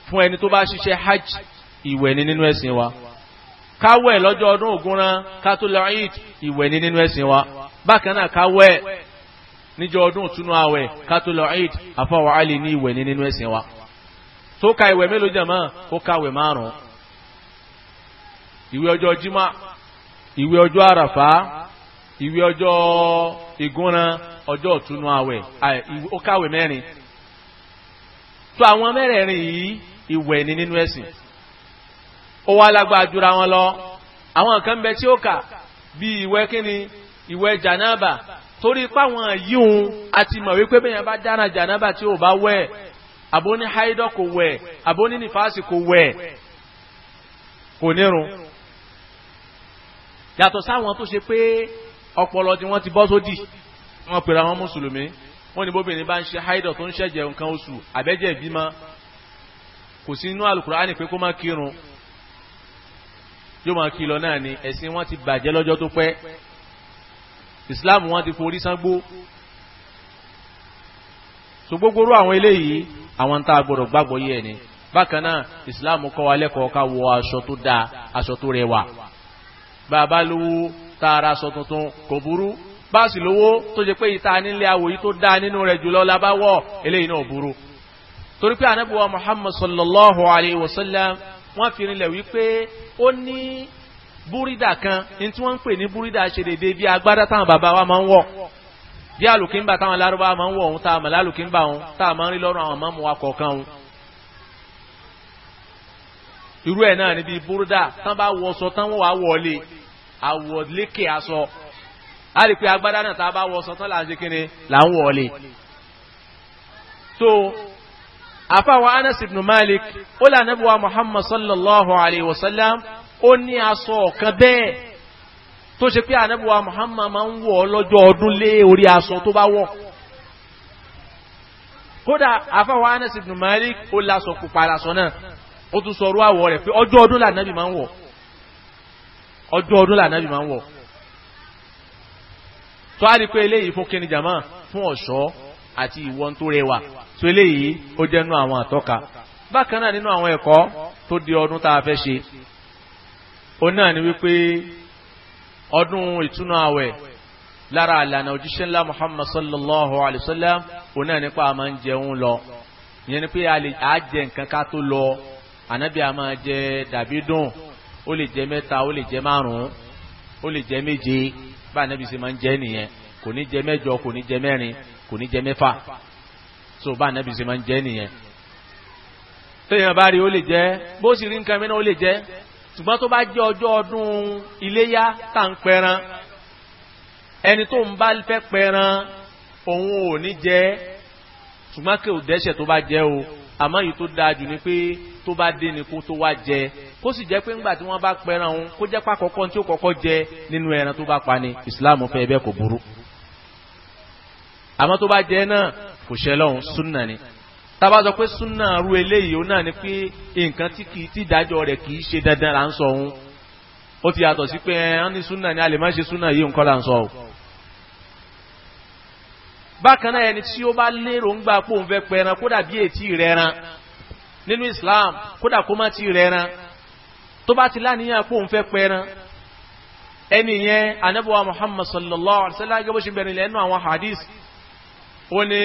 fún ẹni tó bá ṣiṣẹ́ hajj ìwẹ̀ ni nínú ẹ̀sìn wa káwẹ̀ lọ́jọ́ ọdún ògúnran kátólà eid ìwẹ̀ ni nínú ẹ̀sìn wa bákan náà káwẹ̀ níjọ́ ọdún ìtúnú àwẹ̀ kátólà eid àfọwọ́ àlè ní ìwẹ̀ ni nínú ẹ̀sìn wa tó ka ìwẹ̀ mélòó jẹ̀mọ́ ó kàwẹ̀ márùn-ún ìwẹ̀ ọjọ́ jimá ìwẹ̀ ọjọ́ àràfá ìwẹ̀ ọjọ́ ìgúnran ọjọ́ ìtúnú àwẹ̀ ó kàwẹ̀ mẹ́rin tó àwọn mẹ́rẹ̀ẹ̀rin yìí ìwẹ̀ ni nínú ẹ̀sìn ó wá lágbà jura wọn lọ àwọn kan bẹ tí ó kà bí ìwẹ̀ kíni ìwẹ̀ jànáàbà torí páwọn yíhun àti mọ̀ wípé bẹ́yàn bá dára jànáàbà tí ó bá wẹ̀ àbó ní haidọ́ kò wẹ̀ àbó ní nífàásì kò wẹ̀ kò nírun yàtọ̀ sáwọn tó ṣe pé ọpọlọ tí wọ́n ti bọ́ sódì wọ́n pèrè àwọn mùsùlùmí wọ́n ní bóbìnrin bá ń ṣe haidọ̀ tó ń ṣẹ̀jẹ̀ nǹkan oṣù àbẹ́jẹ̀ ìbímọ kò sí inú àlùkùránì pé kó má kírun yóò máa kí lọ náà ni ẹ̀sìn wọn ti bàjẹ́ lọ́jọ́ tó pẹ́ ìsìláàmù wọn ti forí sáńgbó so gbogbo àwọn eléyìí àwọn tá a gbọdọ̀ gbàgbọ́ yẹ ni bákan náà ìsìláàmù kọ́ wa lẹ́kọ̀ọ́ ká wọ aṣọ tó dáa aṣọ tó rẹwà bàbá lówó tá aṣọ tuntun kò burú báàsì lówó tó jẹ pé ìta nílé awòyí tó dá nínú rẹ̀ jùlọ labáwọ̀ eléyìí náà burú torí pé anábíwá muhammad sallallahu alayhi wa sallam wọ́n fi rinlẹ̀ wípé ó ní búrídà kan ní tí wọ́n ń pè ní búrídà ṣe dédé bí agbádá táwọn bàbá wa máa ń wọ̀ bí àlùkínbà táwọn lárúbá máa ń wọ̀ òun táwọn màlálùkínbà òun táwọn máa ń rí lọ́rùn àwọn máa ń mú wa kọ̀ọ̀kan òun irú ẹ̀ náà níbi búrídà tán bá wọṣọ tán wọ́n wá wọlé àwọ̀lékè aṣọ a rí pé agbádá náà tá a bá wọ sọtán là ń ṣe kíni là ń wọlé so àfàwọn anas ibn malik ó là nàbíwá muhammad sallallahu alayhi wa sallam ó ní aṣọ ọ̀kan bẹ́ẹ̀ tó ṣe pé ànábíwá muhammad máa ń wọ̀ lọ́jọ́ ọdún lé orí aṣọ tó bá wọ̀ kódà àfàwọn anas ibn malik ó lásọ pupa lásọ náà ó tún sọ orú àwọ̀ rẹ̀ pé ọjọ́ ọdún lànàbí máa ń wọ̀ ọjọ́ ọdún lànàbí máa ń wọ̀ tó a rí pé eléyìí fún kíni jàmá fún ọ̀ṣọ́ àti ìwọ̀n tó rẹwà tó eléyìí ó jẹ́ nú àwọn àtọ́ka bákan náà nínú àwọn ẹ̀kọ́ tó di ọdún tá a fẹ́ ṣe ó náà ni wípé ọdún ìtúnu àwẹ̀ lára àlànà òjíṣẹ́ ńlá Muhammad sallallahu alayhi wa sallam ó náà nípa a máa ń jẹun lọ ìyẹn ni pé a jẹ nǹkan ká tó lọ ànábì a máa jẹ dàbí dùn ó lè jẹ mẹ́ta ó lè jẹ márùn-ún ó lè jẹ méje bá anabi ṣe máa ń jẹ nìyẹn kò ní jẹ mẹ́jọ kò ní jẹ mẹ́rin kò ní jẹ mẹ́fà so bá anabi ṣe máa ń jẹ nìyẹn. téèyàn bá rí ó lè jẹ bó sì rí nǹkan mìíràn ó lè jẹ ṣùgbọ́n tó bá jẹ́ ọjọ́ ọdún iléyá tá à pẹran ẹni tó ń bá fẹ́ pẹran òun ò ní jẹ ṣùgbọ́n kí ò dẹ́ṣẹ̀ tó bá jẹ́ o àmọ́ yìí tó dáa jù ni pé tó bá dé ni kó tó wá jẹ kó sì jẹ́ pé ńgbà tí wọ́n bá pẹran òun kó jẹ́ pàkọ́kọ́ tí ó kọ́kọ́ jẹ nínú ẹran tó bá pa ni islam fẹ́ bẹ́ẹ̀ kò burú àmọ́ tó bá jẹ náà kò ṣẹ lọ́hùn súnà ni tábà sọ pé súnà ru eléyìí òun náà ni pé nǹkan tí kì í tí ìdájọ́ rẹ̀ kì í ṣe dandan là ń sọ òun ó ti yàtọ̀ sí pé ẹran ní súnà ni a lè má ṣe súnà yìí nǹkan là ń sọ o bákan náà ẹni tí ó bá lérò ń gbà pé òun pẹran kódà bí ètí nínú Islam kódà kó má ti rẹran tó bá ti láníyàn pé òun fẹ́ pẹran ẹni yẹn anábọ̀wá Muhammad sallallahu alaihi wasallam gẹ́gẹ́ bó ṣe bẹ̀rẹ̀ lẹ́nu àwọn hadith ó ní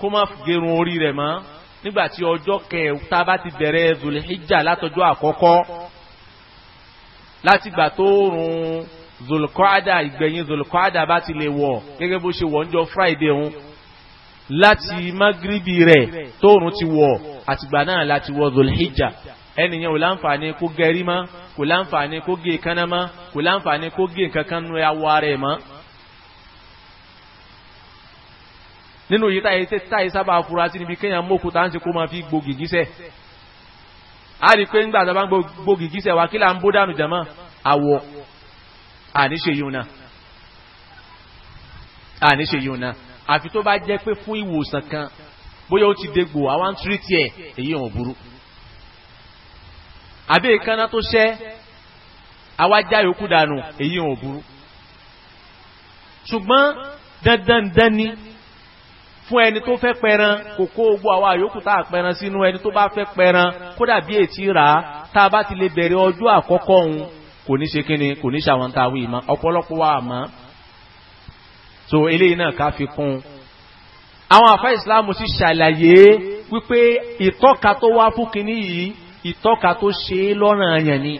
kó má gerun orí rẹ̀ mọ́ nígbà tí ọjọ́ kẹta bá ti bẹ̀rẹ̀ zulhijjah látọjọ́ àkọ́kọ́ láti gbà tó rùn zulkọ́ádà ìgbẹ̀yìn zulkọ́ádà bá ti lè wọ̀ gẹ́gẹ́ bó ṣe wọ̀ ń jọ Friday hun láti magribi rẹ̀ tóòrùn ti wọ̀ àtìgbà náà láti wọ̀ zulhijja ẹnìyàn ò láǹfààní kó gẹrí mọ́ kò láǹfààní kó gé kaná mọ́ kò láǹfààní kó gé kankan nú awọ rẹ̀ mọ́. nínú yìí táyé tẹ táyé sábà afurasí níbi kéèyàn mókúta ń ṣe kó máa fi gbòógì a rí pé nígbà tá bá ń gbòógì wa kí là ń bó dànù jàmọ́ àwọ̀ àníṣe yìí náà àfi tó bá jẹ́ pé fún ìwòsàn kan bóyá ó ti dégbò àwọn tírí tiẹ̀ èyí ò burú àbí èékánná tó ṣẹ́ àwa já yòókù dànù èyí ò burú ṣùgbọ́n dandandan ni fún ẹni tó fẹ́ pẹran kò kó ogbó àwọn àyókù tá a pẹran sínú ẹni tó bá fẹ́ pẹran kódà bí ètí rà á tá a bá ti lè bẹ̀rẹ̀ ọjọ́ àkọ́kọ́ òun kò ní ṣe kíni kò ní ṣàwọn tá a wa àmọ́ so eléyìí náà ká fi kún àwọn àfá ìsìláàmù sì ṣàlàyé wípé ìtọ́ka tó wá fún kinní yìí ìtọ́ka tó ṣe é lọ́ràn àyàn ni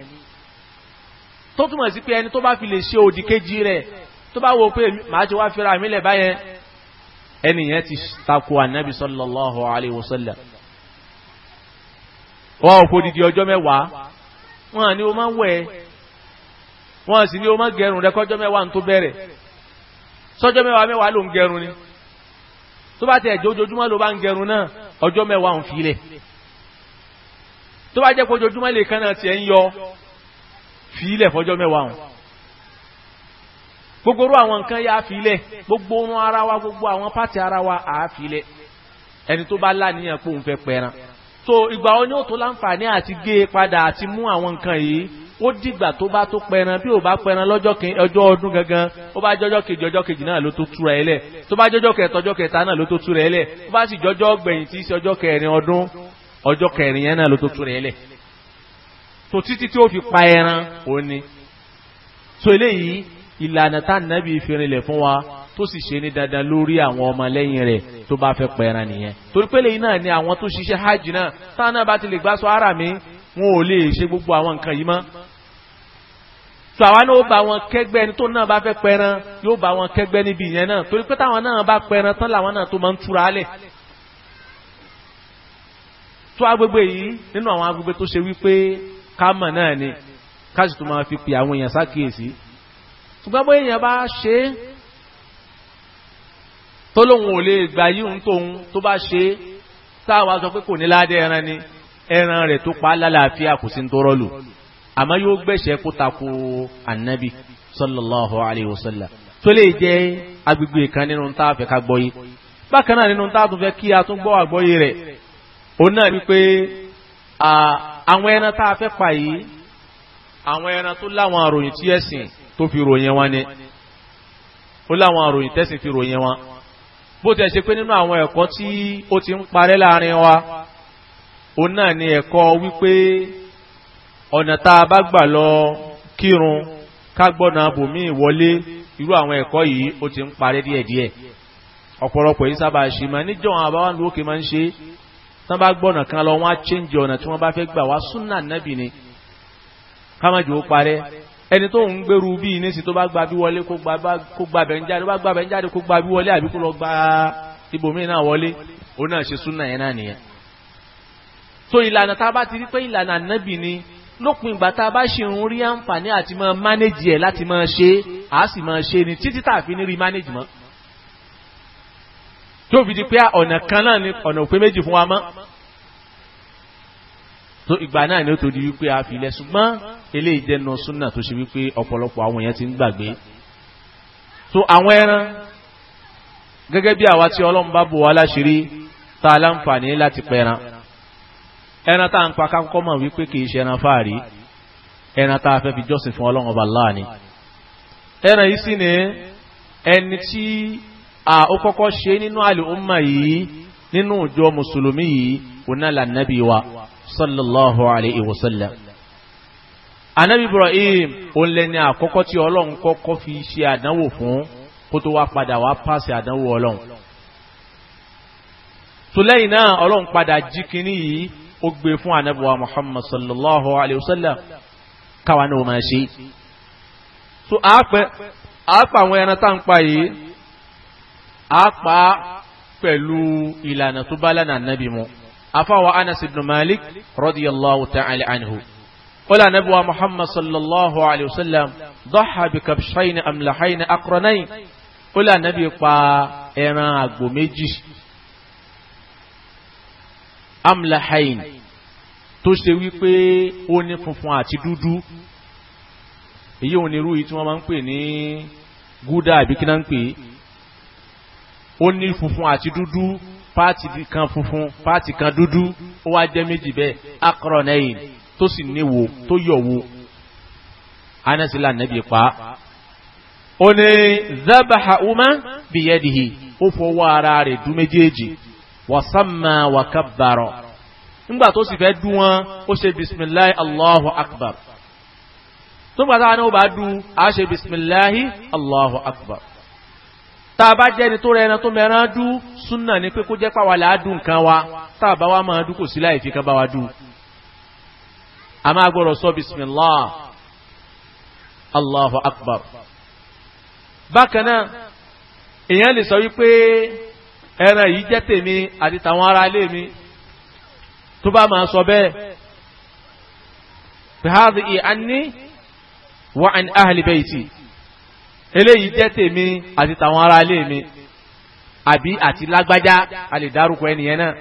tó túmọ̀ sí pé ẹni tó bá fi lè ṣe òdì kejì rẹ̀ tó bá wo pé màá ti wá fira mi lẹ̀ báyẹn ẹnìyẹn ti tako ànábì sallallahu alayhi wa sallam wọn ò fòdìdì ọjọ́ mẹ́wàá wọn ni o máa ń wẹ̀ wọn sì ni o máa gẹrun rẹ kọjọ́ mẹ́wàá ń tó bẹ̀rẹ̀ sọ́jọ́ mẹ́wàá mẹ́wàá ló ń gẹrun ni tó bá tẹ̀ jójoojúmọ́ ló bá ń gẹrun náà ọjọ́ mẹ́wàá ń filẹ̀ tó bá jẹ́ pójoojúmọ́ lè kan náà tiẹ̀ ń yọ filẹ̀ fọjọ́ mẹ́wàá hàn gbogbo orú àwọn nǹkan yá filẹ̀ gbogbo orun ara wa gbogbo àwọn pàtì ara wa àá filẹ̀ ẹni tó bá láníyàn pé òun fẹ́ pẹran so ìgbà wo ni ó tó láǹfààní àti gé e padà àti mú àwọn nǹkan yìí ó dìgbà tó bá tó pẹran bí ò bá pẹran lọ́jọ́ ọdún gangan ó bá jọjọ́ kejì ọjọ́ kejì náà ló tó túra ẹlẹ̀ tó bá jọjọ́ kẹta ọjọ́ kẹta náà ló tó túra ẹlẹ̀ tó bá sì jọjọ́ gbẹ̀yìn tí í ṣe ọjọ́ kẹrin ọdún ọjọ́ kẹrin yẹn náà ló tó túra ẹlẹ̀ tó títí tí ó fi pa ẹran ó ní. so eléyìí ìlànà tá nàbí ìfirinlẹ̀ fún wa tó sì ṣe ní dandan lórí àwọn ọmọ lẹ́yìn rẹ̀ tó bá fẹ́ pẹran nìyẹn torí pé lẹ́yìn náà ni àwọn tó ṣiṣẹ́ hajj náà táwọn náà bá ti lè gbá sọ ara mi wọn ò lè ṣe gbogbo àwọn nǹkan yìí mọ́ tó àwa náà ó bá wọn kẹ́gbẹ́ ẹni tó náà bá fẹ́ pẹran yóò bá wọn kẹ́gbẹ́ níbi ìyẹn náà torí pé táwọn náà bá pẹran tán làwọn náà tó máa ń túra lẹ̀ tó agbègbè yìí nínú àwọn agbègbè tó ṣe wípé kámọ̀ náà ni káṣì tó máa fi pè àwọn èèyàn sákìyèsí ṣùgbọ́n bóyá èèyàn bá ṣe é tó lóun ò lè gbà yíhun tóun tó bá ṣe é táwa sọ pé kò ní ládé ẹran ni ẹran rẹ̀ tó pa lálàáfíà kò sí ń tọrọ lò àmọ́ yóò gbẹ̀ṣẹ̀ kó tako ànábì sallallahu alayhi wa sallam tó lè jẹ́ agbègbè kan nínú tá a fẹ́ ká gbọ́yé bákan náà nínú tá a tún fẹ́ kí a tún gbọ́ àgbọ́yé rẹ̀ òun náà wípé àwọn ẹran tá a fẹ́ pa yìí àwọn ẹran tó láwọn àròyìn tí ẹ̀sìn tó fi ròyìn wọn ni ó láwọn àròyìn tẹ́sìn fi ròyìn wọn bó tẹ̀ ṣe pé nínú àwọn ẹ̀kọ́ tí ó ti ń parẹ́ láàrin wa òun náà ni ẹ̀kọ́ wípé ọ̀nà tá a bá gbà lọ kírun ká gbọ́nà abòmíì wọlé irú àwọn ẹ̀kọ́ yìí ó ti ń parẹ́ díẹ̀díẹ̀ ọ̀pọ̀lọpọ̀ yìí sábà ṣe máa níjọ́ àwọn àbáwọn lókè máa ń ṣe tán bá gbọ́nà kan lọ wọ́n á chéńjì ọ̀nà tí wọ́n bá fẹ́ gbà wá súnà nábì ni ká má jò ó parẹ́ ẹni tó ń gbèrú bíi nísìn tó bá gba bí wọlé kó gba bẹ̀ jáde bá gba bẹ̀ jáde kó gba bí wọlé àbí kó lọ gba ibòmíì náà wọlé òun náà ṣe súnà yẹn náà nìyẹn so ìlànà tá a bá ti rí pé ìlànà ànábì ni lópin ìgbà tá a bá ṣe ń rí àǹfààní àti máa mánéjì ẹ̀ láti máa ṣe é a sì máa ṣe ni títí tá a fi ní rí mánéjì mọ́ tó fi di pé ọ̀nà kan náà ni ọ̀nà òpé méjì fún wa mọ́ tó ìgbà náà ni ó tó di wípé a fi lẹ̀ ṣùgbọ́n eléyìí jẹ́ nà súnà tó ṣe wípé ọ̀pọ̀lọpọ̀ àwọn èèyàn ti ń gbàgbé so àwọn ẹran gẹ́gẹ́ bí àwa tí ọlọ́run bá bò wá láṣìírí tá a láǹfààní láti pẹran ẹran tá à ma pa kákọ́kọ́ mọ̀ wípé kì ṣe ẹran fáàrí a fẹ́ fi jọ́sìn fún ọlọ́run ọba Allah ni yìí sì ni ẹni tí a ó kọ́kọ́ ṣe nínú àlè yìí nínú mùsùlùmí wa sallallahu alayhi wa sallam anabi ibrahim òun lẹni àkọ́kọ́ tí ọlọ́run kọ́kọ́ fi ṣe àdánwò fún kó tó wá padà wá pàṣẹ àdánwò ọlọ́run tó ó gbé fún anabuwa muhammad sallallahu alayhi wa sallam káwa ní o máa ṣe so àápẹ àápẹ àwọn ẹran tá ń pa yìí àápa pẹ̀lú ìlànà tó bá lánàá nàbì mu afáwa anas ibn malik radiyallahu ta'ala anhu قال نبوة محمد صلى الله عليه وسلم ضحى بكبشين أملحين أقرنين قال نبي قا إما أقوميجي أملحين tó ṣe wípé ó ní funfun àti dúdú èyí òun ni irú yìí tí wọ́n máa ń pè ní gúdà àbí kí náà ń pè é ó ní funfun àti dúdú páàtì kan funfun páàtì kan dúdú ó wá jẹ́ méjì bẹ́ẹ̀ akọrọ̀nẹ́yìn tó sì níwò tó yọ̀wò anásílà nẹ́bí pa ó ní zabaha uma bìyẹ́dìhì ó fọwọ́ ara rẹ̀ dú méjèèjì wàsánmà wàkàbàrọ̀ nígbà tó sì fẹ́ dún wọn ó ṣe bisimilahi allahu akbar tó gbà táwọn náà bá dún a ṣe bisimilahi allahu akbar tá a bá jẹ́ ni tó rẹ ẹran tó mẹ́ran dún súnà ni pé kó jẹ́ pàwọ́ là á dún nǹkan wa tá a bá wa máa dún kò sí láì fi kan bá wa dún a máa gbọ́dọ̀ sọ bisimilah allahu akbar bákan náà èèyàn lè sọ wípé ẹran yìí jẹ́ tèmi àti tàwọn ará ilé mi tó bá máa sọ bẹ́ẹ̀ bihadhi anni wa an ahli bayti eléyìí jẹ́ tèmi àti tàwọn ará ilé mi àbí àti lágbájá a lè dárúkọ ẹnìyẹn náà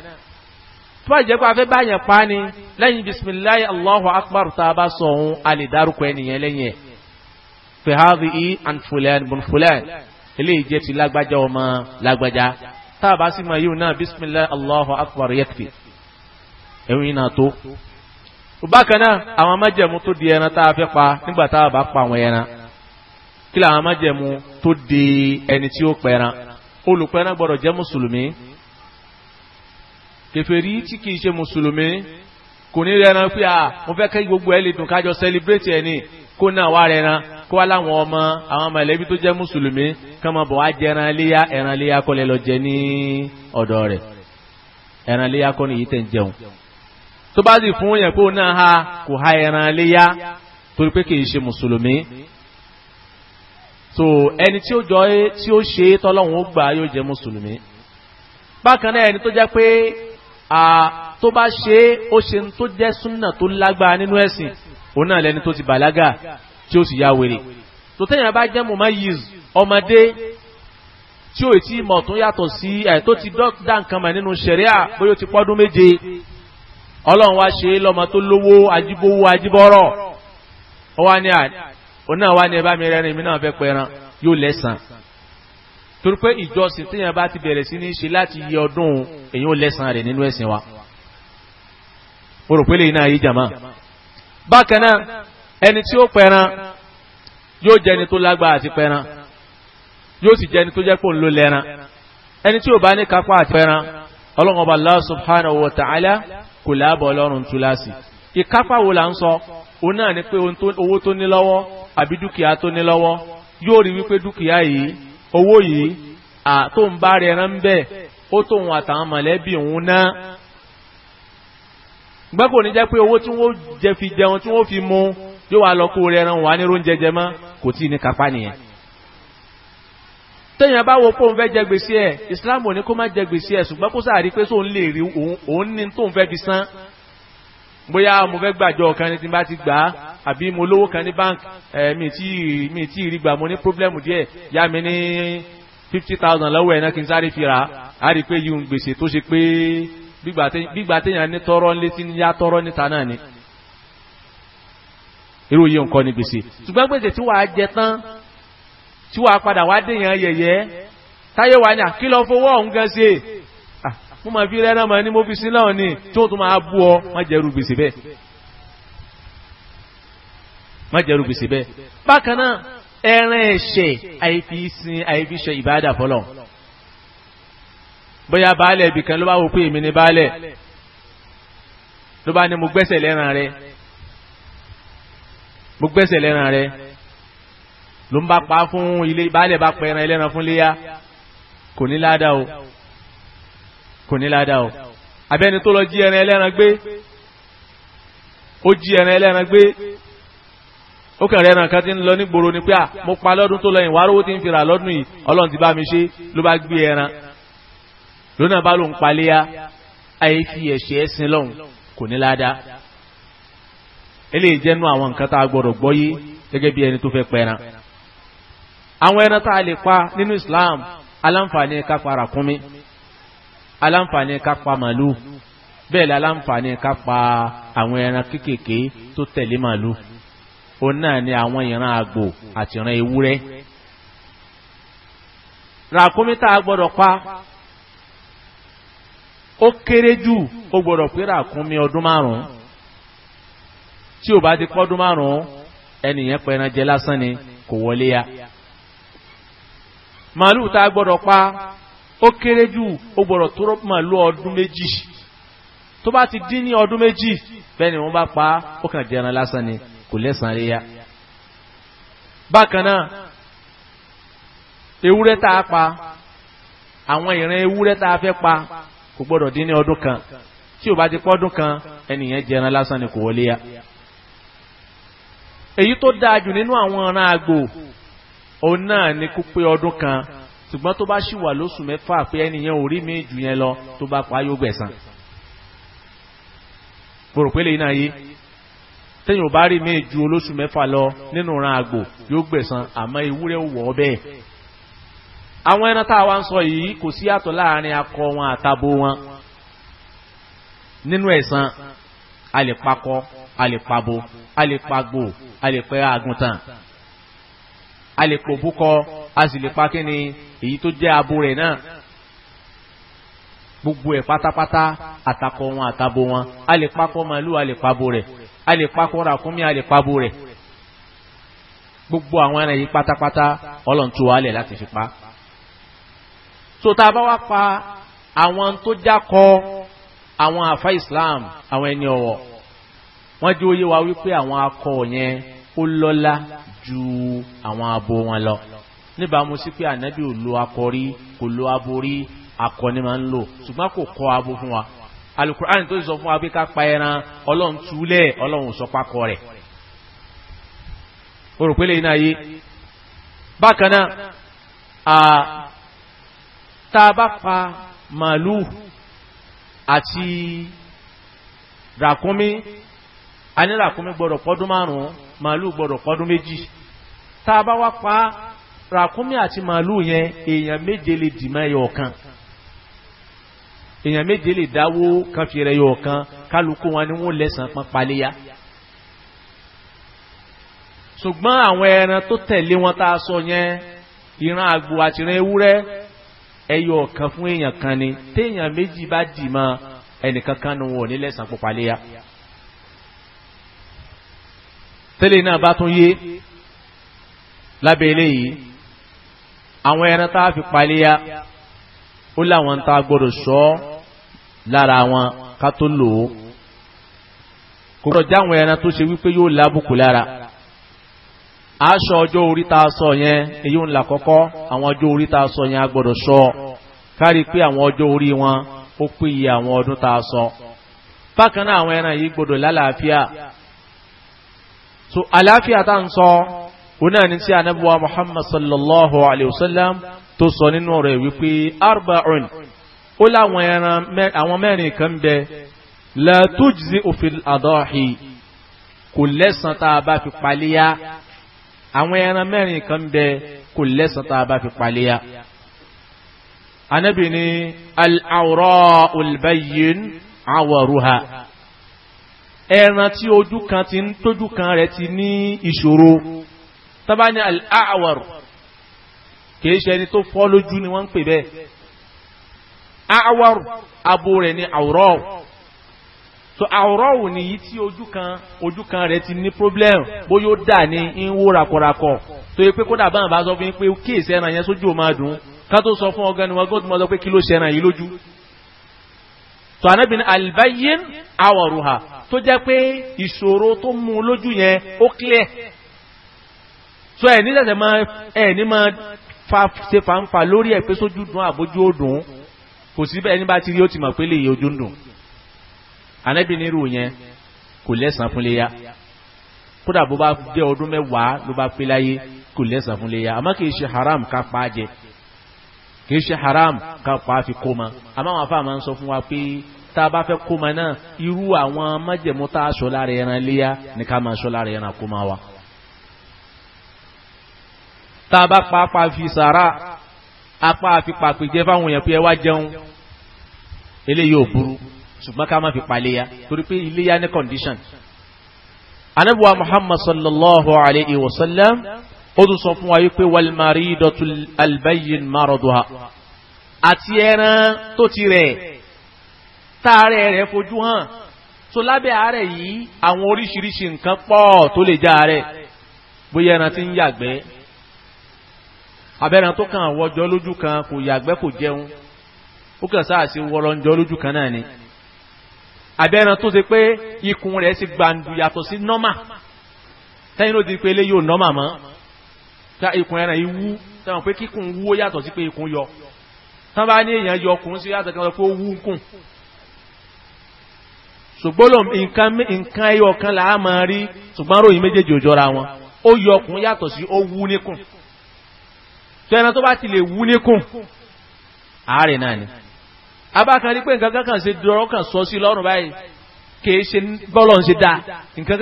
tó bá jẹ́ pé afẹ́ báyẹn pa ni lẹ́yìn bisimilayi allahu akbar tá a bá sọ ohun a lè dárúkọ ẹnìyẹn lẹ́yìn ẹ̀ bihadhi an fulan bun fulan eléyìí jẹ́ ti lágbájá ọmọ lágbájá tá a bá sì mọ yìí náà bisimilayi allahu akbar yakfi. ẹ̀rù na tó bákan náà àwọn amájẹ̀mú tó di ẹran tá a fẹ́ pa nígbà tá a bá pa àwọn ẹran kí làwọn amájẹ̀mú tó di ẹni tí ó pẹran olùpẹran gbọ́dọ̀ jẹ́ mùsùlùmí tí kìí ṣe mùsùlùmí kò ní rẹran pé mo fẹ́ gbogbo ẹ lè dùn kájọ sẹlẹbírẹ́tì ẹ kó náà wá rẹran kó wá láwọn ọmọ àwọn tó jẹ́ mùsùlùmí máa bọ̀ wá jẹ ẹran léyà ẹran léyà kọ́lẹ́ lọ jẹ ní ọ̀dọ̀ rẹ̀ ẹran léyà tẹ̀ tó bá sì fún yẹn pé òun náà ha kò ha ẹran léyá torí pé kìí ṣe mùsùlùmí so ẹni tí ó jọ ẹ tí ó ṣe tọ́lọ́hún ó gbà yóò jẹ mùsùlùmí bákan náà ẹni tó jẹ́ pé tó bá ṣe ó ṣe ń tó jẹ́ súnà tó lágbára nínú ẹ̀sìn òun náà lẹni tó ti bàlágà tí ó sì ya wèrè tó téèyàn bá jẹ́ mọ̀mọ́ yìí ọmọdé tí ó ti mọ̀ tó yàtọ̀ sí ẹ̀ tó ti dá nǹkan mọ̀ nínú ṣẹ̀ríà bóyá ó ti pọ́dún méje ọlọ́run wá ṣe lọ́mọ tó lówó ajíbówó ajíbọ́rọ̀ ó wá ní à ó náà wá ní ẹbá mi rẹrin mi náà fẹ́ pẹran yóò lẹ́sàn torí pé ìjọsìn téèyàn bá ti bẹ̀rẹ̀ sí ní ṣe láti yí ọdún èyí ó lẹ́sàn rẹ̀ nínú ẹ̀sìn wa mo rò pé lè jẹni tó lágbára àti pẹran yóò sì jẹni tó jẹ́ pò ń lo lẹ́ran ẹni tí ò bá ní kápá àti pẹran ọlọ́run ọba Allah subhanahu wa ta'ala kò láàbọ̀ ọlọ́run túláàsì ìkápá wo là ń sọ òun náà ni pé owó tó ní lọ́wọ́ àbí dúkìá tó ní lọ́wọ́ yóò rí wípé dúkìá yìí owó yìí tó ń bá rẹ̀ rán bẹ́ẹ̀ ó tóun àtàwọn mọ̀lẹ́bí òun náà gbẹ́kò ní jẹ́ pé owó tí wọ́n jẹ fi jẹun tí wọ́n fi mú yóò wá lọ kó rẹ̀ rán wà ní róúnjẹ jẹ mọ́ kò tí ní kápá nìyẹn téèyàn bá wo pé òun fẹ́ jẹ gbèsè ẹ̀ islam ò ní kó má jẹ gbèsè ẹ̀ ṣùgbọ́n kó sáà rí pé sóun lè rí òun ní tóun fẹ́ fi san bóyá mo fẹ́ gbàjọ kan ní tí n bá ti gbà á àbí mo lówó kan ní bank mi tí mi tí rí gbà mo ní problem díẹ̀ yá mi ní fifty thousand lọ́wọ́ ẹ̀ náà kí n sáré fi rà á rí i pé yìí ń gbèsè tó ṣe pé gbígbà téèyàn ní tọrọ ń létí ní yá tọrọ níta náà ni irú yìí nǹkan ni gbèsè ṣùgbọ́n gbèsè tí wàá jẹ tán tí wàá padà wá dèèyàn yẹ̀yẹ́ táyé wà ní àkílọ̀ fowó ọ̀hún gan ṣe mo máa fi rẹ́rán mọ́ ní mo fi sí náà ni tí ó tún máa bú ọ má jẹ́rú gbèsè bẹ́ẹ̀ má jẹ́rú gbèsè bẹ́ẹ̀ bákan náà ẹran ẹ̀ṣẹ̀ àìfi sin àìfi ṣe ìbáàdà fọlọ́ bóyá baálẹ̀ ibì ló bá wò pé èmi ni baálẹ̀ ló bá ní mo gbẹ́sẹ̀ lẹ́ran rẹ ló ń bá pa fún ilé baálẹ̀ bá pa ẹran ẹlẹ́ran fún léyà kò ní ládàá o kò ní ládàá o abẹ́ni tó lọ jí ẹran ẹlẹ́ran gbé ó jí ẹran ẹlẹ́ran gbé ó kẹ̀rẹ̀ ẹran kan ti ń lọ nígboro ni pé à mo pa lọ́dún tó lọ yìí wàá rówó ti ń fira lọ́dún yìí ọlọ́run ti bá mi ṣe ló bá gbé ẹran lónà bá ló ń paléyà ayé fi ẹ̀ṣẹ̀ ẹ̀sìn lọ́hùn kò ní ládàá eléyìí jẹ́nu àwọn nǹkan tá a gbọ́dọ̀ gbọ́yé gẹ́gẹ́ bí ẹni tó fẹ́ pẹran àwọn ẹran tá a lè pa nínú islam aláǹfààní ká pa ràkúnmí aláǹfààní ká pa màlúù bẹ́ẹ̀ ni aláǹfààní ká àwọn ẹran kéékèèké tó tẹ̀lé màlúù òun náà ni àwọn ìran àgbò àti ìran ewúrẹ́ ràkúnmí tá a gbọ́dọ̀ pa ó kéré jù ó gbọ́dọ̀ pé ràkúnmí ọdún márùn-ún tí ò bá ti pọ́dún márùn-ún ẹnìyẹn pẹran jẹ lásán ni kò wọlé ya màálù tá a gbọ́dọ̀ pa ó kéré jù ó gbọ́dọ̀ tó màálù ọdún méjì tó bá ti dín ní ọdún méjì bẹ́ẹ̀ wọ́n bá pa ó kàn jẹ́ ẹran lásán ni kò lẹ́sàn rí ya. bákan náà ewúrẹ́ tá a pa àwọn ìran ewúrẹ́ tá a fẹ́ pa kò gbọ́dọ̀ dín ní ọdún kan tí ò bá ti pọ́ ọdún kan ẹnìyẹn jẹ́ ẹran lásán ni kò wọlé ya. èyí tó dáa jù nínú àwọn ọ̀ràn àgbò òun náà ni kó pé ọdún kan ṣùgbọ́n tó bá ṣì wà lóṣù mẹ́fà pé ẹnìyẹn ò rí mi jù yẹn lọ tó bá pa yóò gbẹ̀san. mo rò pé lè náà yé tẹ́yìn ò bá rí mi ju olóṣù mẹ́fà lọ nínú ran àgbò yóò gbẹ̀san àmọ́ ewúrẹ́ wọ̀ ọ́ bẹ́ẹ̀. àwọn ẹran tá a wá ń sọ yìí kò sí àtọ̀ láàrin akọ wọn àtabo wọn nínú ẹ̀san a lè pakọ a àgùntàn a lè pò búkọ a sì lè pa kí ni èyí tó jẹ́ abo rẹ̀ náà gbogbo ẹ̀ pátápátá àtakọ wọn àtabo wọn a lè pakọ́ màálù a lè pabo rẹ̀ a lè pakọ́ ràkúnmí a lè pabo rẹ̀ gbogbo àwọn ẹran yìí pátápátá ọlọ́ntò alẹ̀ láti fi pa. so tá a bá wá pa àwọn tó jákọ àwọn àfa Islam àwọn ẹni ọ̀wọ̀ wọ́n jẹ́ òye wa wípé àwọn akọ yẹn ó lọ́lá ju àwọn abo wọn lọ níbàámu sí pé ànábì ò lo akọrí kò lo aborí akọni máa ń lò ṣùgbọ́n kò kọ́ abo fún wa alukur'an tó sọ fún wa pé ká pa ẹran ọlọ́run túlẹ̀ ọlọ́run sọ pákọ rẹ̀ o rò pé lè yé bákan náà tá a bá pa màálù àti ràkúnmí anírakúnmí gbọ́dọ̀ pọ́dún márùn-ún màálù gbọ́dọ̀ pọ́dún méjì tá a bá wá pa ràkúnmí àti màálù yẹn èèyàn méje lè dìmọ́ ẹyọ kan èèyàn méje lè dáwó kan fi rẹ̀ yọ kan kálukú wọn ni wọ́n lẹ́sàn pọn paléyà ṣùgbọ́n àwọn ẹran tó tẹ̀lé wọn tá a sọ yẹn ìran àgbò àtìran ewúrẹ́ ẹyọ kan fún èèyàn kan ni téèyàn méjì bá dìmọ́ ẹnìkan ni wọn ò ní lẹ́sàn pọn paléyà tẹ́lẹ̀ náà bá tún yé lábẹ́ eléyìí àwọn ẹran tá a fi paléyà ó láwọn tá a gbọ́dọ̀ ṣọ́ lára wọn ká tó lò ó kò gbọ́dọ̀ jáwọn ẹran tó ṣe wípé yóò lábùkù lára aṣọ ọjọ́ orí tá a sọ yẹn èyí ń là kọ́kọ́ àwọn ọjọ́ orí tá a sọ yẹn a gbọ́dọ̀ ṣọ́ kárí pé àwọn ọjọ́ orí wọn ó péye àwọn ọdún tá a sọ bákan náà àwọn ẹran yìí gbọ́dọ̀ lálàáfíà so àlàáfíà tá ń sọ òun náà ní sí anábíwá muhammad sallallahu alayhi wa sallam tó sọ nínú rẹ̀ wípé arba'un ó láwọn ẹran àwọn mẹ́rin kan bẹ la tujzi òfin àdọ́hì kò lẹ́sàn tá a bá fi paléyà àwọn ẹran mẹ́rin kan bẹ kò lẹ́sàn tá a bá fi paléyà anábì ní al awaruha ẹran tí ojú kan ti ń tójú kan rẹ̀ ti ní ìṣòro tábà ní al kìí ṣe ẹni tó fọ́ lójú ni wọ́n ń pè bẹ́ẹ̀ a'war abo rẹ̀ ní àwòrán so àwòrán nìyí tí ojú kan ojú kan rẹ̀ ti ní problem bóyá ó dà ní ń wó rakọrakọ tó yẹ pé kódà báwọn bá sọ fún yín pé kéèsì ẹran yẹn sójú ò máa dùn ká tó sọ fún ọgá ni wọn gbọ́dọ̀ mọ́ sọ pé kí ló ṣe ẹran yìí lójú so anábìnrin albayyin awaruha tó jẹ́ pé ìṣòro tó mú lójú yẹn ó clear so ẹ̀ ní sẹ̀sẹ̀ máa ẹ̀ ní máa fa ṣe fàǹfà lórí ẹ̀ pé sójú dùn àbójú ó dùn kò sí bẹ́ẹ̀ ní bá ti rí ó ti mọ̀ pé lè ojú ń dùn ànábì nírú yẹn kò lẹ́sàn fún léyà kódà bó bá jẹ́ ọdún mẹ́wàá ló bá pé láyé kò lẹ́sàn fún léyà àmọ́ kì í ṣe haram ká pa á jẹ kì í ṣe haram ká pa á fi kó ma àmọ́ àwọn afáà ń sọ fún wa pé tá a bá fẹ́ kó ma náà irú àwọn májẹ̀mú tá a sọ lára ẹran léyà ní ká máa sọ lára ẹran kó ma wa. tá a bá pàápàá fi sàrà apá àfi pàpè fáwọn èèyàn pé ẹ wá jẹun eléyìí ò burú ṣùgbọ́n ká má fi paléyà torí pé iléyà ní condition. anabuwa muhammad sallallahu alayhi wa sallam ó tún sọ fún wa yìí pé wàlmarí dọ̀tún albayin maroduha àti ẹran tó ti rẹ̀ táàrẹ rẹ̀ fojú hàn so lábẹ́ àárẹ̀ yìí àwọn oríṣiríṣi nǹkan pọ̀ tó lè já àárẹ̀ bóyá ẹran tí ń yàgbẹ́ abẹ́ran tó kàn wọjọ́ lójú kan kò yàgbẹ́ kò jẹun ó kàn sáà sí wọlọ́njọ́ lójú kan náà ni abẹ́ran tó ṣe pé ikùn rẹ̀ sì gbàǹdù yàtọ̀ sí nọ́mà tẹ́yìn ló di pé ilé yóò nọ́mà mọ́ ká ikùn ẹran yìí wú tẹ́wọ̀n pé kíkùn wú ó yàtọ̀ sí pé ikùn yọ tán bá ní èèyàn yọ ọkùnrin sí yàtọ̀ kan sọ pé ó wú ń kùn ṣùgbọ́n nǹkan ẹyọ kan là á máa rí ṣùgbọ́n ròyìn méjèèjì òjọra wọn ó yọ ọkùn yàtọ̀ sí ó wú níkùn tó ẹran tó bá ti lè wú níkùn ààrẹ náà ni abákan rí pé nǹkan kankan ṣe dọ̀rọ̀ kan sọ sí lọ́rùn báyìí kìí ṣe bọ́lọ̀ ń ṣe dáa nǹkan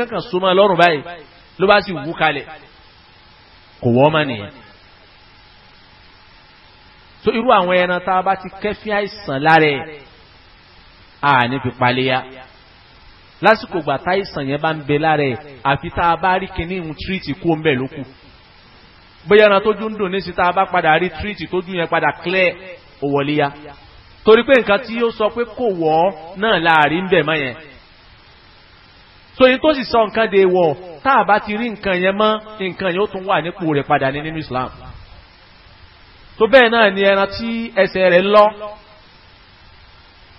kankan ti kẹ́fín àìsàn lára ẹ̀ àní fi paléyà lásìkò ìgbà táìsàn yẹn bá ń bẹ lára ẹ̀ àfi tá a bá rí kinní ìhun tírìtì kú ń bẹ̀ lókù bóyá ẹran tójú ń dùn níṣẹ́ tá a bá padà rí tírìtì tójú yẹn padà clear òwòléyà torí pé nǹkan tí ó sọ pé kò wọ́ náà láàrin bẹ̀ mọ́ yẹn so tó sì sọ nǹkan de wọ̀ tá a bá ti rí nǹkan yẹn mọ́ nǹkan yẹn ó tún wà nípò rẹ̀ padà ní nínú Islam tó bẹ́ẹ̀ náà ni ẹran tí ẹsẹ̀ rẹ̀ lọ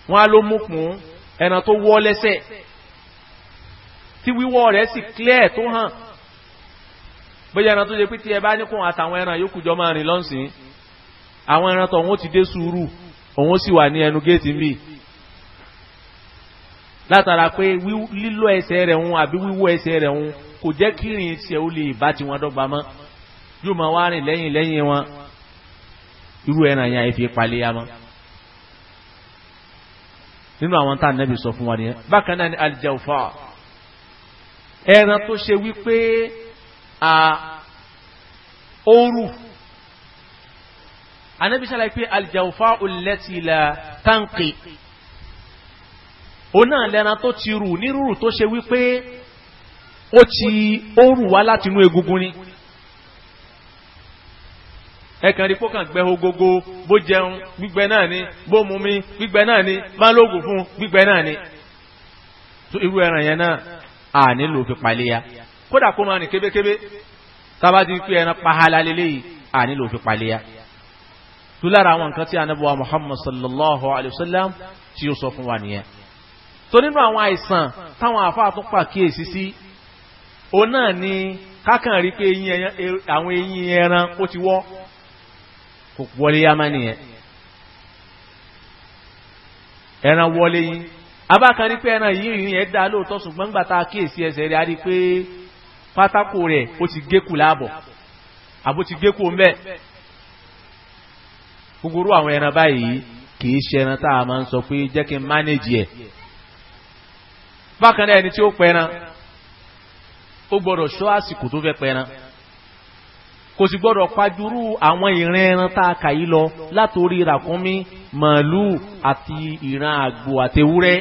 wọn á ló mú kùn ẹran tó wọ́ lẹ́sẹ̀ tí wíwọ́ rẹ̀ sì clear tó hàn bóyá ẹran tó ṣe pé tí ẹ bá níkùn àtàwọn ẹran yòókù jọ máa rìn lọ́sìn àwọn ẹran tó òun ti dé sùúrù òun sì wà ní ẹnu géètì mbì látara pé lílọ ẹsẹ̀ rẹ̀ ń àbí wíwọ́ ẹsẹ̀ rẹ̀ ń kò jẹ́ kí rìn tiẹ̀ ó lè bá tiwọn dọ́gba mọ́ yóò máa wá rìn lẹ́yìn lẹ́yìn wọn irú ẹran yẹn àìfi palẹ̀ mọ́ nínú àwọn tá a nẹ́bi sọ fún wa nìyẹn bákan náà ni aljawfa. ẹran tó ṣe wípé a oru anábi ṣàlàyé pé aljaufa ulẹ́tì la tánkì o náà lẹ́ran tó ti rù ní rúrù tó ṣe wípé ó ti oru wá látinú egungun ni ẹkàn rí pókàn gbẹ ogogo bó jẹun gbígbẹ náà ni bó mumi gbígbẹ náà ni má lóògùn fún gbígbẹ náà ni irú ẹran yẹn náà a nílò fi paléya kódà kó máa ní kébékébé tábà ti pé ẹran pahala lélẹ́yìí a nílò fi paléya. tó lára àwọn nǹkan tí anábọ̀wá muhammad sallallahu alayhi wa sallam tí ó sọ fún wa nìyẹn. tó nínú àwọn àìsàn táwọn àfáà pàkíyèsí sí òun náà ni kákan rí pé àwọn eyín ẹran ó ti wọ́ kò wọlé yá nìyẹn. ẹran wọlé yín abákan ní pé ẹran yìí ìrìn ẹ̀ dá lóòótọ́ ṣùgbọ́n gbà tá a kíyèsí ẹsẹ̀ rẹ̀ a rí pé pátákó rẹ̀ ó ti gékù láàbọ̀ àbó ti gékù mbẹ́ gbogbo àwọn ẹran báyìí kìí ṣe ẹran tá a máa ń sọ pé jẹ́ kí n mánéjì ẹ̀ bákan náà ẹni tí ó pẹran ó kò sì gbọ́dọ̀ fajúrú àwọn ìran ẹran tá a kà yí lọ látòrí ràkúnmí màálù àti ìran àgbò àtewúrẹ́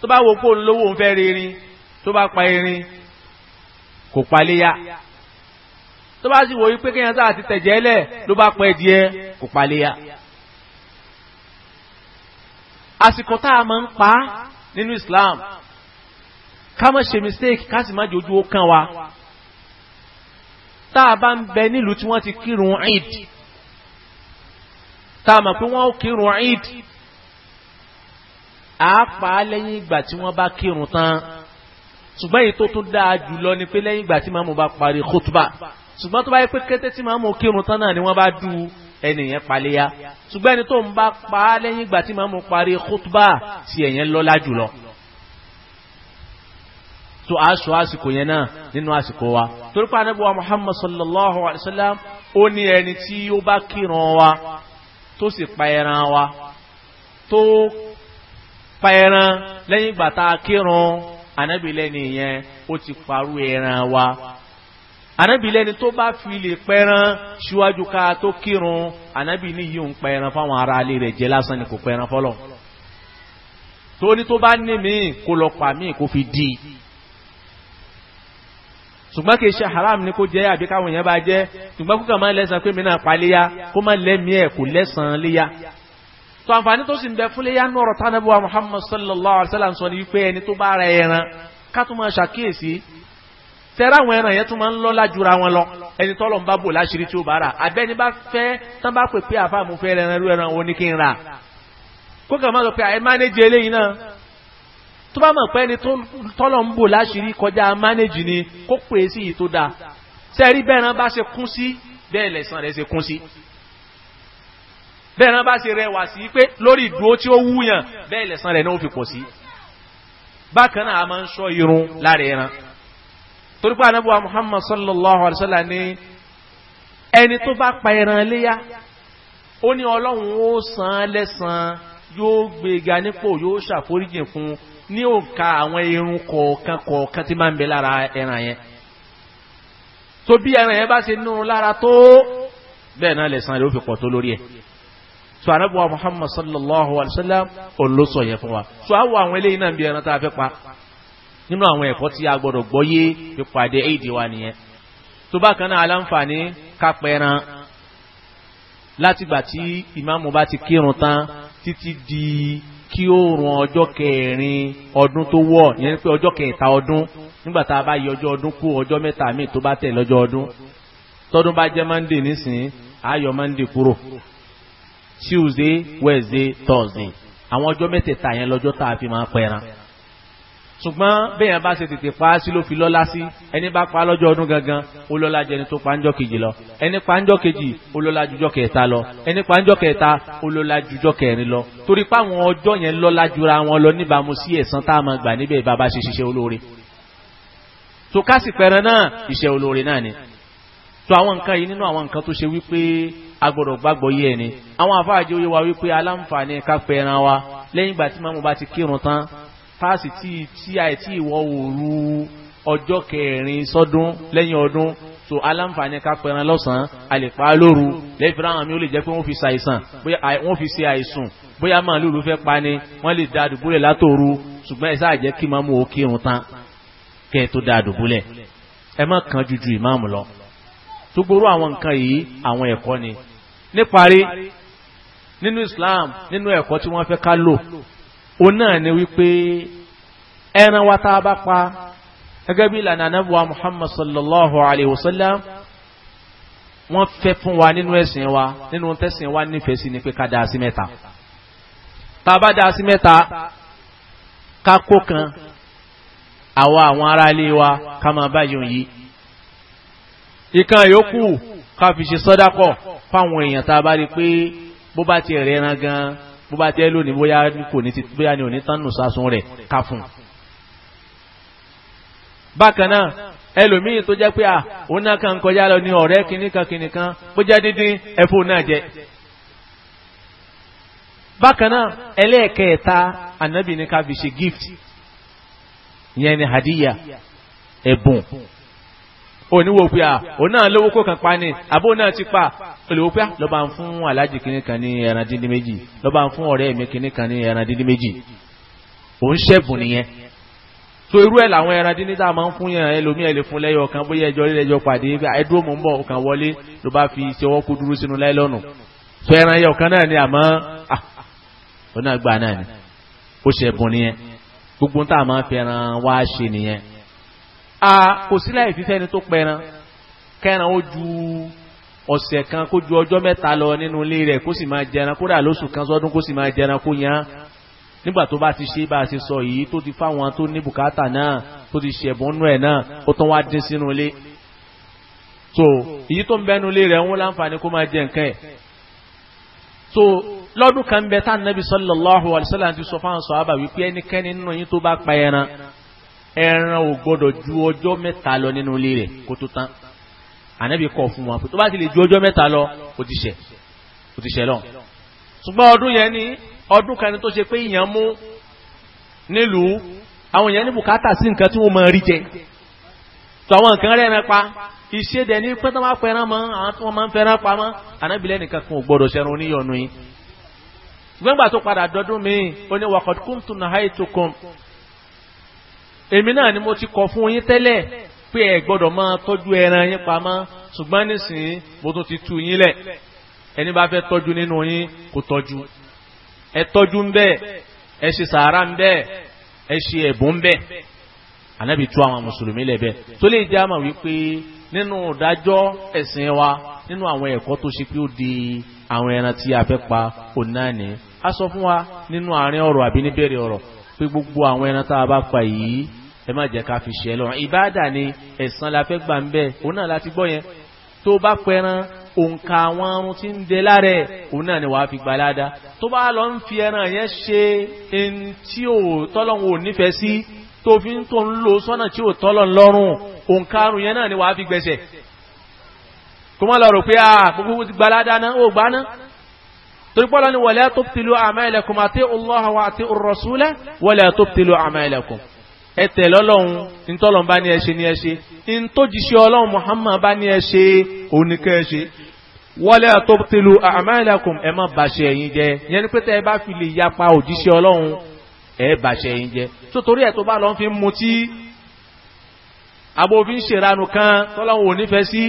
tó bá wo kó ń lówó ń fẹ́ rerin tó bá pa erin kò paléyà tó bá sì wòye pé kéèyàn sáà ti tẹ̀jẹ́ lẹ̀ ló bá pẹ́ díẹ̀ kò paléyà àsìkò tá a máa ń pa nínú Islam ká má ṣe mistake ká sì má jojú ó kàn wa tá a bá ń bẹ nílùú tí wọ́n ti kírun eid tá a mọ̀ pé wọ́n ó kírun eid a pa á lẹ́yìn ìgbà tí wọ́n bá kírun tán ṣùgbọ́n èyí tó tún dáa jù lọ ni pé lẹ́yìn ìgbà tí màmú bá parí khutba ṣùgbọ́n tó bá yẹ pé kété tí màmú kírun tán náà ni wọ́n bá du ẹnìyẹn paléyà ṣùgbọ́n ẹni tó ń bá pa lẹ́yìn ìgbà tí màmú parí khutba sí ẹ̀yẹn lọ́lá jùlọ so aṣọ àsìkò yẹn náà nínú àsìkò wa torípa anábíwá muhammad sallallahu alaihi wasallam ó ní ẹni tí ó bá kíran wa tó sì pa ẹran wa tó pa ẹran lẹ́yìn ìgbà tá a kíran anábìlẹ́ni yẹn ó ti parú ẹran wa anábìlẹ́ni tó bá fi lè pẹran síwájú ká tó kírun anábì ní yìí ń pẹran fáwọn ará ilé rẹ̀ jẹ́ lásán ni kò pẹran fọlọ́ tó ní tó bá ní mi kó lọ pa mí kó fi dì í ṣùgbọ́n kì ṣe haram ní kó jẹ́ àbí káwọn èèyàn bá jẹ́ ṣùgbọ́n kúkà máa lẹ́sàn pé mìíràn pa léyà kó má lẹ́mí ẹ̀ kò lẹ́sàn léyà tó àǹfààní tó sì ń bẹ fún léyà ní ọ̀rọ̀ tánàbíwá Muhammad sallallahu alaihi wasallam sọ ní wípé ẹni tó bá ra ẹran ká tún máa ṣàkíyèsí tẹ́rà àwọn ẹran yẹn tún máa ń lọ lájúra wọn lọ ẹni tọ́lọ̀ ń bá bò láṣìírí tí ó bá rà àbẹ́ni bá fẹ́ tán bá pè pé àfáàmù fẹ́ ẹran irú ẹran wo ní kí n rà kó kàn máa sọ pé àyè mánéjì eléyìí náà tó bá mọ̀ pé ẹni tọ́lọ̀ ń bò láṣìírí kọjá mánéjì ni kó pè é sí yìí tó dáa sẹ́rí bẹ́ẹ̀ràn bá ṣe kún sí bẹ́ẹ̀ lẹ̀san rẹ̀ ṣe kún sí bẹ́ẹ̀ràn bá ṣe rẹwà sí pé lórí ìdúró tí ó wúyàn bẹ́ẹ̀ lẹ̀san rẹ̀ náà fi pọ̀ sí bákan náà a máa ń ṣọ́ irun lára ẹran torí pé anábùwà Muhammad sallallahu alaihi wasallam ní ẹni tó bá pa ẹran léyà ó ní ọlọ́run ó san lẹ́san yóò gbéga nípò yóò ṣàforíjì fún ní ó ka àwọn irun kọ̀ọ̀kan kọ̀ọ̀kan tí máa ń bẹ lára ẹran yẹn so bí ẹran yẹn bá ṣe nírun lára tó bẹ́ẹ̀ náà lẹ̀sán rẹ̀ ó fi pọ̀ tó lórí ẹ̀ so sallallahu alayhi wa sallam olóso yẹn fún wa so àwọn àwọn eléyìí náà ń bí ẹran tá a fẹ́ pa nínú àwọn ẹ̀kọ́ tí a gbọ́dọ̀ gbọ́yé ìpàdé éèdì wa nìyẹn tó bá kan náà aláǹfààní kápẹ́ran látìgbà tí ìmáàmù bá ti kírun tán títí di kí oòrùn ọjọ́ kẹrin ọdún tó wọ̀ yẹn pé ọjọ́ kẹta ọdún nígbà tá a bá yọ ọjọ́ ọdún kú ọjọ́ mẹ́ta míì tó bá tẹ̀ lọ́jọ́ ọdún tọ́dún bá jẹ́ monday nísìnyí a monday kúrò tuesday wednesday thursday àwọn ọjọ́ mẹ́tẹ̀ẹ̀ta yẹn lọ́jọ́ tá a fi máa pẹran ṣùgbọ́n bẹ́yàn bá ṣe tètè fa sí ló fi lọ́lá sí ẹni bá pa lọ́jọ́ ọdún gangan ó lọ́lá jẹni tó pa ń jọ́ kejì lọ ẹni pa ń jọ́ kejì ó lọ́lá jùjọ́ kẹta lọ ẹni pa ń jọ́ kẹta ó lọ́lá jùjọ́ kẹrin lọ torí páwọn ọjọ́ yẹn lọ́lá jura wọn lọ níbàámu sí ẹ̀san tá a máa gbà níbẹ̀ bàbá ṣe ṣiṣẹ́ olóore tó kásì pẹ̀rẹ̀ náà iṣẹ́ olóore náà ni tó àwọn nǹkan yìí nínú àwọn nǹkan tó ṣe wípé agbọ́dọ̀ gbàgbọ́ yé ẹni àwọn àfáàjẹ́ oyé wa wípé aláǹfààní ká pẹ̀ràn wa lẹ́yìn ìgbà tí màmú bá ti kírun tán páàsì tí tí àì tí ìwọ òru ọjọ́ kẹrin sọ́dún lẹ́yìn ọdún so aláǹfààní ká pẹran lọ́sàn-án a lè pa á lóru lẹ́fìrá àwọn mi ó lè jẹ́ pé wọ́n fi ṣàìsàn bóyá wọ́n fi ṣe àìsùn bóyá máa lóru fẹ́ pa ni wọ́n lè da àdùbúlẹ̀ látòru ṣùgbọ́n ẹ sáà jẹ́ kí máa mú o kírun tán kẹ́ tó da àdùbúlẹ̀ ẹ má kan ju ìmáàmù lọ tó àwọn nǹkan yìí àwọn ẹ̀kọ́ ni níparí nínú Islam nínú ẹ̀kọ́ tí wọ́n fẹ́ ká lò o náà ni wípé ẹran wa ta bá pa gẹ́gẹ́ bí ìlànà anábùwa muhammad sallallahu alaihi wasallam wọ́n fẹ́ fún wa nínú ẹ̀sìn wa nínú tẹ́sìn wa nífẹ̀ẹ́ sí ni pé ká dáa sí mẹ́ta ta bá dáa sí mẹ́ta ká kó kan àwa àwọn ará ilé wa ká máa báyìí yìí ìkan yòókù ká fi ṣe sọ́dákọ̀ fáwọn èèyàn ta bá rí pé bó bá ti rẹ̀ ẹran gan-an bó bá jẹ́ lónìí bóyá kò ní ti bóyá ni ò ní tán nù sásun rẹ̀ ká fún un. bákan náà ẹlòmíì tó jẹ́ pé à òun náà kàn kọjá lọ ní ọ̀rẹ́ kìnnìkan kìnnìkan bó jẹ́ dídín ẹ̀fọ́ náà jẹ. bákan náà ẹlẹ́ẹ̀kẹta ànábì ká fi ṣe gift yẹn ni hadiya ẹ̀bùn oníwò pé à òun náà lówó kó kan pa ni àbó náà ti pa olùwò pé à lọ bá ń fún aláàjì kìnní kan ní ẹran díndín méjì lọ bá ń fún ọ̀rẹ́ mi kìnní kan ní ẹran díndín méjì òun ṣẹ́bùn nìyẹn so irú ẹ̀ làwọn ẹran díndín tá a máa ń fún yàn ẹlòmíì lè fún lẹ́yọ̀ kan bóyá ẹjọ́ lílẹ̀ ẹjọ́ pàdé ẹdúró mò ń bọ̀ ọkàn wọlé ló bá fi ṣe ọwọ́ dúró sínú láìlọ́nù so ẹran ni àmọ́ à ah, òun náà gbà náà ni ó ṣẹ̀bùn nìyẹn gbogbo tá a máa fẹ́ràn wá ṣe nìyẹn a kò sílẹ̀ ìfífẹ́ ni tó pẹran kẹran ó ju ọ̀sẹ̀ kan kó ju ọjọ́ mẹ́ta lọ nínú ilé rẹ̀ kó sì máa jẹran kódà lóṣù kan sọdún kó sì máa jẹran kó yan nígbà tó bá ti ṣe bá a ṣe sọ yìí tó ti fáwọn tó ní bùkátà náà tó ti ṣẹ̀bùn nú ẹ̀ náà ó tán wá dín sínú ilé so èyí tó ń bẹnu ilé rẹ̀ ń láǹfààní kó máa jẹ nǹkan ẹ̀ so lọ́dún kan bẹ tá nàbì sallallahu alaihi ti sọ fáwọn sọ àbà wípé ẹnikẹ́ni nínú yín tó bá pa ẹran ẹran ò gbọdọ̀ ju ọjọ́ mẹ́ta lọ nínú ilé rẹ̀ kó tó tán ànábì kọ̀ fún wọn tó bá ti lè ju ọjọ́ mẹ́ta lọ ó ti ṣẹ̀ ó ti ṣẹ̀ lọ. ṣùgbọ́n ọdún yẹn ni ọdún kan tó ṣe pé ìyàn mú nílùú àwọn èèyàn ní bùkátà sí nǹkan tí wọ́n máa rí jẹ tó àwọn nǹkan rẹ̀ mẹ́pa ìṣèdè ní pé tó máa fẹ́ràn mọ́ àwọn tí wọ́n máa ń fẹ́ràn pa mọ́ ànábìlẹ̀ nìkan kan ò gbọdọ̀ ṣẹ̀rùn oníyọ̀nù tó padà dọdún mi ó ní wàkọ̀tún náà háìtò èmi náà ni mo ti kọ̀ fún yín tẹ́lẹ̀ pé ẹ gbọ́dọ̀ máa tọ́jú ẹran yín pamọ́ ṣùgbọ́n nísìnyí mo tún ti tú yín lẹ̀ ẹni bá fẹ́ tọ́jú nínú yín kó tọ́jú ẹ tọ́jú ń bẹ́ẹ̀ ẹ ṣe sàárà ń bẹ́ẹ̀ ẹ ṣe ẹ̀bùn ń bẹ́ẹ̀ ànábì tú àwọn mùsùlùmí lẹ̀ bẹ́ẹ̀ tó lè jẹ́ àmà wípé nínú ìdájọ́ ẹ̀sìn wa nínú àwọn ẹ̀kọ́ tó ṣe pé ó di àwọn ẹran tí a fẹ́ pa òun a sọ fún wa nínú àárín ọ̀rọ̀ àbí níbẹ̀rẹ̀ ọ̀rọ̀ pé gbogbo àwọn ẹran tá a bá pa yìí ẹ má jẹ́ ká fi ṣe ẹ lọ́rùn ìbáàdà ni ẹ̀san la fẹ́ gbà ń bẹ̀ òun náà láti gbọ́ yẹn tó bá pẹran òǹkà àwọn arun tí ń dẹ lára ẹ̀ òun náà ni wàá fi gbà ládàá tó bá lọ ń fi ẹran yẹn ṣe ẹni tí ò tọ́lọ́hún ò nífẹ̀ẹ́ sí tó fi ń tó ń lo sọ́nà tí ò tọ́lọ̀ lọ́rùn òǹkà arun yẹn náà ni wàá fi gbẹ̀ṣẹ̀ kó mọ́ lọ rò pé àgbogbo ah, ti gbà ládàá náà ó gbà náà torí pọ́lọ́ ni wala tubtilu a'malakum àti Allah wa àti ar-rasula wala tubtilu a'malakum ẹtẹ̀ lọ́lọ́run nítọ́lọ́run bá ní ẹ ṣe ní ẹ ṣe in tó Muhammad bá ní ẹ ṣe oníkẹ́ ẹ ṣe wọlé àtọ́tẹ̀lú àmàlẹ́kùn ẹ má bàṣẹ ẹ̀yin jẹ yẹn ni pété ẹ bá fi lè yapa òjíṣẹ́ ọlọ́run ẹ bàṣẹ ẹ̀yin jẹ tó torí ẹ̀ tó bá lọ́n fi ń mutí abófin ṣèranu kan tọ́lọ́run ò nífẹ̀ẹ́ sí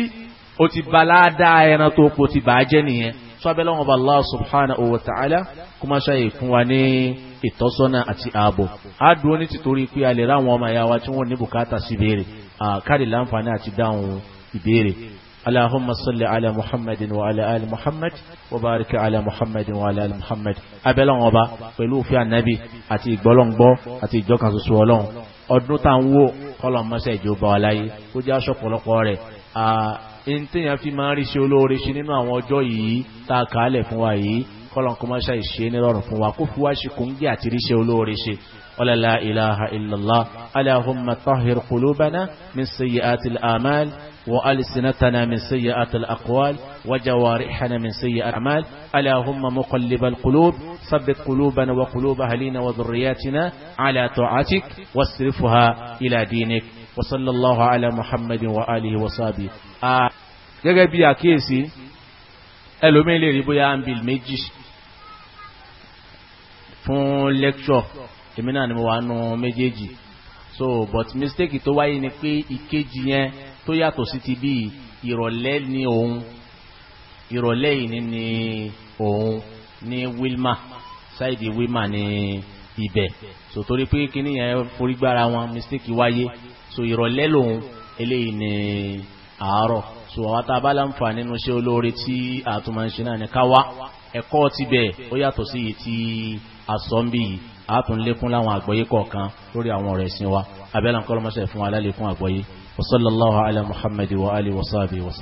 o ti balada ẹran tó kò ti bàá jẹ́ nìyẹn sọ́bẹ́lọ́run ọba Allah subhanahu wa ta'ala kó má ṣàyè fún wa ní ìtọ́sọ́nà àti ààbò a dúró ní tìtorí pé a lè ráwọn ọmọ ìyá wa tí wọ́n ní bùkátà sí béèrè káàdì láǹfààní àti dáhùn ìbéèrè اللهم صل على محمد وعلى آل محمد وبارك على محمد وعلى آل Muhammad abẹ́lọ́n ọba pẹ̀lú òfin ànábì àti ìgbọ́lọ́ngbọ́ àti ìjọkan soso ọlọ́run ọdún tá ń wò kọlọ̀n mọ́sẹ̀ ìjọba aláyé ó jẹ́ aṣọ pọ̀lọpọ̀ rẹ̀ ẹni tí yẹn fi máa ń rí ṣe olóore ṣe nínú àwọn ọjọ́ yìí tá a kàálẹ̀ fún wa yìí kọ́lọ̀n kó mọ́ṣá ìṣe ní rọrùn fún wa kó fi wá ṣe kún gí àti ríṣẹ́ olóore ṣe ọlọ́lá ìlàhà ìlàlá aláhùnmá tọ́hìr kùlúbánà min sayi àti al'amal wa alisinatana min sayi àti al'akwal wajawari hana min sayi al'amal aláhùnmá mọ́kànlébal kùlúb sabbit kùlúbánà wa kùlúb halina wa zurriyatina ala ta'atik wasrifuha ila dinik wa sallallahu ala muhammadin wa alihi wa sabi ah, gẹ́gẹ́ bí àkíyèsí ẹlòmí lè rí bóyá ambil méjì fún lecture èmi náà ni mo wà nù méjèèjì so but mistake tó wáyé ni pé ìkejì yẹn tó yàtọ̀ sí ti bí ìrọ̀lẹ́ ni òun ìrọ̀lẹ́ yìí ni òun ní Wilma ṣáìdì Wilma ni ibẹ̀ so torí pé kíní yẹn forígbára wọn mistake wáyé so ìrọ̀lẹ́ lòun eléyìí ni àárọ̀ so àwọn tá a bá láǹfà nínú iṣẹ́ olóore tí àtúmọ̀ ń náà ni ká wá ẹ̀kọ́ ti bẹ̀ ó yàtọ̀ sí yìí tí asọ́nbí yìí àátún lékún láwọn àgbọ́yé kọ̀ọ̀kan lórí àwọn ọ̀rọ̀ ẹ̀sìn wa abẹ́lá ń kọ́ fún alálẹ́kún àgbọ́yé wa ala muhammadi wa alihi wa sahbihi wa